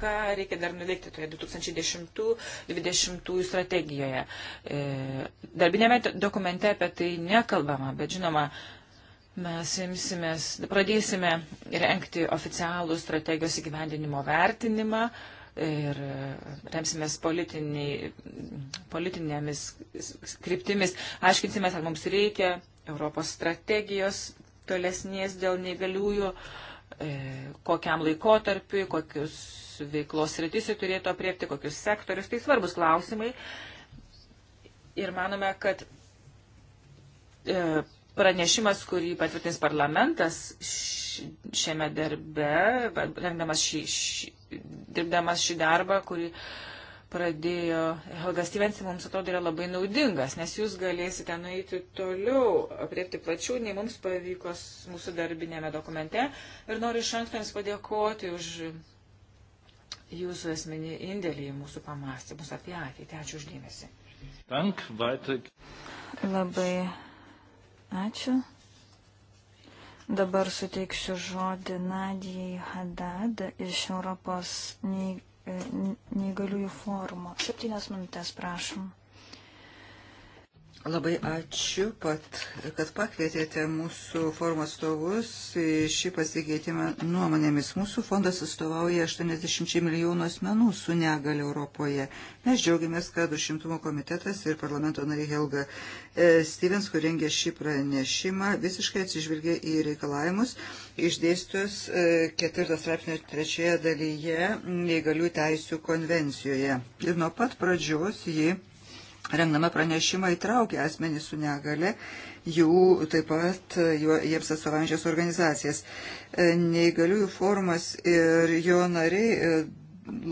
ką reikia dar nuveikti toje 2010-2020 strategijoje. E, Darbinėme dokumente apie tai nekalbama, bet žinoma, mes imsimės, pradėsime renkti oficialų strategijos įgyvendinimo vertinimą ir remsimės politinėmis kryptimis, aiškinsimės, ar mums reikia Europos strategijos tolesnės dėl neįgaliųjų. Uh, E, kokiam laikotarpiui, kokius veiklos rytis jį turėtų apriepti, kokius sektorius. Tai svarbus klausimai. Ir manome, kad e, pranešimas, kurį patvirtins parlamentas šiame darbe, rengdamas šį, šį, dirbdamas šį darbą, kurį uh, pradėjo Helga Stevensi, mums atrodo, yra labai naudingas, nes jūs galėsite nueiti toliau, apriepti plačių, nei mums pavyko mūsų darbinėme dokumente. Ir noriu iš anksto Jums padėkoti už Jūsų esminį indėlį į mūsų pamastymus apie ateitį. Ačiū uždėmesi. Dank, Labai ačiū. Dabar suteiksiu žodį Nadijai Hadad iš Europos E, neįgaliųjų forumo. Septynias minutės, prašom. Labai ačiū, pat, kad pakvietėte mūsų forumo atstovus į šį pasikeitimą nuomonėmis. Mūsų fondas atstovauja 80 milijonų asmenų su negaliu Europoje. Mes džiaugiamės, kad užimtumo komitetas ir parlamento nariai Helga e, Stevens, kur rengė šį pranešimą, visiškai atsižvelgė į reikalavimus išdėstus e, ketvirtas straipsnio trečioje dalyje neįgalių teisų konvencijoje. Ir nuo pat pradžios ji. Jį Rengdama pranešimą įtraukia asmenį su negale, jų taip pat jiems atstovaujančias organizacijas. E, neįgaliųjų forumas ir jo nariai e,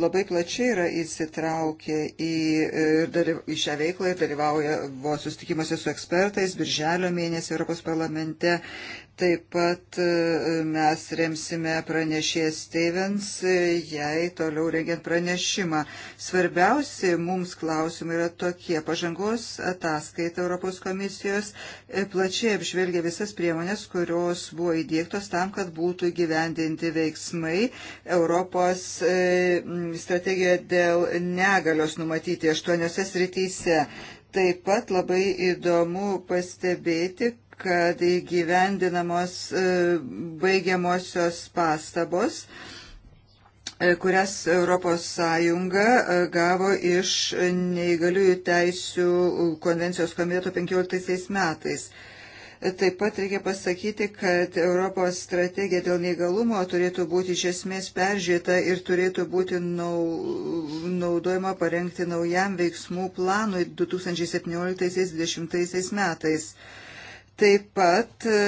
labai plačiai yra įsitraukę į, e, dalyv, į šią veiklą ir dalyvauja buvo sustikimuose su ekspertais, birželio mėnesį Europos parlamente Taip pat e, mes remsime pranešėją Stevens, e, jai toliau rengiant pranešimą. Svarbiausi mums klausimai yra tokie. Pažangos ataskaita Europos komisijos e, plačiai apžvelgia visas priemonės, kurios buvo įdėktos tam, kad būtų gyvendinti veiksmai Europos strategijoje dėl negalios numatyti aštuoniose srityse. Taip pat labai įdomu pastebėti, kad įgyvendinamos e, baigiamosios pastabos, e, kurias ES e, gavo iš neįgaliųjų teisių konvencijos komiteto 15 metais. Taip pat reikia pasakyti, kad Europos strategija dėl neįgalumo turėtų būti iš esmės peržiūrėta ir turėtų būti naudojama parengti naujam veiksmų planui 2017-2020 metais. Taip pat e,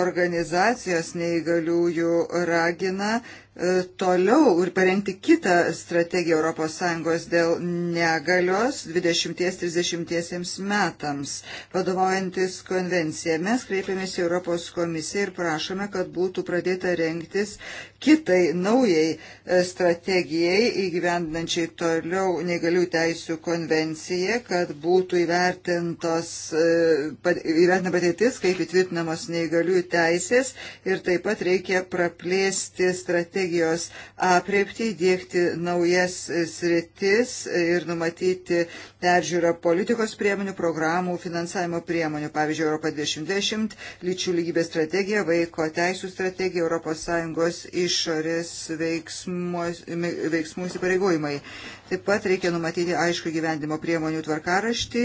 organizacijos neįgaliųjų ragina E, toliau ir parengti kitą strategiją ES dėl negalios 20-30 metams, vadovaujantis konvenciją. Mes kreipiamės į Europos komisiją ir prašome, kad būtų pradėta rengtis kitai naujai e, strategijai įgyvendinančiai toliau negalių teisų konvenciją, kad būtų įvertintos, e, įvertinta patirtis, kaip įtvirtinamos negalių teisės ir taip pat reikia praplėsti strategiją strategijos apreipti, dėkti naujas sritis ir numatyti peržiūrą politikos priemonių, programų, finansavimo priemonių, pavyzdžiui, Europa 2020, lyčių lygybės strategija, vaiko teisų strategija, ES išorės veiksmos, veiksmų įsipareigojimai. Taip pat reikia numatyti aišku gyvendimo priemonių tvarkaraštį,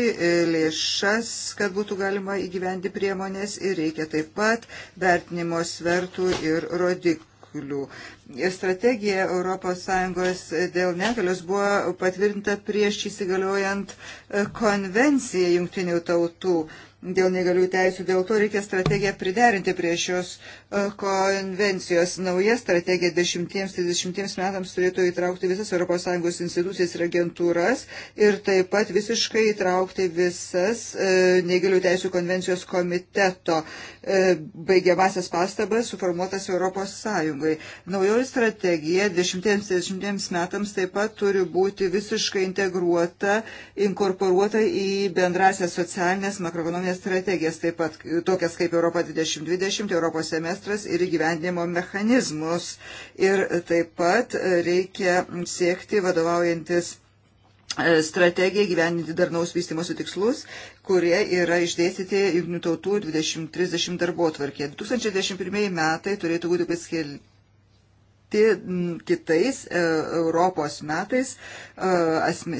lėšas, kad būtų galima įgyvendi priemonės ir reikia taip pat vertinimo svertų ir rodiklių negalių. Strategija ES dėl negalios buvo patvirtinta prieš įsigaliojant konvenciją jungtinių tautų dėl negalių teisų. Dėl to reikia strategiją priderinti prie šios e, konvencijos. Nauja strategija 10-30 metams turėtų įtraukti visas ES institucijas ir agentūras ir taip pat visiškai įtraukti visas e, negalių teisų konvencijos komiteto e, baigiamasias pastabas suformuotas ES. Naujoji strategija 10-30 metams taip pat turi būti visiškai integruota, inkorporuota į bendrasias socialinės makroekonominės nacionalinės strategijas, taip pat tokias kaip Europa 2020, Europos semestras ir įgyvendinimo mechanizmus. Ir taip pat e, reikia siekti vadovaujantis e, strategiją gyveninti darnaus vystimosi tikslus, kurie yra išdėstyti Junktinių tautų 2030 darbo tvarkė. 2021 metai turėtų būti paskelbti kitais e, Europos metais asme,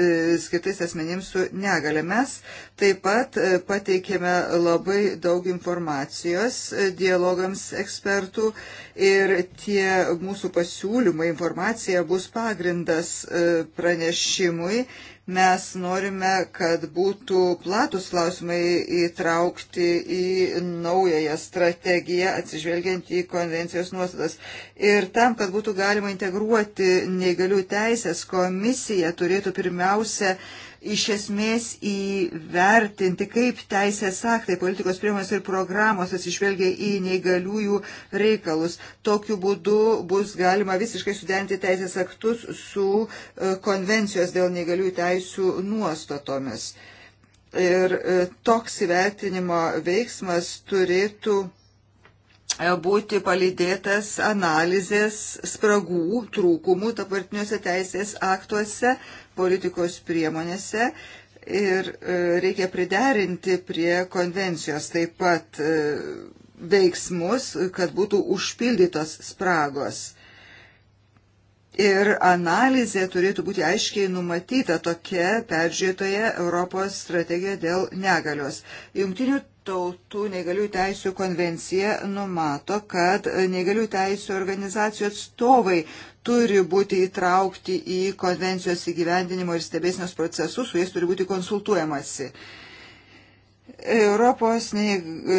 e, skirtais asmenims su negale. Mes taip pat e, pateikėme labai daug informacijos e, dialogams ekspertų ir tie mūsų pasiūlymai, informacija bus pagrindas pranešimui mes norime, kad būtų platus klausimai įtraukti į naująją strategiją, atsižvelgiant į konvencijos nuostatas. Ir tam, kad būtų galima integruoti neįgalių teisės, komisija turėtų pirmiausia iš esmės įvertinti, kaip teisės aktai, politikos priemonės ir programos atsižvelgia į neįgaliųjų reikalus. Tokiu būdu bus galima visiškai suderinti teisės aktus su e, konvencijos dėl neįgaliųjų teisų nuostatomis. Ir e, toks įvertinimo veiksmas turėtų E, būti palydėtas analizės spragų, trūkumų dabartiniuose teisės aktuose, politikos priemonėse ir e, reikia priderinti prie konvencijos taip pat e, veiksmus, kad būtų užpildytos spragos. Ir analizė turėtų būti aiškiai numatyta tokia peržiūrėtoje Europos strategijoje dėl negalios. Jungtinių tautų negalių teisų konvencija numato, kad negalių teisų organizacijų atstovai turi būti įtraukti į konvencijos įgyvendinimo ir stebėsinos procesus, su jais turi būti konsultuojamasi. Uh, Europos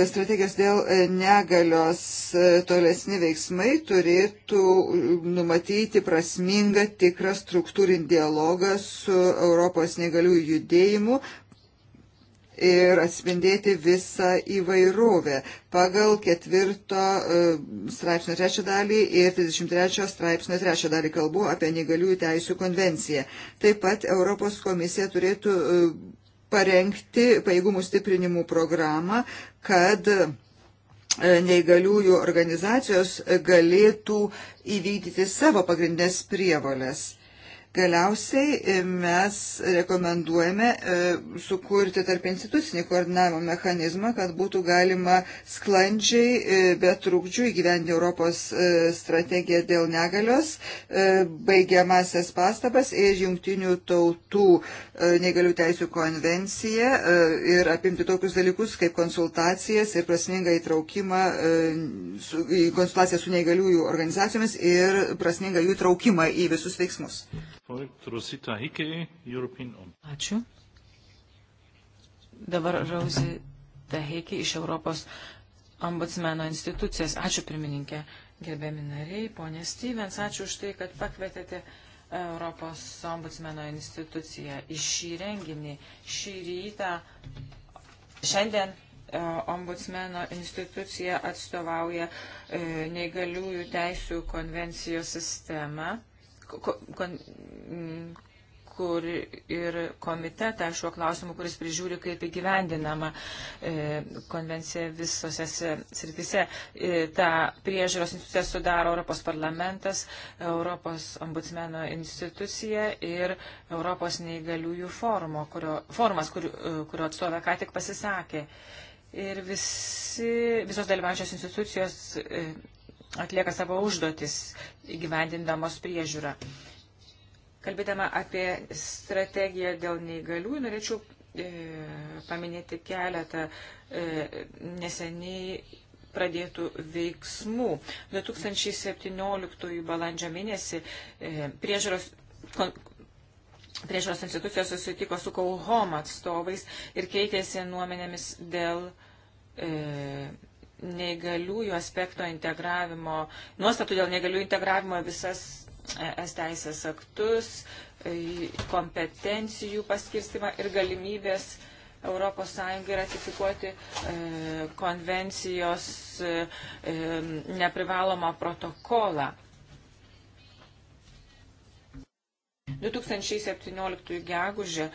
strategijos dėl e, negalios e, tolesni veiksmai turėtų e, numatyti prasmingą tikrą struktūrinį dialogą su Europos negalių judėjimu ir atspindėti visą įvairovę pagal ketvirto straipsnio trečią dalį ir 33 straipsnio trečią dalį kalbu apie negaliųjų teisų konvenciją. Taip pat Europos komisija turėtų parengti pajėgumų stiprinimų programą, kad e, neįgaliųjų organizacijos galėtų įvykdyti savo pagrindinės prievolės. Galiausiai e, mes rekomenduojame e, sukurti tarp institucinį koordinavimo mechanizmą, kad būtų galima sklandžiai, e, be trukdžių įgyvendinti Europos strategiją dėl negalios, baigiamasias pastabas ir jungtinių tautų negalių teisų konvenciją ir apimti tokius dalykus kaip konsultacijas ir prasmingą įtraukimą į konsultaciją su negaliųjų organizacijomis ir prasmingą jų traukimą į visus veiksmus. Ačiū. Dabar Rauzi Taheki iš Europos ombudsmeno institucijas. Ačiū pirmininkė, gerbėmi nariai, ponė Stevens, ačiū už tai, kad pakvietėte Europos ombudsmeno instituciją į šį renginį. Šį rytą, šiandien e, ombudsmeno institucija atstovauja e, neįgaliųjų teisų konvencijos sistemą kon, kur ir komitetą šiuo klausimu, kuris prižiūri, kaip įgyvendinama e, konvencija visose sritise. E, ta priežiūros institucija sudaro Europos parlamentas, Europos ombudsmeno institucija ir Europos neįgaliųjų forumo, kurio, formas, kur, e, kurio atstovė ką tik pasisakė. Ir visi, visos dalyvaujančios institucijos e, atlieka savo užduotis įgyvendindamos priežiūrą. Kalbėdama apie strategiją dėl neįgaliųjų, norėčiau e, paminėti keletą e, neseniai pradėtų veiksmų. 2017 balandžio mėnesį e, priežiūros kon, priežiūros institucijos susitiko su Kauhom atstovais ir keitėsi nuomenėmis dėl e, neįgaliųjų aspekto integravimo, nuostatų dėl neįgaliųjų integravimo visas es teisės aktus, kompetencijų paskirstimą ir galimybės ES ratifikuoti e, konvencijos e, e, neprivalomą protokolą. 2017 gegužė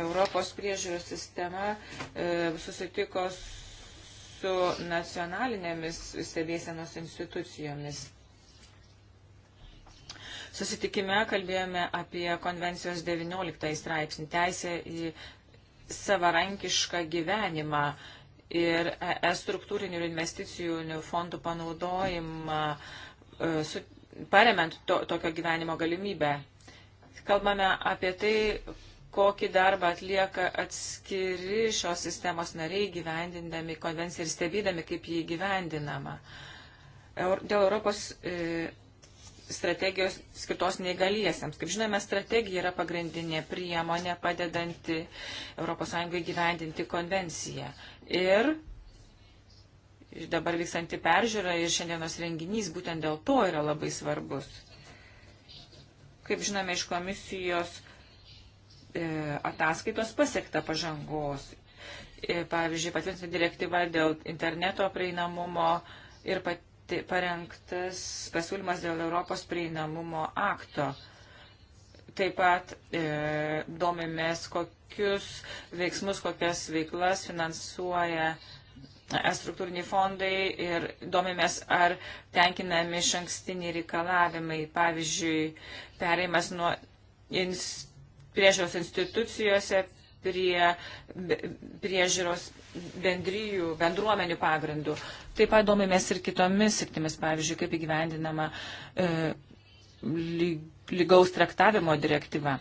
Europos priežiūros sistema susitiko su nacionalinėmis stebėsenos institucijomis. Susitikime kalbėjome apie konvencijos 19 straipsnį teisę į savarankišką gyvenimą ir ES struktūrinių ir investicijų fondų panaudojimą e, su, paremant to, tokio gyvenimo galimybę. Kalbame apie tai, kokį darbą atlieka atskiri šios sistemos nariai gyvendindami konvenciją ir stebėdami, kaip jį gyvendinama. Dėl Europos e, strategijos skirtos neįgaliesiams. Kaip žinome, strategija yra pagrindinė priemonė padedanti ES gyvendinti konvenciją. Ir dabar vykstanti peržiūra ir šiandienos renginys būtent dėl to yra labai svarbus. Kaip žinome, iš komisijos E, ataskaitos pasiekta pažangos. E, pavyzdžiui, patvirtinta direktyva dėl interneto prieinamumo ir pati, parengtas pasiūlymas dėl Europos prieinamumo akto. Taip pat e, domimės, kokius veiksmus, kokias veiklas finansuoja e, struktūriniai fondai ir domimės, ar tenkinami šankstiniai reikalavimai, pavyzdžiui, pereimas nuo inst priežiūros institucijose, prie priežiūros bendryjų, bendruomenių pagrindų. Taip pat domimės ir kitomis sritimis, pavyzdžiui, kaip įgyvendinama e, lygaus traktavimo direktyva.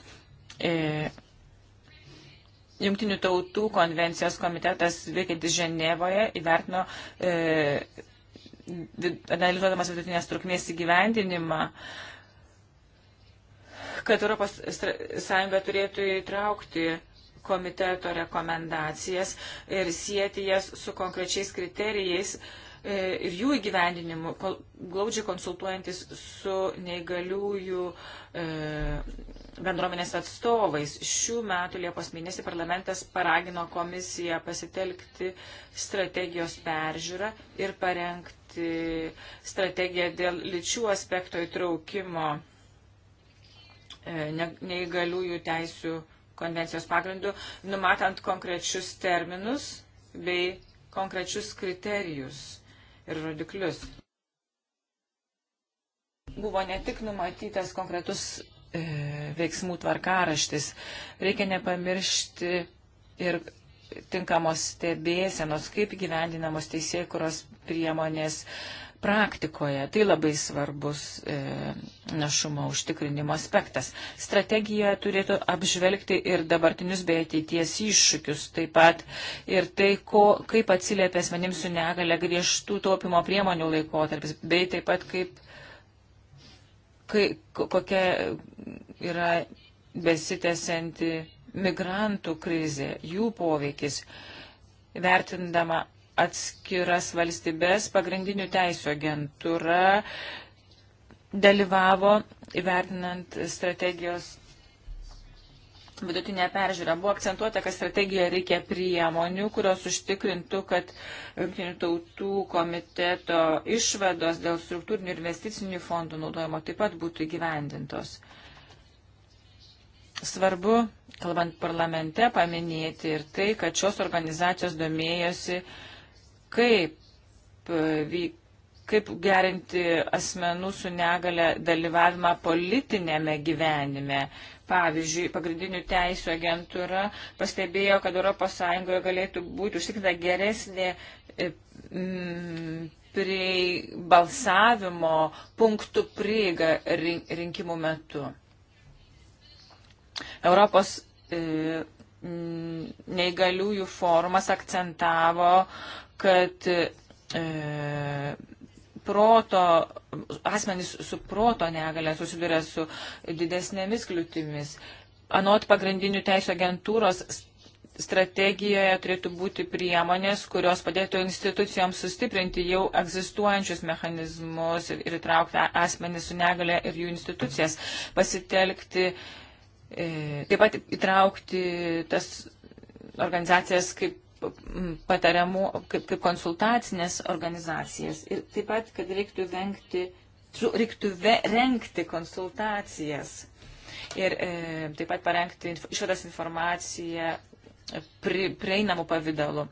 E, Junktinių tautų konvencijos komitetas veikiantis Ženevoje įvertino, e, analizuodamas vidutinės trukmės įgyvendinimą, e, kad ES turėtų įtraukti komiteto rekomendacijas ir sieti jas su konkrečiais kriterijais e, ir jų įgyvendinimu, glaudžiai konsultuojantis su neįgaliųjų e, bendruomenės atstovais. Šių metų Liepos mėnesį parlamentas paragino komisiją pasitelkti strategijos peržiūrą ir parengti strategiją dėl lyčių aspekto įtraukimo E, neįgaliųjų teisių konvencijos pagrindu, numatant konkrečius terminus bei konkrečius kriterijus ir rodiklius. Buvo ne tik numatytas konkretus e, veiksmų tvarkaraštis, reikia nepamiršti ir tinkamos stebėsenos, kaip gyvendinamos teisėkuros priemonės, e, praktikoje. Tai labai svarbus e, našumo užtikrinimo aspektas. Strategija turėtų apžvelgti ir dabartinius bei ateities iššūkius, taip pat ir tai, ko, kaip atsiliepia asmenims su negale griežtų taupimo priemonių laikotarpis, bei taip pat kaip, kaip kokia yra besitęsianti migrantų krizė, jų poveikis vertindama atskiras valstybės, pagrindinių teisų agentūra dalyvavo įvertinant strategijos vidutinė peržiūra. Buvo akcentuota, kad strategijoje reikia priemonių, kurios užtikrintų, kad Junktinių tautų komiteto išvados dėl struktūrinių ir investicinių fondų naudojimo taip pat būtų įgyvendintos. Svarbu, kalbant parlamente, paminėti ir tai, kad šios organizacijos domėjosi uh, kaip, e, kaip gerinti asmenų su negale dalyvavimą politinėme gyvenime. Pavyzdžiui, pagrindinių teisų agentūra pastebėjo, kad ES galėtų būti užtikrinta geresnė e, prie balsavimo punktų prieiga rinkimų metu. Europos e, neįgaliųjų forumas akcentavo kad e, proto, asmenys su proto negalė susiduria su didesnėmis kliūtimis. Anot pagrindinių teisų agentūros strategijoje turėtų būti priemonės, kurios padėtų institucijoms sustiprinti jau egzistuojančius mechanizmus ir įtraukti asmenį su negale ir jų institucijas, pasitelkti, e, taip pat įtraukti tas organizacijas kaip patariamų, kaip, kaip konsultacinės organizacijas. Ir taip pat, kad reiktų, vengti, reiktų ve, renkti konsultacijas. Ir e, taip pat parengti inf, išvadas informaciją pri, prieinamų pavydalu.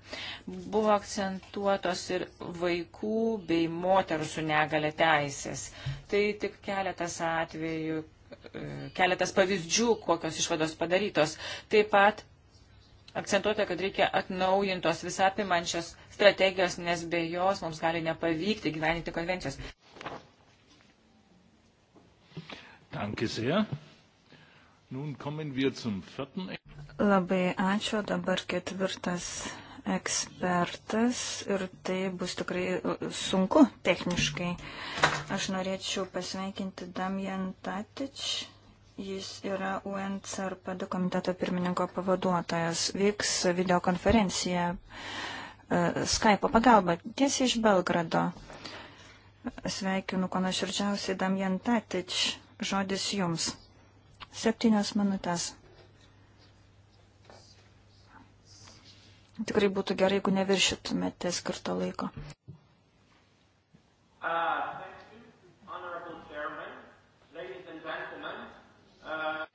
Buvo akcentuotos ir vaikų bei moterų su negale teisės. Tai tik keletas atvejų, e, keletas pavyzdžių, kokios išvados padarytos. Taip pat akcentuota, kad reikia atnaujintos visapimančios strategijos, nes be jos mums gali nepavykti gyveninti konvencijos. Danke sehr. Nun kommen wir zum vierten. Labai ačiū. Dabar ketvirtas ekspertas ir tai bus tikrai e, sunku techniškai. Aš norėčiau pasveikinti Damien Tatič Jis yra UNCRPD komiteto pirmininko pavaduotojas. Vyks videokonferencija e, Skype pagalba tiesiai iš Belgrado. Sveikinu, ko nuoširdžiausiai Damien Tatič. Žodis jums. Septynios minutės. Tikrai būtų gerai, jeigu neviršytumėte skirto laiko. Uh,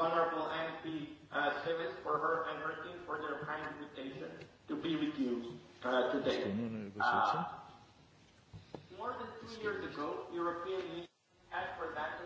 Honorable MP uh, Simmons for her and her team for their kind invitation to be with you uh, today. Uh, more than two years ago, European Union asked for that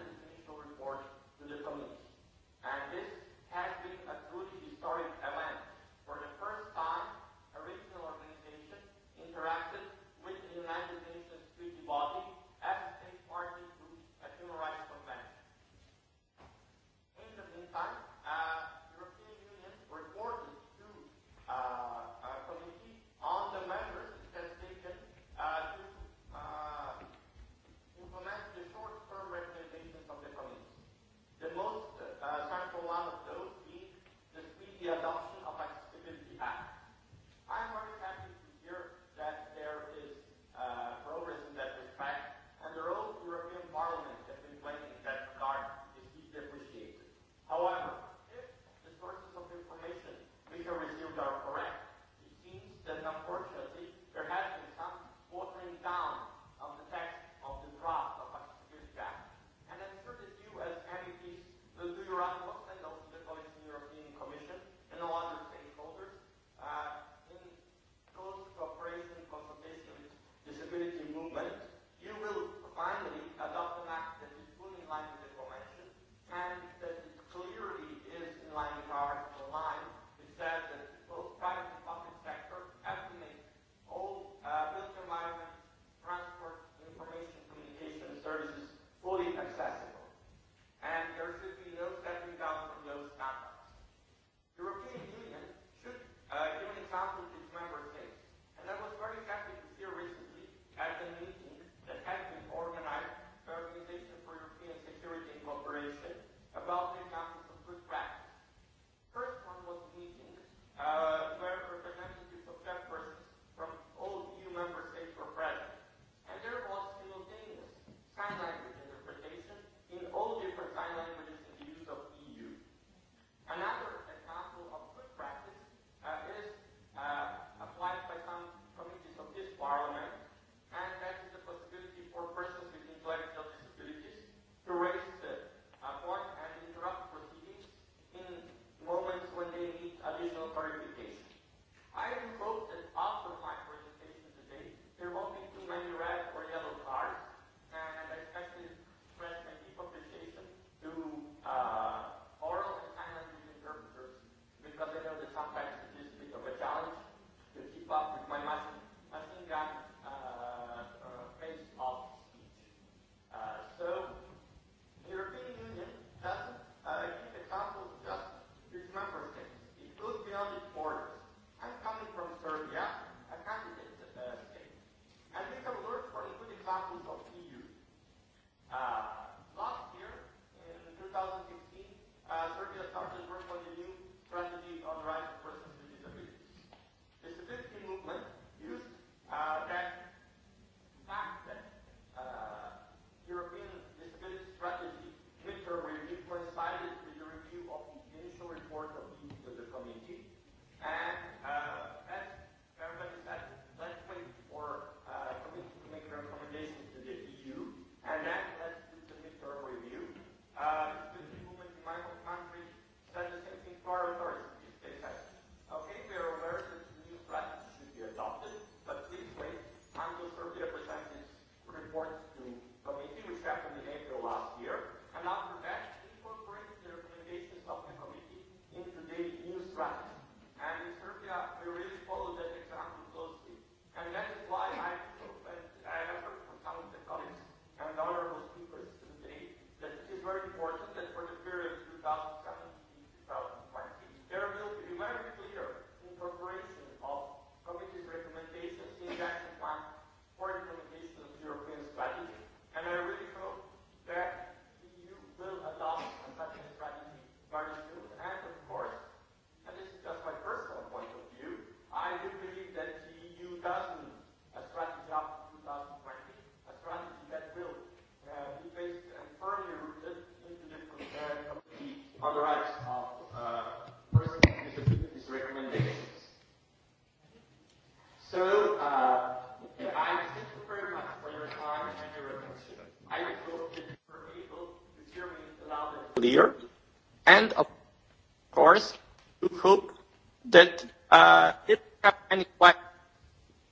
that uh, if you have any questions,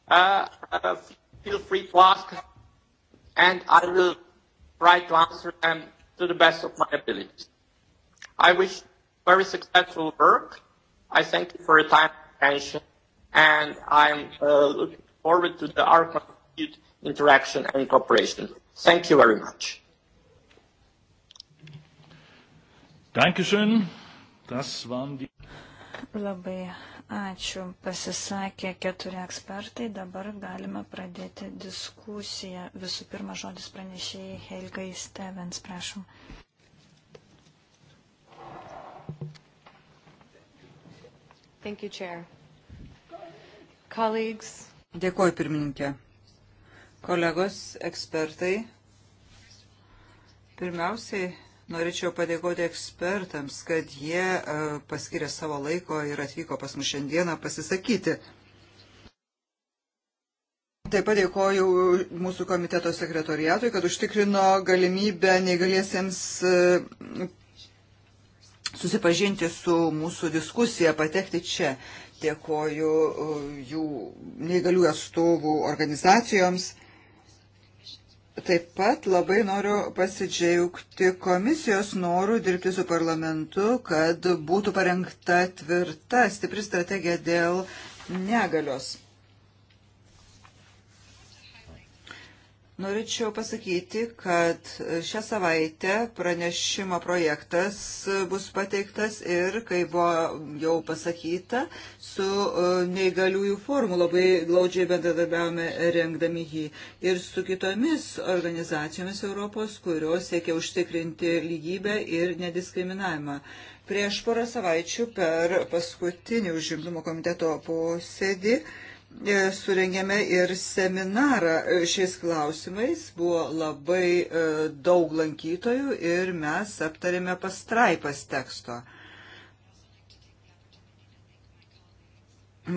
uh, uh, feel free to ask, and I will try to answer them to the best of my abilities. I wish very successful work. I thank you for your time and attention, and I'm uh, looking forward to the our continued interaction and cooperation. Thank you very much. Dankeschön. Das waren die Labai ačiū. Pasisakė keturi ekspertai. Dabar galime pradėti diskusiją. Visų pirma, žodis pranešėjai Helgai Stevens, prašom. Thank you, Chair. Colleagues. Dėkuoju, pirmininkė. Kolegos, ekspertai. Pirmiausiai Norėčiau padėkoti ekspertams, kad jie e, paskiria savo laiko ir atvyko pas mus šiandieną pasisakyti. Taip pat dėkoju mūsų komiteto sekretoriatui, kad užtikrino galimybę neįgaliesiems e, susipažinti su mūsų diskusija, patekti čia. Dėkoju e, jų neįgalių atstovų organizacijoms. Taip pat labai noriu pasidžiaugti komisijos norų dirbti su parlamentu, kad būtų parengta tvirta, stipri strategija dėl negalios. Norėčiau pasakyti, kad šią savaitę pranešimo projektas bus pateiktas ir, kaip buvo jau pasakyta, su e, neįgaliųjų forumu labai glaudžiai bendradarbiavome rengdami jį ir su kitomis organizacijomis Europos, kurios siekia užtikrinti lygybę ir nediskriminavimą. Prieš porą savaičių per paskutinį užimtumo komiteto posėdį E, surengėme ir seminarą e, šiais klausimais. Buvo labai e, daug lankytojų ir mes aptarėme pastraipas teksto.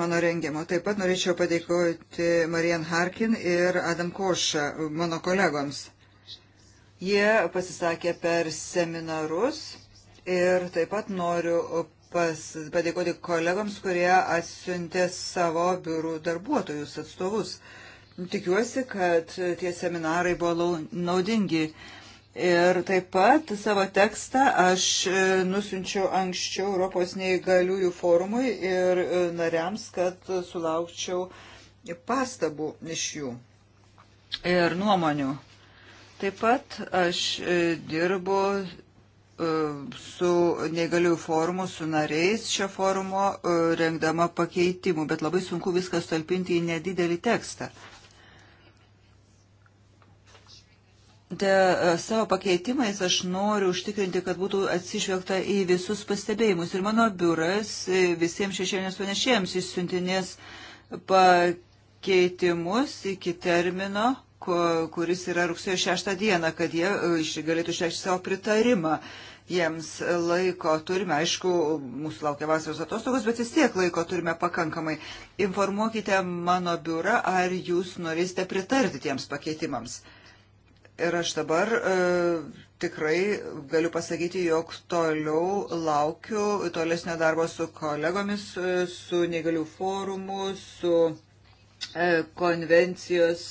Mano rengimo. Taip pat norėčiau padėkoti Marian Harkin ir Adam Koša, mano kolegoms. Jie pasisakė per seminarus ir taip pat noriu pas, padėkoti kolegams, kurie atsiuntė savo biurų darbuotojus atstovus. Tikiuosi, kad tie seminarai buvo naudingi. Ir taip pat savo tekstą aš e, nusinčiau anksčiau Europos neįgaliųjų forumui ir e, nariams, kad sulaukčiau pastabų iš jų ir nuomonių. Taip pat aš e, dirbu E, su negaliųjų forumu, su nariais šio forumo, e, rengdama pakeitimų, bet labai sunku viską stalpinti į nedidelį tekstą. De, e, savo pakeitimais aš noriu užtikrinti, kad būtų atsižvelgta į visus pastebėjimus. Ir mano biuras visiems šešėlės panešėjams išsiuntinės pakeitimus iki termino kuris yra rugsėjo 6 dieną, kad jie e, galėtų išreikšti savo pritarimą. Jiems laiko turime, aišku, mūsų laukia vasaros atostogos, bet vis tiek laiko turime pakankamai. Informuokite mano biurą, ar jūs norėsite pritarti tiems pakeitimams. Ir aš dabar e, tikrai galiu pasakyti, jog toliau laukiu tolesnio darbo su kolegomis, e, su negalių forumu, su e, konvencijos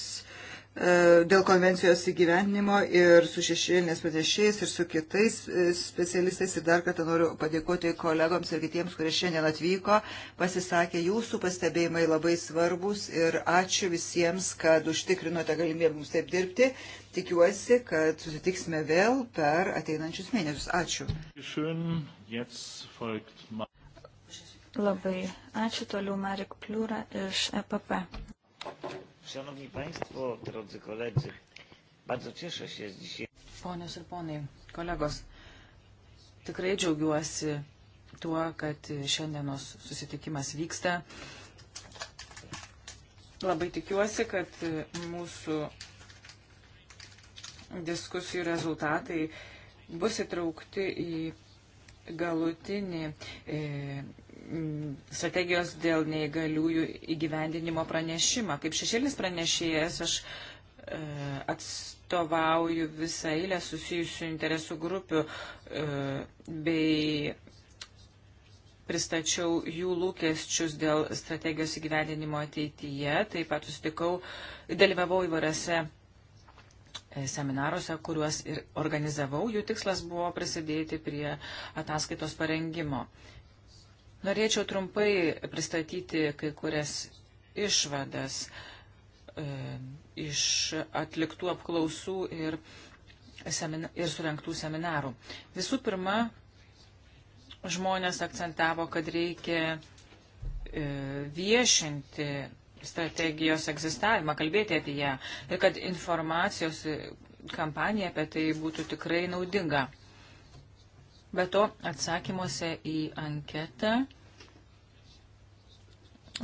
E, dėl konvencijos įgyvendinimo ir su šešėlinės patešiais ir su kitais e, specialistais. Ir dar kartą noriu padėkoti kolegoms ir kitiems, kurie šiandien atvyko, pasisakė jūsų pastebėjimai labai svarbus ir ačiū visiems, kad užtikrinote galimybę mums taip dirbti. Tikiuosi, kad susitiksime vėl per ateinančius mėnesius. Ačiū. Labai ačiū toliau Marek Pliūra iš EPP. Szanowni Państwo, drodzy koledzy, bardzo cieszę się z dzisiaj. Ponios ir ponai, kolegos, tikrai džiaugiuosi tuo, kad šiandienos susitikimas vyksta. Labai tikiuosi, kad mūsų diskusijų rezultatai bus įtraukti į galutinį e, strategijos dėl neįgaliųjų įgyvendinimo pranešimą. Kaip šešėlis pranešėjas, aš e, atstovauju visą eilę susijusių interesų grupių e, bei pristačiau jų lūkesčius dėl strategijos įgyvendinimo ateityje. Taip pat susitikau, dalyvavau įvarose e, seminaruose, kuriuos ir organizavau. Jų tikslas buvo prisidėti prie ataskaitos parengimo. E, Norėčiau trumpai pristatyti kai kurias išvadas e, iš atliktų apklausų ir, semina, ir surenktų seminarų. Visų pirma, žmonės akcentavo, kad reikia e, viešinti strategijos egzistavimą, kalbėti apie ją ir kad informacijos e, kampanija apie tai būtų tikrai naudinga. Be to, atsakymuose į anketą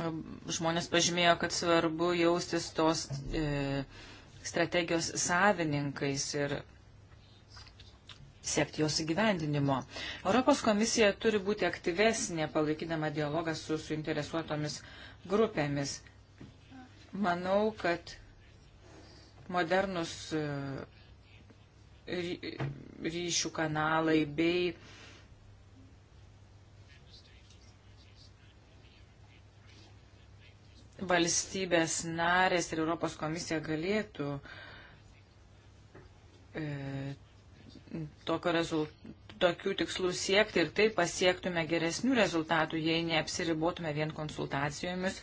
um, žmonės pažymėjo, kad svarbu jaustis tos e, strategijos savininkais ir siekti jos įgyvendinimo. Europos komisija turi būti aktyvesnė, palaikydama dialogą su suinteresuotomis grupėmis. Manau, kad modernus e, ryšių kanalai bei valstybės narės ir Europos komisija galėtų e, tokio rezultato tokių tikslų siekti ir taip pasiektume geresnių rezultatų, jei neapsiribotume vien konsultacijomis,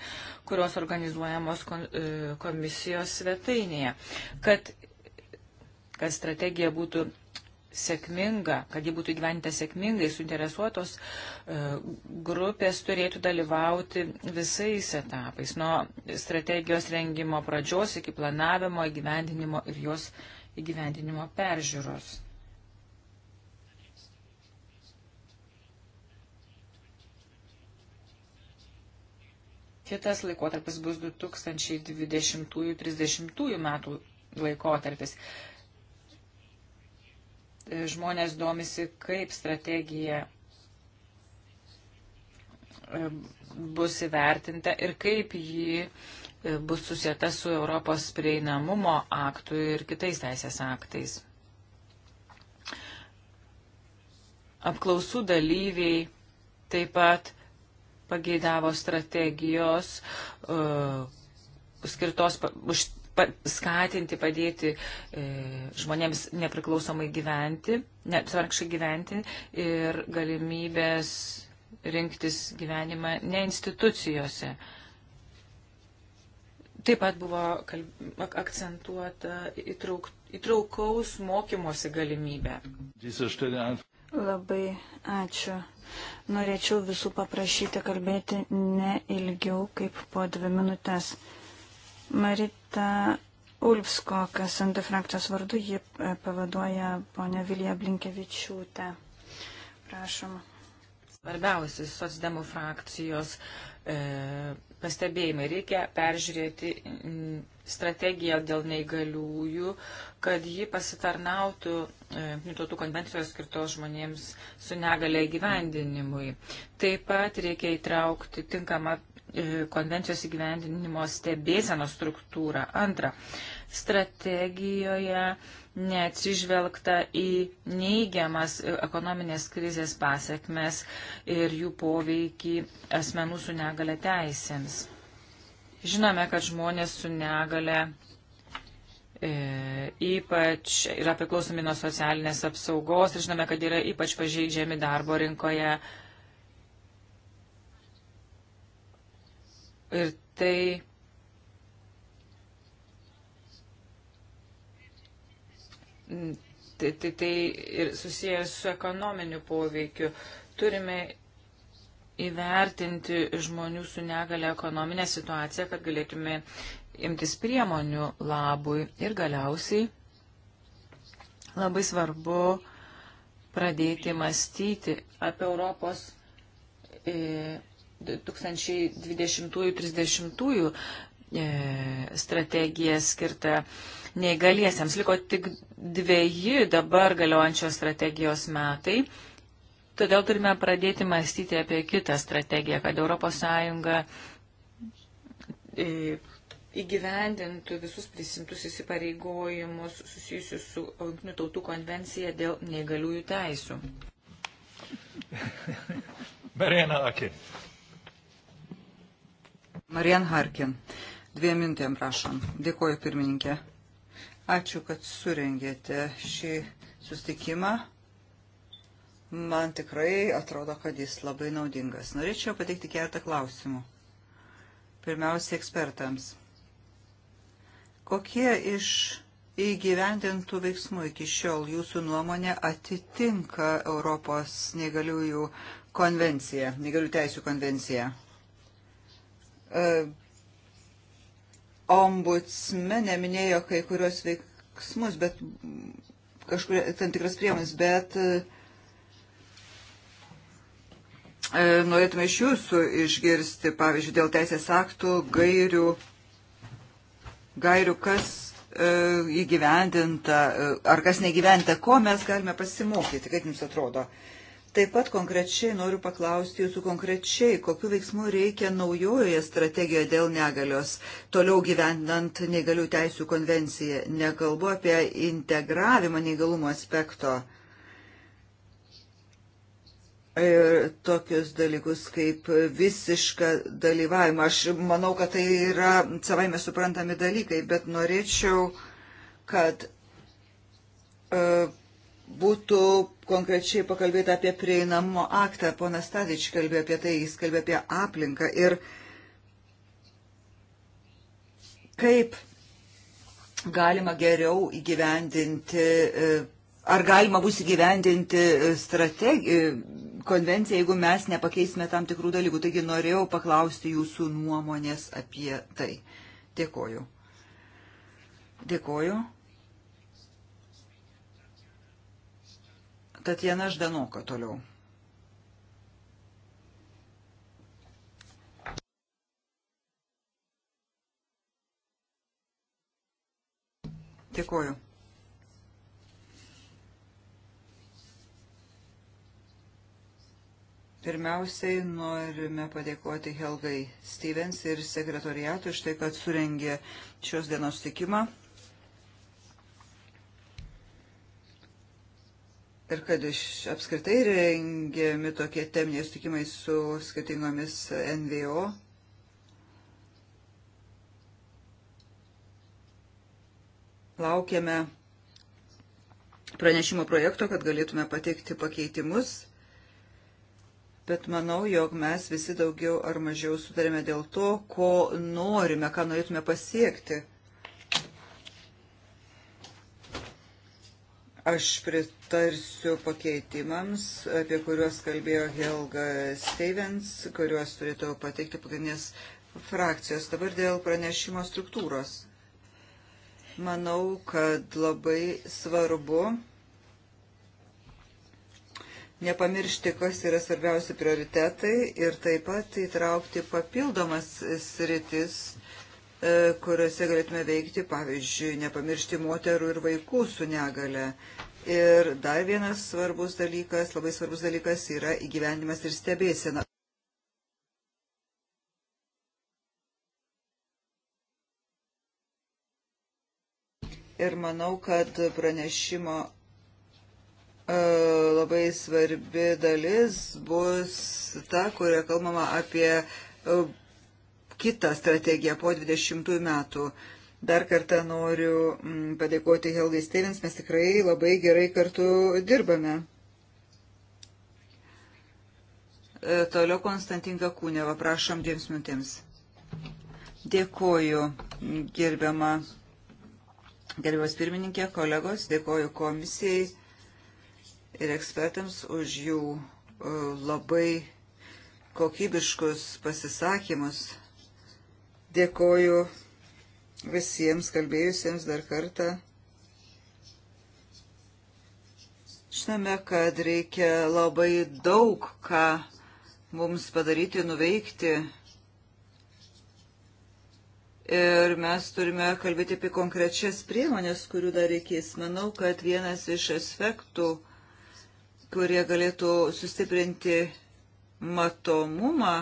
kurios organizuojamos e, komisijos svetainėje. Kad kad strategija būtų sėkminga, kad ji būtų gyventa sėkmingai, suinteresuotos e, grupės turėtų dalyvauti visais etapais, nuo strategijos rengimo pradžios iki planavimo, įgyvendinimo ir jos įgyvendinimo peržiūros. Kitas laikotarpis bus 2020-2030 metų laikotarpis žmonės domisi, kaip strategija e, bus įvertinta ir kaip ji e, bus susieta su Europos prieinamumo aktu ir kitais teisės aktais. Apklausų dalyviai taip pat pageidavo strategijos uh, skirtos už skatinti, padėti e, žmonėms nepriklausomai gyventi, neapsvarkšai gyventi ir galimybės rinktis gyvenimą ne institucijose. Taip pat buvo kalb... akcentuota įtrauk... įtraukaus mokymosi galimybė. Labai ačiū. Norėčiau visų paprašyti kalbėti ne ilgiau kaip po dvi minutės. Marita Ulfskokas, ND frakcijos vardu, ji e, pavaduoja ponę Viliją Blinkevičiūtę. Prašom. Svarbiausi socdemų frakcijos e, pastebėjimai. Reikia peržiūrėti strategiją dėl neįgaliųjų, kad ji pasitarnautų e, tautų konvencijos skirtos žmonėms su negale įgyvendinimui. Taip pat reikia įtraukti tinkamą E, konvencijos įgyvendinimo stebėsenos struktūrą. Antra, strategijoje neatsižvelgta į neigiamas ekonominės krizės pasiekmes ir jų poveikį asmenų su negale teisėms. Žinome, kad žmonės su negale e, ypač yra priklausomi nuo socialinės apsaugos ir žinome, kad yra ypač pažeidžiami darbo rinkoje Ir tai tai, tai, tai ir susijęs su ekonominiu poveikiu. Turime įvertinti žmonių su negale ekonominę situaciją, kad galėtume imtis priemonių labui. Ir galiausiai labai svarbu pradėti mąstyti apie Europos e, 2020-2030 e, strategija skirta neįgaliesiems. Liko tik dviejį dabar galiojančios strategijos metai. Todėl turime pradėti mąstyti apie kitą strategiją, kad ES e, įgyvendintų visus prisimtus įsipareigojimus susijusius su Junktinių tautų konvencija dėl neįgaliųjų teisų. Marina Akin. Okay. Marien Harkin. Dviem mintėm prašom. Dėkuoju pirmininkė. Ačiū, kad surengėte šį sustikimą. Man tikrai atrodo, kad jis labai naudingas. Norėčiau pateikti keletą klausimų. Pirmiausia, ekspertams. Kokie iš įgyvendintų veiksmų iki šiol jūsų nuomonė atitinka Europos negaliųjų konvenciją, negalių teisų konvenciją? E, ombudsmenė minėjo kai kurios veiksmus, bet kažkuria tam tikras priemonės, bet e, norėtume iš jūsų išgirsti, pavyzdžiui, dėl teisės aktų, gairių, gairių kas e, įgyvendinta, e, ar kas negyventa, ko mes galime pasimokyti, kaip jums atrodo. E, Taip pat konkrečiai noriu paklausti jūsų konkrečiai, kokiu veiksmu reikia naujojoje strategijoje dėl negalios, toliau gyvendant negalių teisų konvenciją. Nekalbu apie integravimą neįgalumo aspekto. Ir tokius dalykus kaip visišką dalyvavimą. Aš manau, kad tai yra savaime suprantami dalykai, bet norėčiau, kad uh, būtų konkrečiai pakalbėta apie prieinamumo aktą. Ponas Stadič kalbėjo apie tai, jis kalbėjo apie aplinką ir kaip galima geriau įgyvendinti, e, ar galima bus įgyvendinti e, e, konvenciją, jeigu mes nepakeisime tam tikrų dalykų. Taigi norėjau paklausti jūsų nuomonės apie tai. Dėkoju. Dėkoju. Tatjana Ždanoka toliau. Dėkuoju. Pirmiausiai norime padėkoti Helgai Stevens ir sekretoriatui už tai, kad surengė šios dienos tikimą. ir kad apskritai rengiami tokie teminiai sutikimai su skirtingomis NVO. Laukiame pranešimo projekto, kad galėtume pateikti pakeitimus, bet manau, jog mes visi daugiau ar mažiau sutarėme dėl to, ko norime, ką norėtume pasiekti. Aš pritarsiu pakeitimams, apie kuriuos kalbėjo Helga Stevens, kuriuos turėtų pateikti pagrindinės frakcijos. Dabar dėl pranešimo struktūros. Manau, kad labai svarbu nepamiršti, kas yra svarbiausi prioritetai ir taip pat įtraukti papildomas sritis E, kuriuose galėtume veikti, pavyzdžiui, nepamiršti moterų ir vaikų su negale. Ir dar vienas svarbus dalykas, labai svarbus dalykas yra įgyvendimas ir stebėsena. Ir manau, kad pranešimo e, labai svarbi dalis bus ta, kurioje kalbama apie e, kitą strategiją po 20 metų. Dar kartą noriu mm, padėkoti Helgai Stevens, mes tikrai labai gerai kartu dirbame. E, toliau Konstantinka Kūneva, prašom dviems minutėms. Dėkoju, gerbiama, gerbiamas pirmininkė, kolegos, dėkoju komisijai ir ekspertams už jų e, labai kokybiškus pasisakymus. Dėkoju visiems kalbėjusiems dar kartą. Žinome, kad reikia labai daug ką mums padaryti, nuveikti. Ir mes turime kalbėti apie konkrečias priemonės, kurių dar reikės. Manau, kad vienas iš aspektų, kurie galėtų sustiprinti matomumą,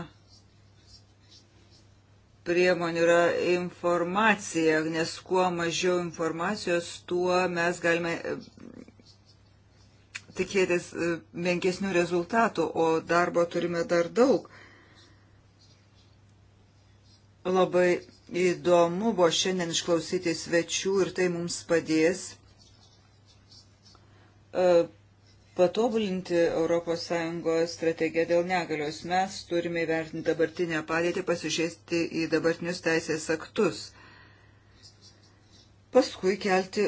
priemonių yra informacija, nes kuo mažiau informacijos, tuo mes galime e, tikėtis e, menkesnių rezultatų, o darbo turime dar daug. Labai įdomu buvo šiandien išklausyti svečių ir tai mums padės e, patobulinti ES strategiją dėl negalios. Mes turime įvertinti dabartinę padėtį, pasižiūrėti į dabartinius teisės aktus. Paskui kelti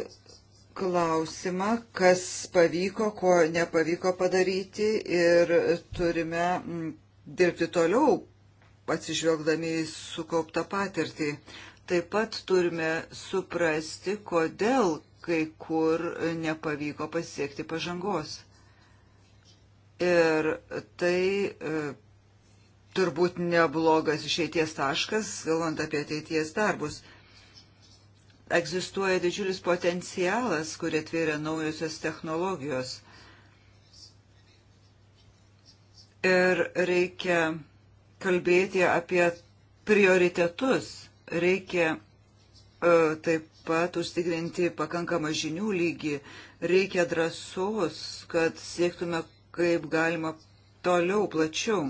klausimą, kas pavyko, ko nepavyko padaryti ir turime mm, dirbti toliau, atsižvelgdami į sukauptą patirtį. Taip pat turime suprasti, kodėl kai kur nepavyko pasiekti pažangos. Ir tai e, turbūt neblogas išeities taškas, galvant apie ateities darbus. Egzistuoja didžiulis potencialas, kurį atvėrė naujosios technologijos. Ir reikia kalbėti apie prioritetus. Reikia e, taip pat užtikrinti pakankamą žinių lygį. Reikia drąsos, kad siektume kaip galima toliau plačiau.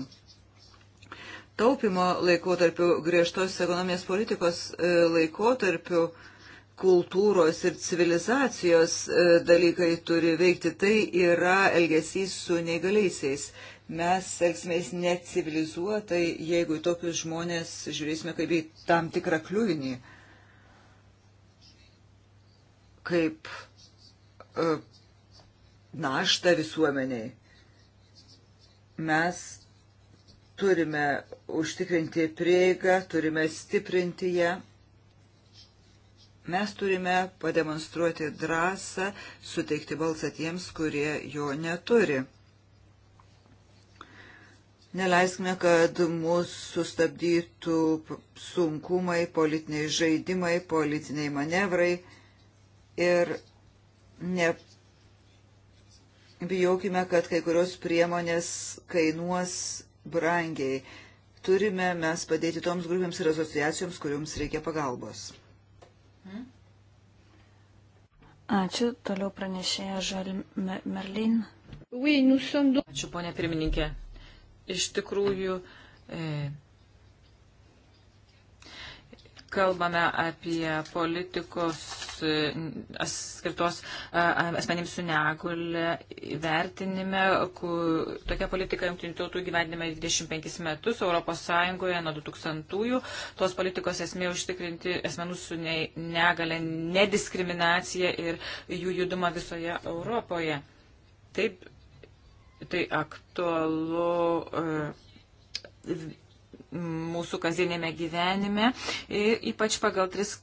Taupimo laikotarpiu, griežtos ekonominės politikos e, laikotarpiu, kultūros ir civilizacijos e, dalykai turi veikti. Tai yra elgesys su neįgaliaisiais. Mes elgsimės necivilizuotai, jeigu į tokius žmonės žiūrėsime kaip į tam tikrą kliūvinį. Kaip e, naštą visuomeniai mes turime užtikrinti prieigą, turime stiprinti ją. Mes turime pademonstruoti drąsą, suteikti balsą tiems, kurie jo neturi. Neleiskime, kad mūsų sustabdytų sunkumai, politiniai žaidimai, politiniai manevrai ir ne bijokime, kad kai kurios priemonės kainuos brangiai. Turime mes padėti toms grupėms ir asociacijoms, kuriuoms reikia pagalbos. Ačiū. Toliau pranešėja Žal Merlin. Ačiū, ponė pirmininkė. Iš tikrųjų, e, kalbame apie politikos skirtos asmenims su negule vertinime. Kur, tokia politika jungtinių tautų gyvenime 25 metus, Europos Sąjungoje nuo 2000-ųjų. Tos politikos esmė užtikrinti asmenų su negale nediskriminaciją ir jų judumą visoje Europoje. Taip, tai aktualu. Uh, mūsų kasdienėme gyvenime, ypač pagal tris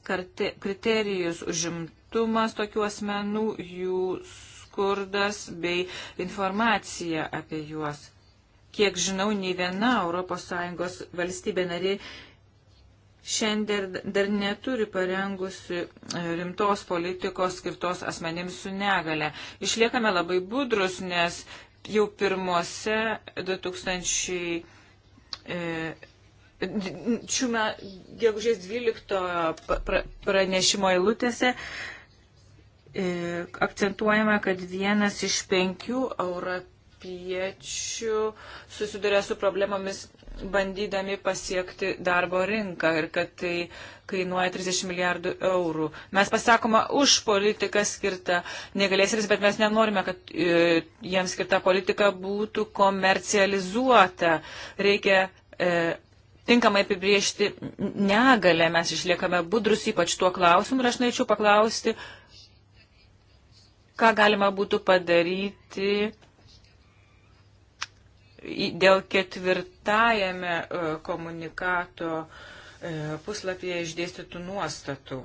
kriterijus užimtumas tokių asmenų, jų skurdas bei informacija apie juos. Kiek žinau, nei viena ES valstybė narė šiandien dar neturi parengusi e, rimtos politikos skirtos asmenims su negale. Išliekame labai budrus, nes jau pirmose 2000. E, šių gegužės 12 pranešimo eilutėse e, akcentuojama, kad vienas iš penkių europiečių susiduria su problemomis bandydami pasiekti darbo rinką ir kad tai kainuoja 30 milijardų eurų. Mes pasakoma už politiką skirtą negalėsilis, bet mes nenorime, kad e, jiems skirta politika būtų komercializuota. Reikia e, tinkamai apibriežti negalę, mes išliekame budrus ypač tuo klausimu ir aš norėčiau paklausti, ką galima būtų padaryti dėl ketvirtajame e, komunikato e, puslapyje išdėstytų nuostatų.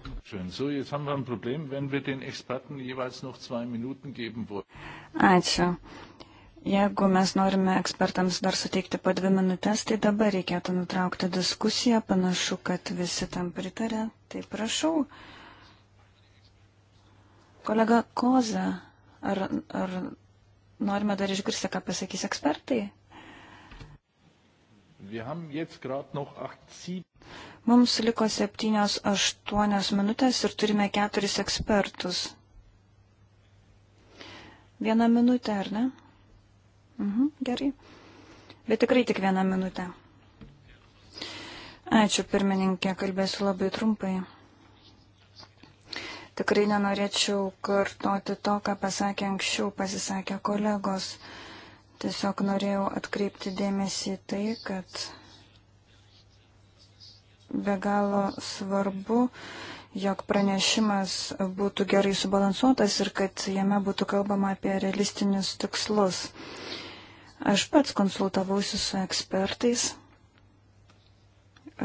Ačiū. Jeigu mes norime ekspertams dar suteikti po dvi minutės, tai dabar reikėtų nutraukti diskusiją. Panašu, kad visi tam pritarė. Tai prašau. Kolega Koza, ar, ar norime dar išgirsti, ką pasakys ekspertai? Mums liko 7-8 minutės ir turime keturis ekspertus. Vieną minutę, ar ne? Mhm, gerai. Bet tikrai tik vieną minutę. Ačiū, pirmininkė, kalbėsiu labai trumpai. Tikrai nenorėčiau kartoti to, ką pasakė anksčiau, pasisakė kolegos. Tiesiog norėjau atkreipti dėmesį tai, kad be galo svarbu, jog pranešimas būtų gerai subalansuotas ir kad jame būtų kalbama apie realistinius tikslus. Uh, Aš pats konsultavausi su ekspertais.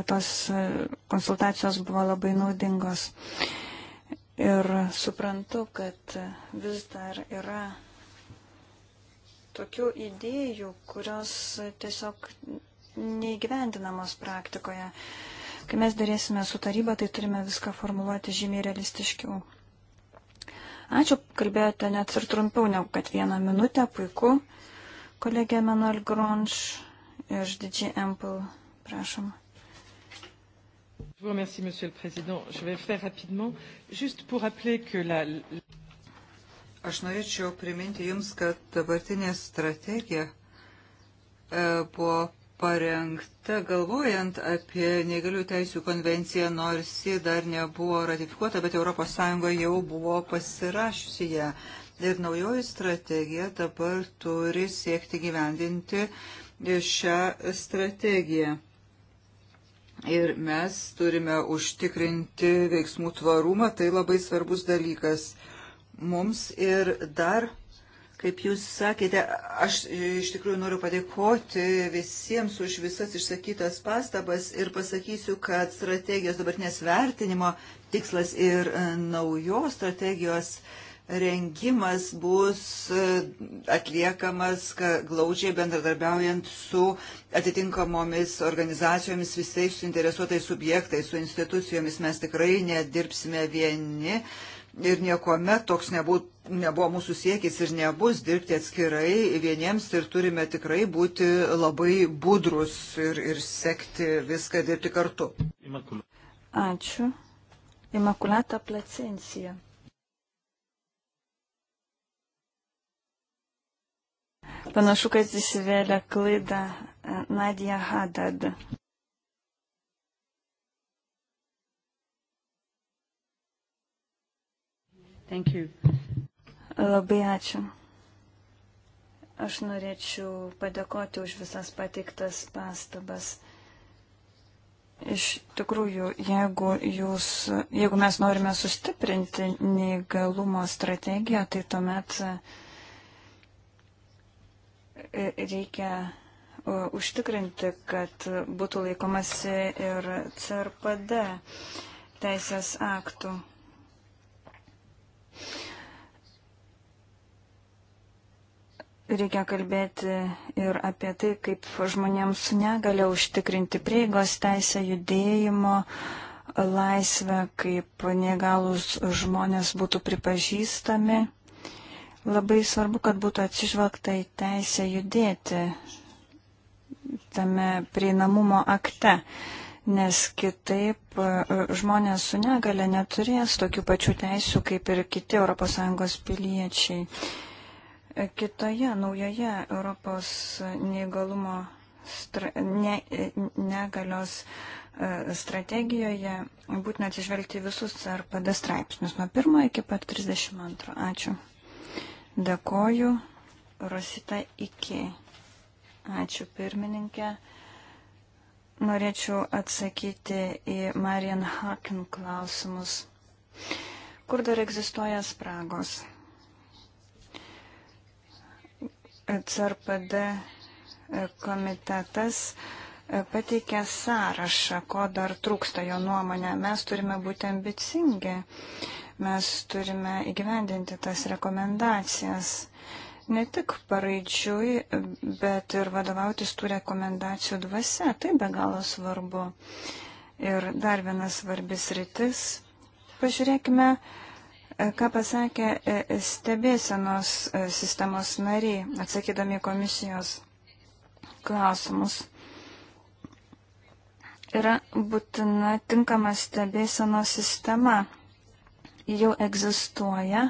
Tos e, konsultacijos buvo labai naudingos. Ir suprantu, kad vis dar yra tokių idėjų, kurios tiesiog neįgyvendinamos praktikoje. Kai mes darėsime su taryba, tai turime viską formuluoti žymiai realistiškiau. Ačiū, kalbėjote net ir trumpiau negu kad vieną minutę, puiku. Kolegė Manuel Gronš iš Didžiai Ample, prašom. Je vous remercie, Monsieur le Président. Je vais faire rapidement, juste pour rappeler que la... Aš norėčiau priminti Jums, kad dabartinė strategija e, buvo parengta galvojant apie negalių teisų konvenciją, nors ji dar nebuvo ratifikuota, bet ES jau buvo pasirašiusi ją. Ir naujoji strategija dabar turi siekti gyvendinti šią strategiją. Ir mes turime užtikrinti veiksmų tvarumą, tai labai svarbus dalykas mums. Ir dar, kaip jūs sakėte, aš iš tikrųjų noriu padėkoti visiems už visas išsakytas pastabas ir pasakysiu, kad strategijos dabartinės vertinimo tikslas ir naujos strategijos vertinimo rengimas bus e, atliekamas glaudžiai bendradarbiaujant su atitinkamomis organizacijomis, visais suinteresuotais subjektais, su institucijomis. Mes tikrai nedirbsime vieni ir niekuomet toks nebūt, nebuvo mūsų siekis ir nebus dirbti atskirai vieniems ir turime tikrai būti labai budrus ir, ir sekti viską dirbti kartu. Ačiū. Imakulata placencija. Panašu, kad įsivėlė klaidą e, Nadia Hadad. Thank you. Labai ačiū. Aš norėčiau padėkoti už visas pateiktas pastabas. Iš tikrųjų, jeigu, jūs, jeigu mes norime sustiprinti neįgalumo strategiją, tai tuomet uh, reikia e, užtikrinti, kad būtų laikomasi ir CRPD teisės aktų. Reikia kalbėti ir apie tai, kaip žmonėms su negale užtikrinti prieigos teisę judėjimo laisvę, kaip negalus žmonės būtų pripažįstami. Labai svarbu, kad būtų atsižvelgta į teisę judėti tame prieinamumo akte, nes kitaip e, žmonės su negale neturės tokių pačių teisių kaip ir kiti ES piliečiai. E, kitoje naujoje Europos neįgalumo stra, ne, e, negalios strategijoje būtina atsižvelgti visus ar pada straipsnius nuo 1 iki pat 32. Ačiū. Dėkoju, Rosita Iki. Ačiū pirmininkė. Norėčiau atsakyti į Marian Haken klausimus. Kur dar egzistuoja spragos? CRPD komitetas pateikė sąrašą, ko dar trūksta jo nuomonė. Mes turime būti ambicingi. Mes turime įgyvendinti tas rekomendacijas ne tik paraidžiui, bet ir vadovautis tų rekomendacijų dvasia. Tai be galo svarbu. Ir dar vienas svarbis rytis. Pažiūrėkime, ką pasakė e, stebėsenos e, sistemos nariai, atsakydami komisijos klausimus. Yra būtina tinkama stebėsenos sistema jau egzistuoja,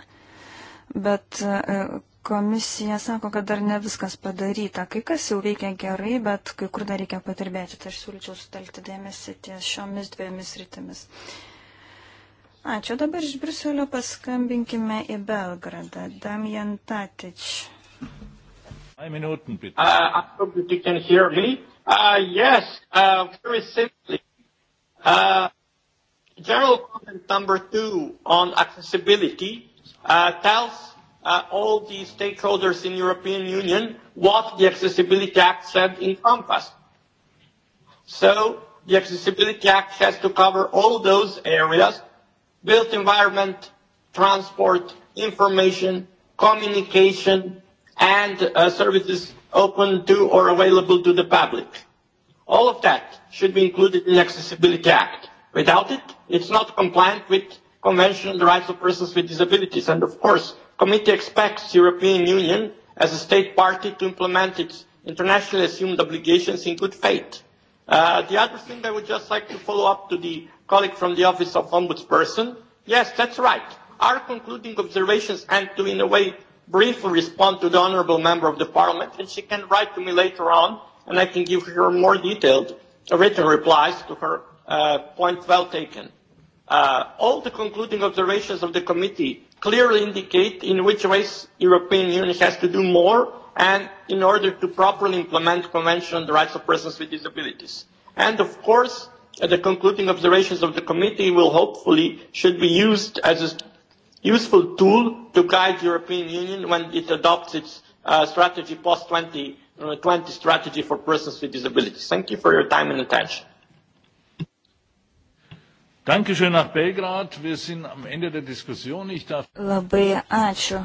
bet e, komisija sako, kad dar ne viskas padaryta. Kai kas jau veikia gerai, bet kai kur dar reikia patirbėti. Tai aš siūlyčiau sutelkti dėmesį ties šiomis dviejomis rytimis. Ačiū. Dabar iš Briuselio paskambinkime į Belgradą. Damjan Tatič. Five minutes, please. Uh, I hope you can hear me. Uh, yes, uh, very simply. Uh, General comment number two on accessibility uh, tells uh, all the stakeholders in European Union what the Accessibility Act said in Compass. So the Accessibility Act has to cover all those areas, built environment, transport, information, communication, and uh, services open to or available to the public. All of that should be included in the Accessibility Act. Without it, it's not compliant with Convention on the Rights of Persons with Disabilities. And of course, committee expects European Union as a state party to implement its internationally assumed obligations in good faith. Uh, the other thing I would just like to follow up to the colleague from the Office of Ombudsperson. Yes, that's right. Our concluding observations and to, in a way, briefly respond to the Honourable Member of the Parliament, and she can write to me later on, and I can give her more detailed written replies to her uh, point well taken. Uh, all the concluding observations of the committee clearly indicate in which ways European Union has to do more and in order to properly implement Convention on the Rights of Persons with Disabilities. And of course, uh, the concluding observations of the committee will hopefully should be used as a useful tool to guide European Union when it adopts its uh, strategy post 2020 uh, strategy for persons with disabilities. Thank you for your time and attention. Dankeschön nach Belgrad. Wir sind am Ende der Diskussion. Ich darf... Labai ačiū.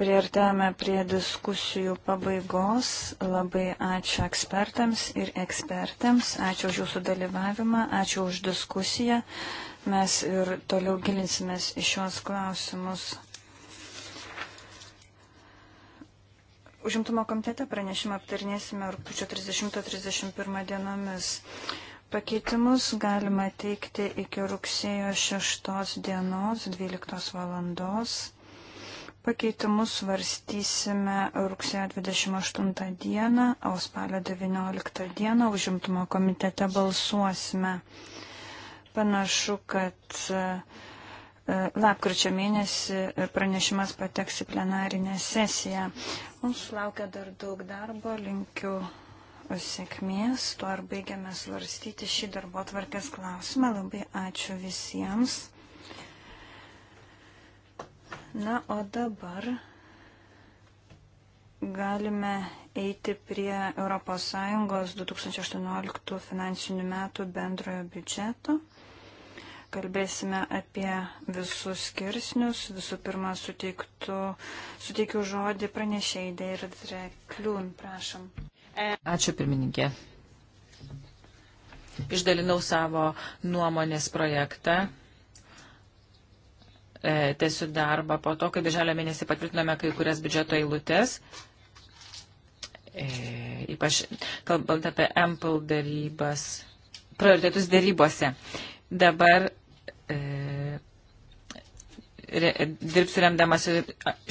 Priartėjome prie diskusijų pabaigos. Labai ačiū ekspertams ir ekspertams. Ačiū už jūsų dalyvavimą. Ačiū už diskusiją. Mes ir toliau gilinsimės į šios klausimus. Užimtumo komitete pranešimą aptarnėsime rūpiučio 30-31 dienomis. Pakeitimus galima teikti iki rugsėjo 6 dienos 12 valandos. Pakeitimus svarstysime rugsėjo 28 dieną, o spalio 19 dieną užimtumo komitete balsuosime. Panašu, kad e, lapkričio mėnesį pranešimas pateks į plenarinę sesiją. Mums laukia dar daug darbo, linkiu sėkmės. Tuo ir baigiame svarstyti šį darbo tvarkės klausimą. Labai ačiū visiems. Na, o dabar galime eiti prie ES 2018 finansinių metų bendrojo biudžeto. Kalbėsime apie visus skirsnius. Visų pirma, suteiktų, suteikiu žodį pranešėjai Deirdre Kliūn, prašom. Ačiū pirmininkė. Išdalinau savo nuomonės projektą e, tęsiu darbą po to, kai birželio mėnesį patvirtinome kai kurias biudžeto eilutės. E, ypač kalbant apie Ample darybas, prioritetus darybose. Dabar e, re, dirbsiu remdamas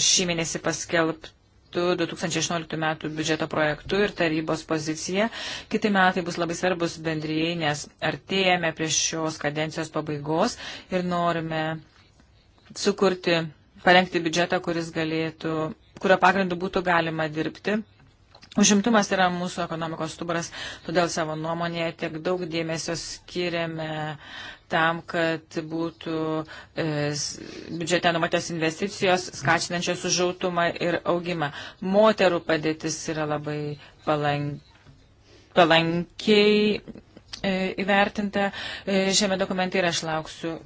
šį mėnesį paskelbtą 2018 metų biudžeto projektu ir tarybos pozicija. Kiti metai bus labai svarbus bendrijai, nes artėjame prie šios kadencijos pabaigos ir norime sukurti, parengti biudžetą, kuris galėtų, kurio pagrindu būtų galima dirbti Užimtumas yra mūsų ekonomikos stuburas, todėl savo nuomonėje tiek daug dėmesio skiriame tam, kad būtų e, biudžete numatytos investicijos, skatinančios užautumą ir augimą. Moterų padėtis yra labai palank, palankiai e, įvertinta. E, šiame dokumente ir aš lauksiu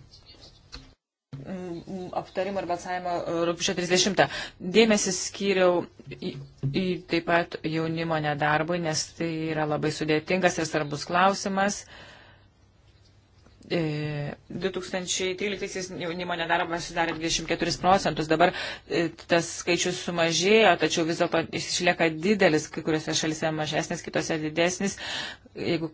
aptarimo ir balsavimo e, rūpiučio 30. Dėmesį skyriau į, į taip pat jaunimo nedarbui, nes tai yra labai sudėtingas ir svarbus klausimas. E, 2013 jaunimo nedarbas sudarė 24 procentus, dabar e, tas skaičius sumažėjo, tačiau vis dėlto išlieka didelis, kai kuriuose šalise mažesnis, kitose didesnis. Jeigu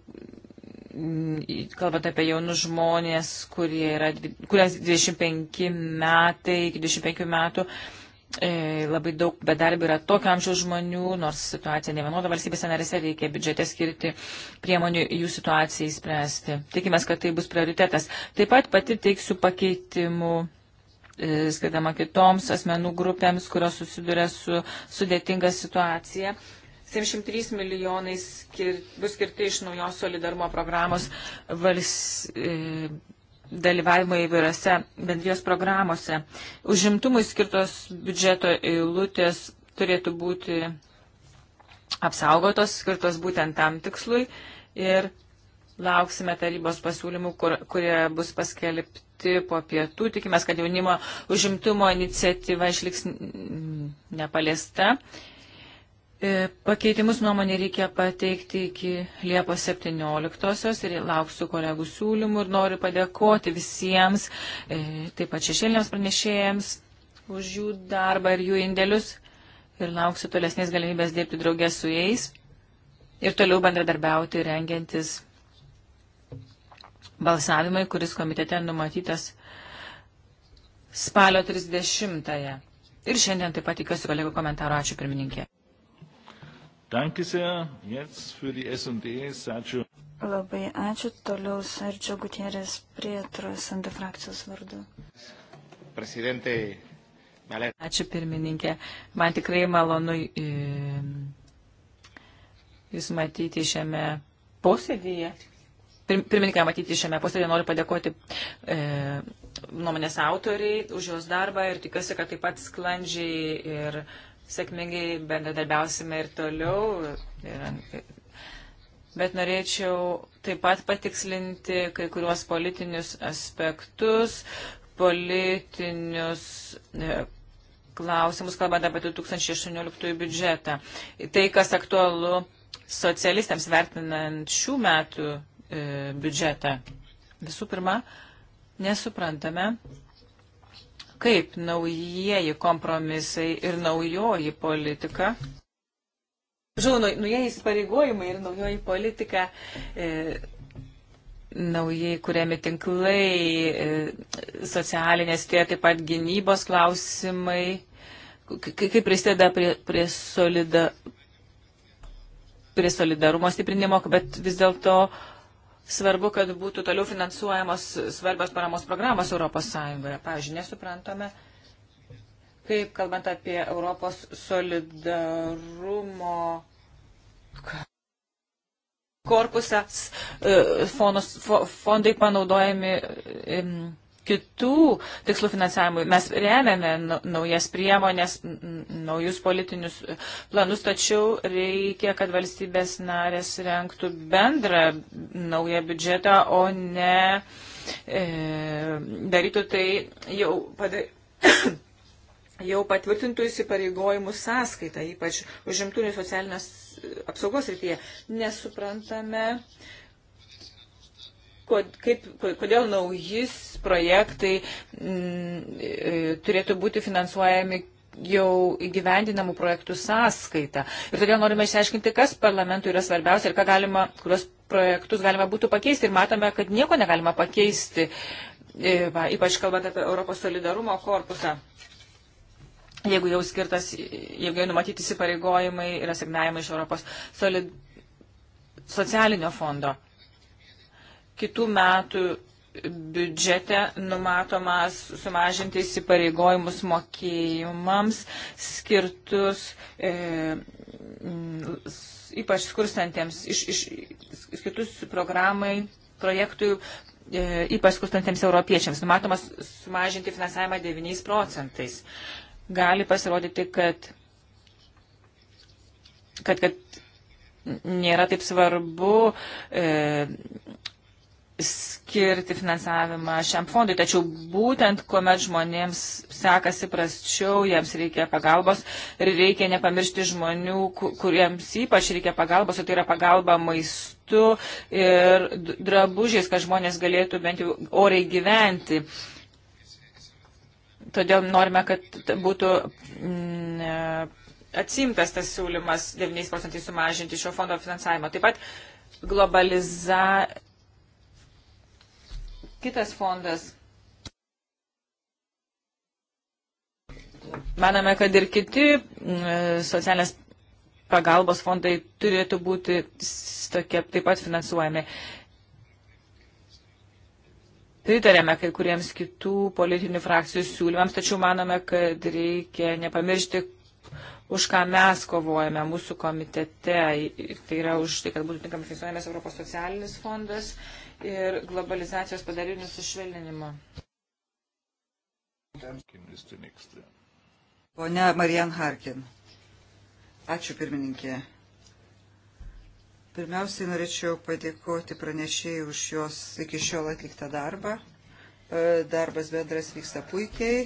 kalbant apie jaunus žmonės, kurie yra, kurias 25 metai, iki 25 metų, e, labai daug bedarbių yra tokio amžiaus žmonių, nors situacija ne vienoda valstybėse narėse, reikia biudžete skirti priemonių jų situacijai spręsti. Tikimės, kad tai bus prioritetas. Taip pat pati teiksiu pakeitimų e, skaitama kitoms asmenų grupėms, kurios susiduria su sudėtinga situacija 703 milijonai skir, bus skirti iš naujos solidarumo programos vals, e, dalyvavimo įvairiose bendrijos programose. Užimtumui skirtos biudžeto eilutės turėtų būti apsaugotos, skirtos būtent tam tikslui ir lauksime tarybos pasiūlymų, kur, kurie bus paskelbti po pietų. Tikimės, kad jaunimo užimtumo iniciatyva išliks nepaliesta. E, E, pakeitimus nuomonė reikia pateikti iki Liepos 17-osios ir lauksiu kolegų siūlymų ir noriu padėkoti visiems, e, taip pat šešėliniams pranešėjams, už jų darbą ir jų indėlius ir lauksiu tolesnės galimybės dirbti draugės su jais ir toliau bendradarbiauti rengiantis balsavimai, kuris komitete numatytas spalio 30-ąją. Ir šiandien taip pat tikiuosi kolegų komentarų. Ačiū pirmininkė. Danke sehr. Jetzt für die S&D Sergio. Labai ačiū. Toliau Sergio Gutierrez Prietro S&D frakcijos vardu. Presidente. Ačiū pirmininkė. Man tikrai malonu e, Jūs matyti šiame posėdėje. Pirmininkai matyti šiame posėdėje noriu padėkoti e, nuomonės autoriai už jos darbą ir tikiuosi, kad taip pat sklandžiai ir e, sėkmingai bendradarbiausime ir toliau. Ir, bet norėčiau taip pat patikslinti kai kuriuos politinius aspektus, politinius e, klausimus, kalbant apie 2018 biudžetą. Tai, kas aktualu socialistams vertinant šių metų e, biudžetą. Visų pirma, nesuprantame, kaip naujieji kompromisai ir naujoji politika. Žinau, naujieji įsipareigojimai ir naujoji politika, e, naujai kuriami tinklai, e, socialinės tie taip pat gynybos klausimai, kaip prisideda prie, prie, solida, prie solidarumo stiprinimo, bet vis dėlto e, Svarbu, kad būtų toliau finansuojamos svarbios paramos programos Europos Sąjungoje. Pavyzdžiui, nesuprantame, kaip kalbant apie Europos solidarumo korpusą, e, fondai panaudojami kitų tikslų finansavimui. Mes remiame naujas priemonės, naujus politinius e, planus, tačiau reikia, kad valstybės narės renktų bendrą naują biudžetą, o ne e, darytų tai jau, pada, [coughs] jau patvirtintų įsipareigojimų sąskaitą, ypač užimtųjų socialinės e, apsaugos rytyje. Nesuprantame, kaip, kodėl naujis projektai m, mm, e, turėtų būti finansuojami jau įgyvendinamų projektų sąskaita. Ir todėl norime išsiaiškinti, kas parlamentui yra svarbiausia ir ką galima, kurios projektus galima būtų pakeisti. Ir matome, kad nieko negalima pakeisti, e, va, ypač kalbant apie Europos solidarumo korpusą. Jeigu jau skirtas, jeigu jau numatyti įsipareigojimai ir asignavimai iš Europos solid, socialinio fondo kitų metų biudžete numatomas sumažinti įsipareigojimus mokėjimams skirtus e, mm, ypač skurstantiems, iš, iš, skirtus programai, projektui e, ypač skurstantiems europiečiams. Numatomas sumažinti finansavimą 9 procentais. Gali pasirodyti, kad, kad, kad nėra taip svarbu e, skirti finansavimą šiam fondui, tačiau būtent kuomet žmonėms sekasi prasčiau, jiems reikia pagalbos ir reikia nepamiršti žmonių, kuriems ypač reikia pagalbos, o tai yra pagalba maistu ir drabužiais, kad žmonės galėtų bent jau oriai gyventi. Todėl norime, kad būtų. Mm, e, atsimtas tas siūlymas 9 procentai sumažinti šio fondo finansavimą. Taip pat globaliza, kitas fondas. Maname, kad ir kiti e, socialinės pagalbos fondai turėtų būti tokie taip pat finansuojami. Pritarėme kai kuriems kitų politinių frakcijų siūlymams, tačiau manome, kad reikia nepamiršti, už ką mes kovojame mūsų komitete. Tai yra už tai, kad būtų tinkamai finansuojamas Europos socialinis fondas ir globalizacijos padarinių sušvelninimo. Pone Marian Harkin. Ačiū pirmininkė. Pirmiausiai norėčiau padėkoti pranešėjai už jos iki šiol atliktą darbą. E, darbas bendras vyksta puikiai,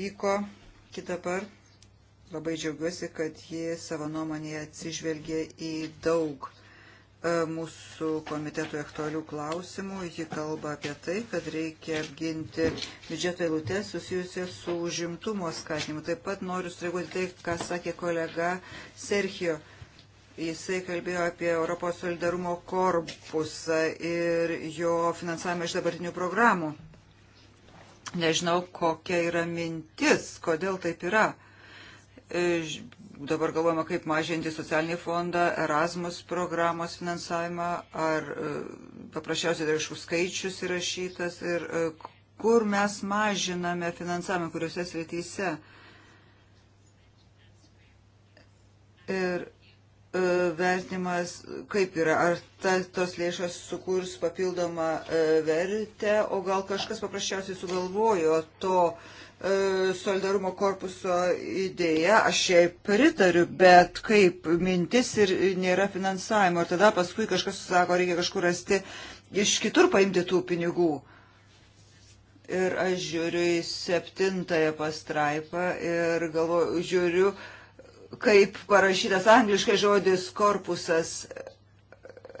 vyko iki dabar. Labai džiaugiuosi, kad ji savo nuomonėje atsižvelgė į daug E, mūsų komitetų aktualių klausimų. Ji kalba apie tai, kad reikia apginti biudžeto eilutės susijusias su užimtumo skatinimu. Taip pat noriu sureaguoti tai, ką sakė kolega Serhijo. Jisai kalbėjo apie Europos solidarumo korpusą ir jo finansavimą iš dabartinių programų. Nežinau, kokia yra mintis, kodėl taip yra e, dabar galvojama, kaip mažinti socialinį fondą, Erasmus programos finansavimą, ar e, paprasčiausiai dar išų skaičius įrašytas ir e, kur mes mažiname finansavimą, kuriuose srityse. Ir e, vertinimas, kaip yra, ar ta, tos lėšas sukurs papildomą vertę, o gal kažkas paprasčiausiai sugalvojo to E, solidarumo korpuso idėja, aš jai pritariu, bet kaip mintis ir nėra finansavimo. Ir tada paskui kažkas sako, reikia kažkur rasti iš kitur paimti tų pinigų. Ir aš žiūriu į septintąją pastraipą ir galvoju, žiūriu, kaip parašytas angliškai žodis korpusas.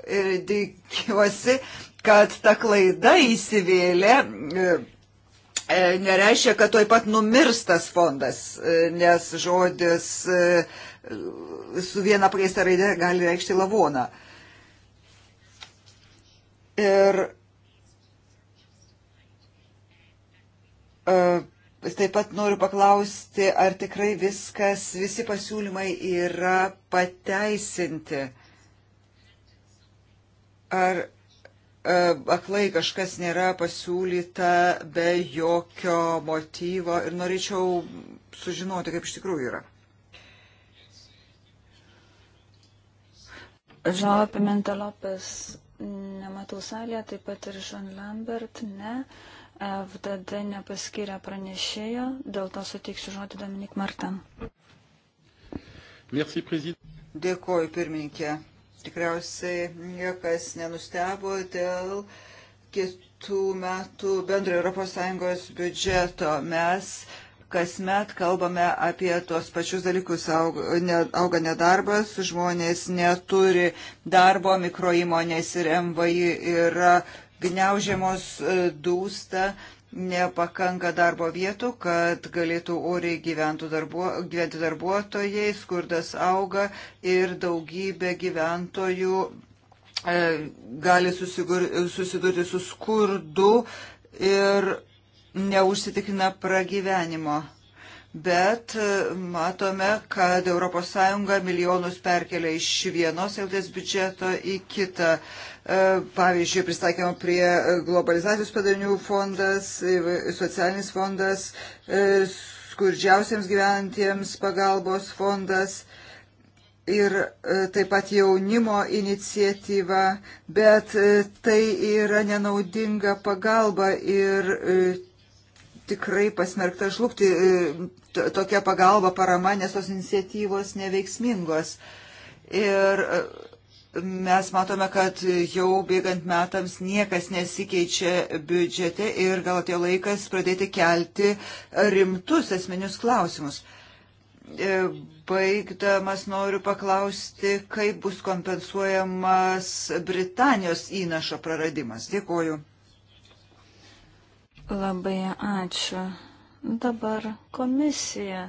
Ir tikiuosi, kad ta klaida įsivėlė e, E, nereiškia, kad toj pat numirstas fondas, e, nes žodis e, su viena prieista raidė gali reikšti lavoną. Ir taip pat noriu paklausti, ar tikrai viskas, visi pasiūlymai yra pateisinti. Ar E, aklai kažkas nėra pasiūlyta be jokio motyvo ir norėčiau sužinoti, kaip iš tikrųjų yra. Žinau, Pimenta Lopes nematau salėje, taip pat ir Jean Lambert, ne. FDD nepaskiria pranešėjo, dėl to suteiksiu žodį Dominik Martam. Merci, Dėkoju, pirmininkė tikriausiai niekas nenustebo dėl kitų metų bendro ES biudžeto. Mes kasmet kalbame apie tos pačius dalykus. Auga, ne, auga nedarbas, žmonės neturi darbo, mikroįmonės ir MVI yra gniaužiamos e, dūsta. E, nepakanka darbo vietų, kad galėtų oriai darbuo, gyventi darbuotojai, skurdas auga ir daugybė gyventojų e, gali susigur, susidurti su skurdu ir neužsitikrina pragyvenimo bet e, matome, kad ES milijonus perkelia iš vienos eilės biudžeto į kitą. E, pavyzdžiui, pristaikėme prie globalizacijos padarinių fondas, socialinis fondas, e, skurdžiausiems gyventiems pagalbos fondas ir taip pat jaunimo iniciatyva, bet tai yra nenaudinga pagalba ir tikrai pasmerkta žlugti e, tokia pagalba, parama, nes tos iniciatyvos neveiksmingos. Ir e, mes matome, kad jau bėgant metams niekas nesikeičia biudžete ir gal atėjo laikas pradėti kelti rimtus esminius klausimus. E, baigdamas noriu paklausti, kaip bus kompensuojamas Britanijos įnašo praradimas. Dėkuoju. Labai ačiū. Dabar komisija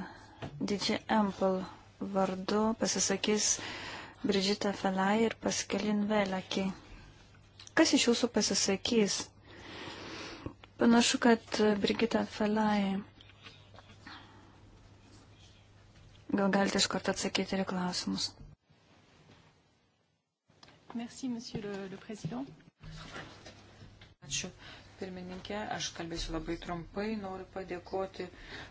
Didžiai Empel vardu pasisakys Brigita Felai ir Paskelin Velaki. Kas iš jūsų pasisakys? Panašu, kad Brigita Felai. Gal galite iš karto atsakyti ir klausimus. Merci, monsieur le, le président. Ačiū pirmininkė. Aš kalbėsiu labai trumpai. Noriu padėkoti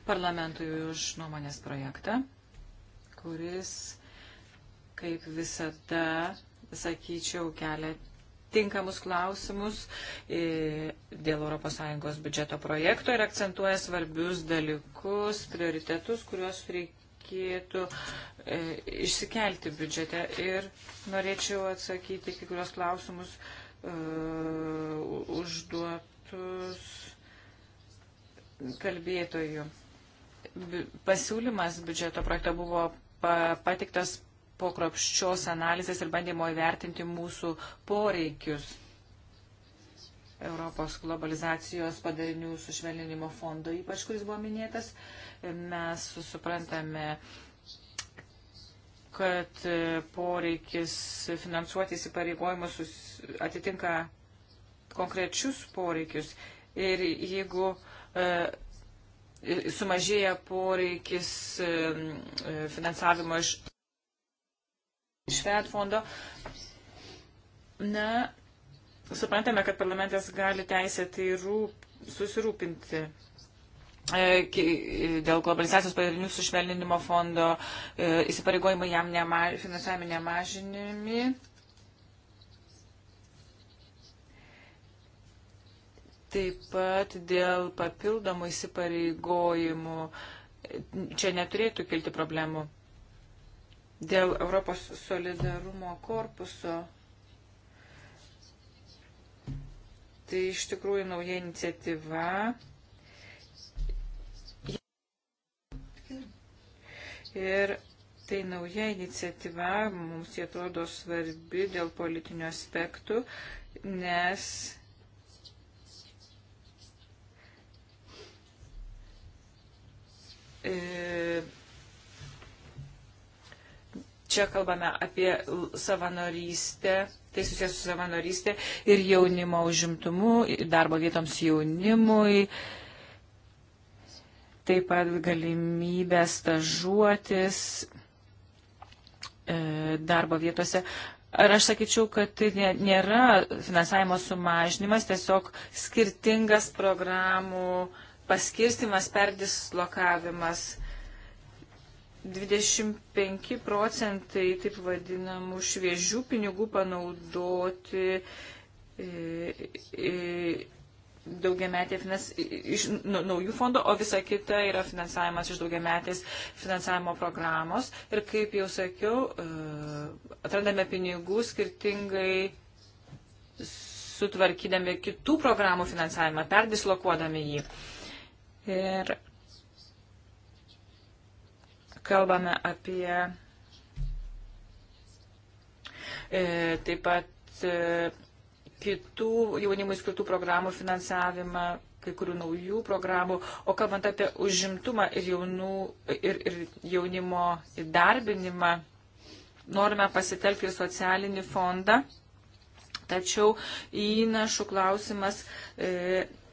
parlamentui už nuomonės projektą, kuris, kaip visada, sakyčiau, kelia tinkamus klausimus e, dėl ES biudžeto projekto ir akcentuoja svarbius dalykus, prioritetus, kuriuos reikėtų e, išsikelti biudžete. Ir norėčiau atsakyti kai kurios klausimus e, užduot šimtus kalbėtojų. Pasiūlymas biudžeto projekto buvo patiktas po kropščios analizės ir bandymo įvertinti mūsų poreikius Europos globalizacijos padarinių sušvelninimo fondo, ypač kuris buvo minėtas. Mes suprantame, kad poreikis finansuoti įsipareigojimus atitinka konkrečius poreikius. Ir jeigu e, sumažėja poreikis e, finansavimo iš, iš FED fondo, na, suprantame, kad parlamentas gali teisėtai rūp, susirūpinti e, dėl globalizacijos padarinių sušvelninimo fondo e, įsipareigojimai jam nema, finansavimai nemažinimi. Taip pat dėl papildomų įsipareigojimų čia neturėtų kilti problemų. Dėl Europos solidarumo korpuso Tai iš tikrųjų nauja iniciatyva. Ir tai nauja iniciatyva mums jie atrodo svarbi dėl politinių aspektų, nes E, čia kalbame apie savanorystę, tai susijęs su savanorystė ir jaunimo užimtumu, darbo vietoms jaunimui, taip pat galimybę stažuotis e, darbo vietose. Ar aš sakyčiau, kad tai nėra finansavimo sumažinimas, tiesiog skirtingas programų paskirstimas, perdislokavimas. 25 procentai taip vadinamų šviežių pinigų panaudoti e, e, daugiametė finans, iš nu, naujų fondų, o visa kita yra finansavimas iš daugiametės finansavimo programos. Ir kaip jau sakiau, e, atrandame pinigų skirtingai sutvarkydami kitų programų finansavimą, perdislokuodami jį. Ir kalbame apie e, taip pat e, kitų jaunimui skirtų programų finansavimą, kai kurių naujų programų. O kalbant apie užimtumą ir, jaunų, ir, ir jaunimo įdarbinimą, norime pasitelkti ir socialinį fondą. Tačiau įnašų klausimas e,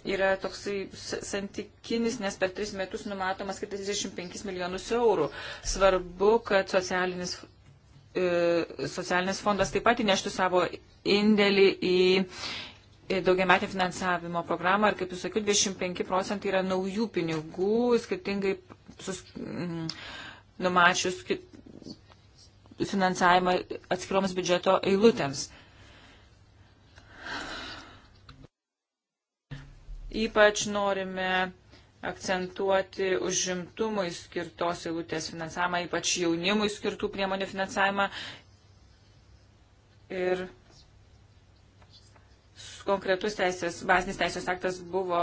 yra toksai santykinis, nes per tris metus numatomas 35 milijonus eurų. Svarbu, kad socialinis, e, socialinis fondas taip pat įneštų savo indėlį į daugiametį finansavimo programą ir, kaip jūs sakiau, 25 procentai yra naujų pinigų, skirtingai sus, mm, numačius kit, finansavimą atskiroms biudžeto eilutėms. Ypač norime akcentuoti užimtumui skirtos eilutės finansavimą, ypač jaunimui skirtų priemonių finansavimą ir konkretus teisės, bazinis teisės aktas buvo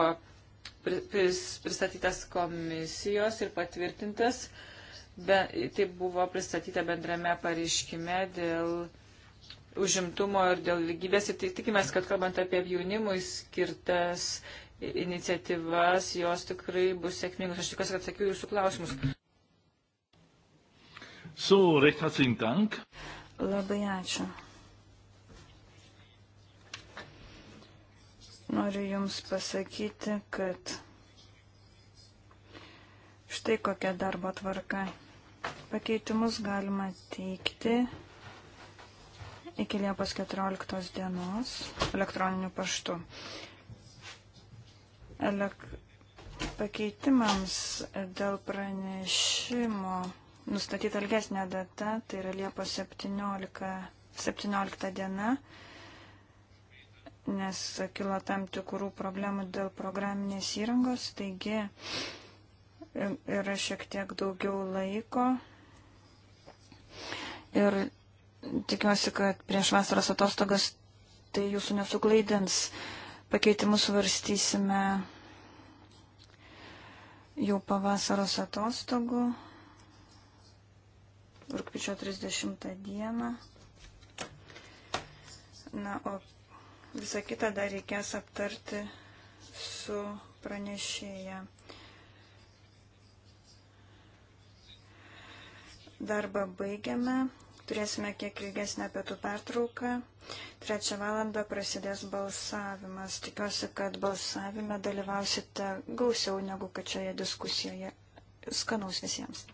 pristatytas komisijos ir patvirtintas. Be, tai buvo pristatyta bendrame pareiškime dėl užimtumo ir dėl lygybės. Ir tai tikimės, kad kalbant apie jaunimui skirtas iniciatyvas, jos tikrai bus sėkmingos. Aš tikiuosi, kad atsakiau jūsų klausimus. So, recht herzlichen Dank. Labai ačiū. Noriu Jums pasakyti, kad štai kokia darbo tvarka. Pakeitimus galima teikti iki Liepos 14 dienos elektroniniu paštu elek pakeitimams dėl pranešimo nustatyta ilgesnė data, tai yra Liepos 17, 17 diena, nes kilo tam tikrų problemų dėl programinės įrangos, taigi yra šiek tiek daugiau laiko. Ir tikiuosi, kad prieš vasaros atostogas tai jūsų nesuklaidins. Uh, Pakeitimus svarstysime jau pavasaros atostogų, rūpiučio 30 dieną. Na, o visą kitą dar reikės aptarti su pranešėja. Darbą baigiame. Turėsime kiek ilgesnę pietų pertrauką. Trečią valandą prasidės balsavimas. Tikiuosi, kad balsavime dalyvausite gausiau negu kad šioje diskusijoje. Skanaus visiems.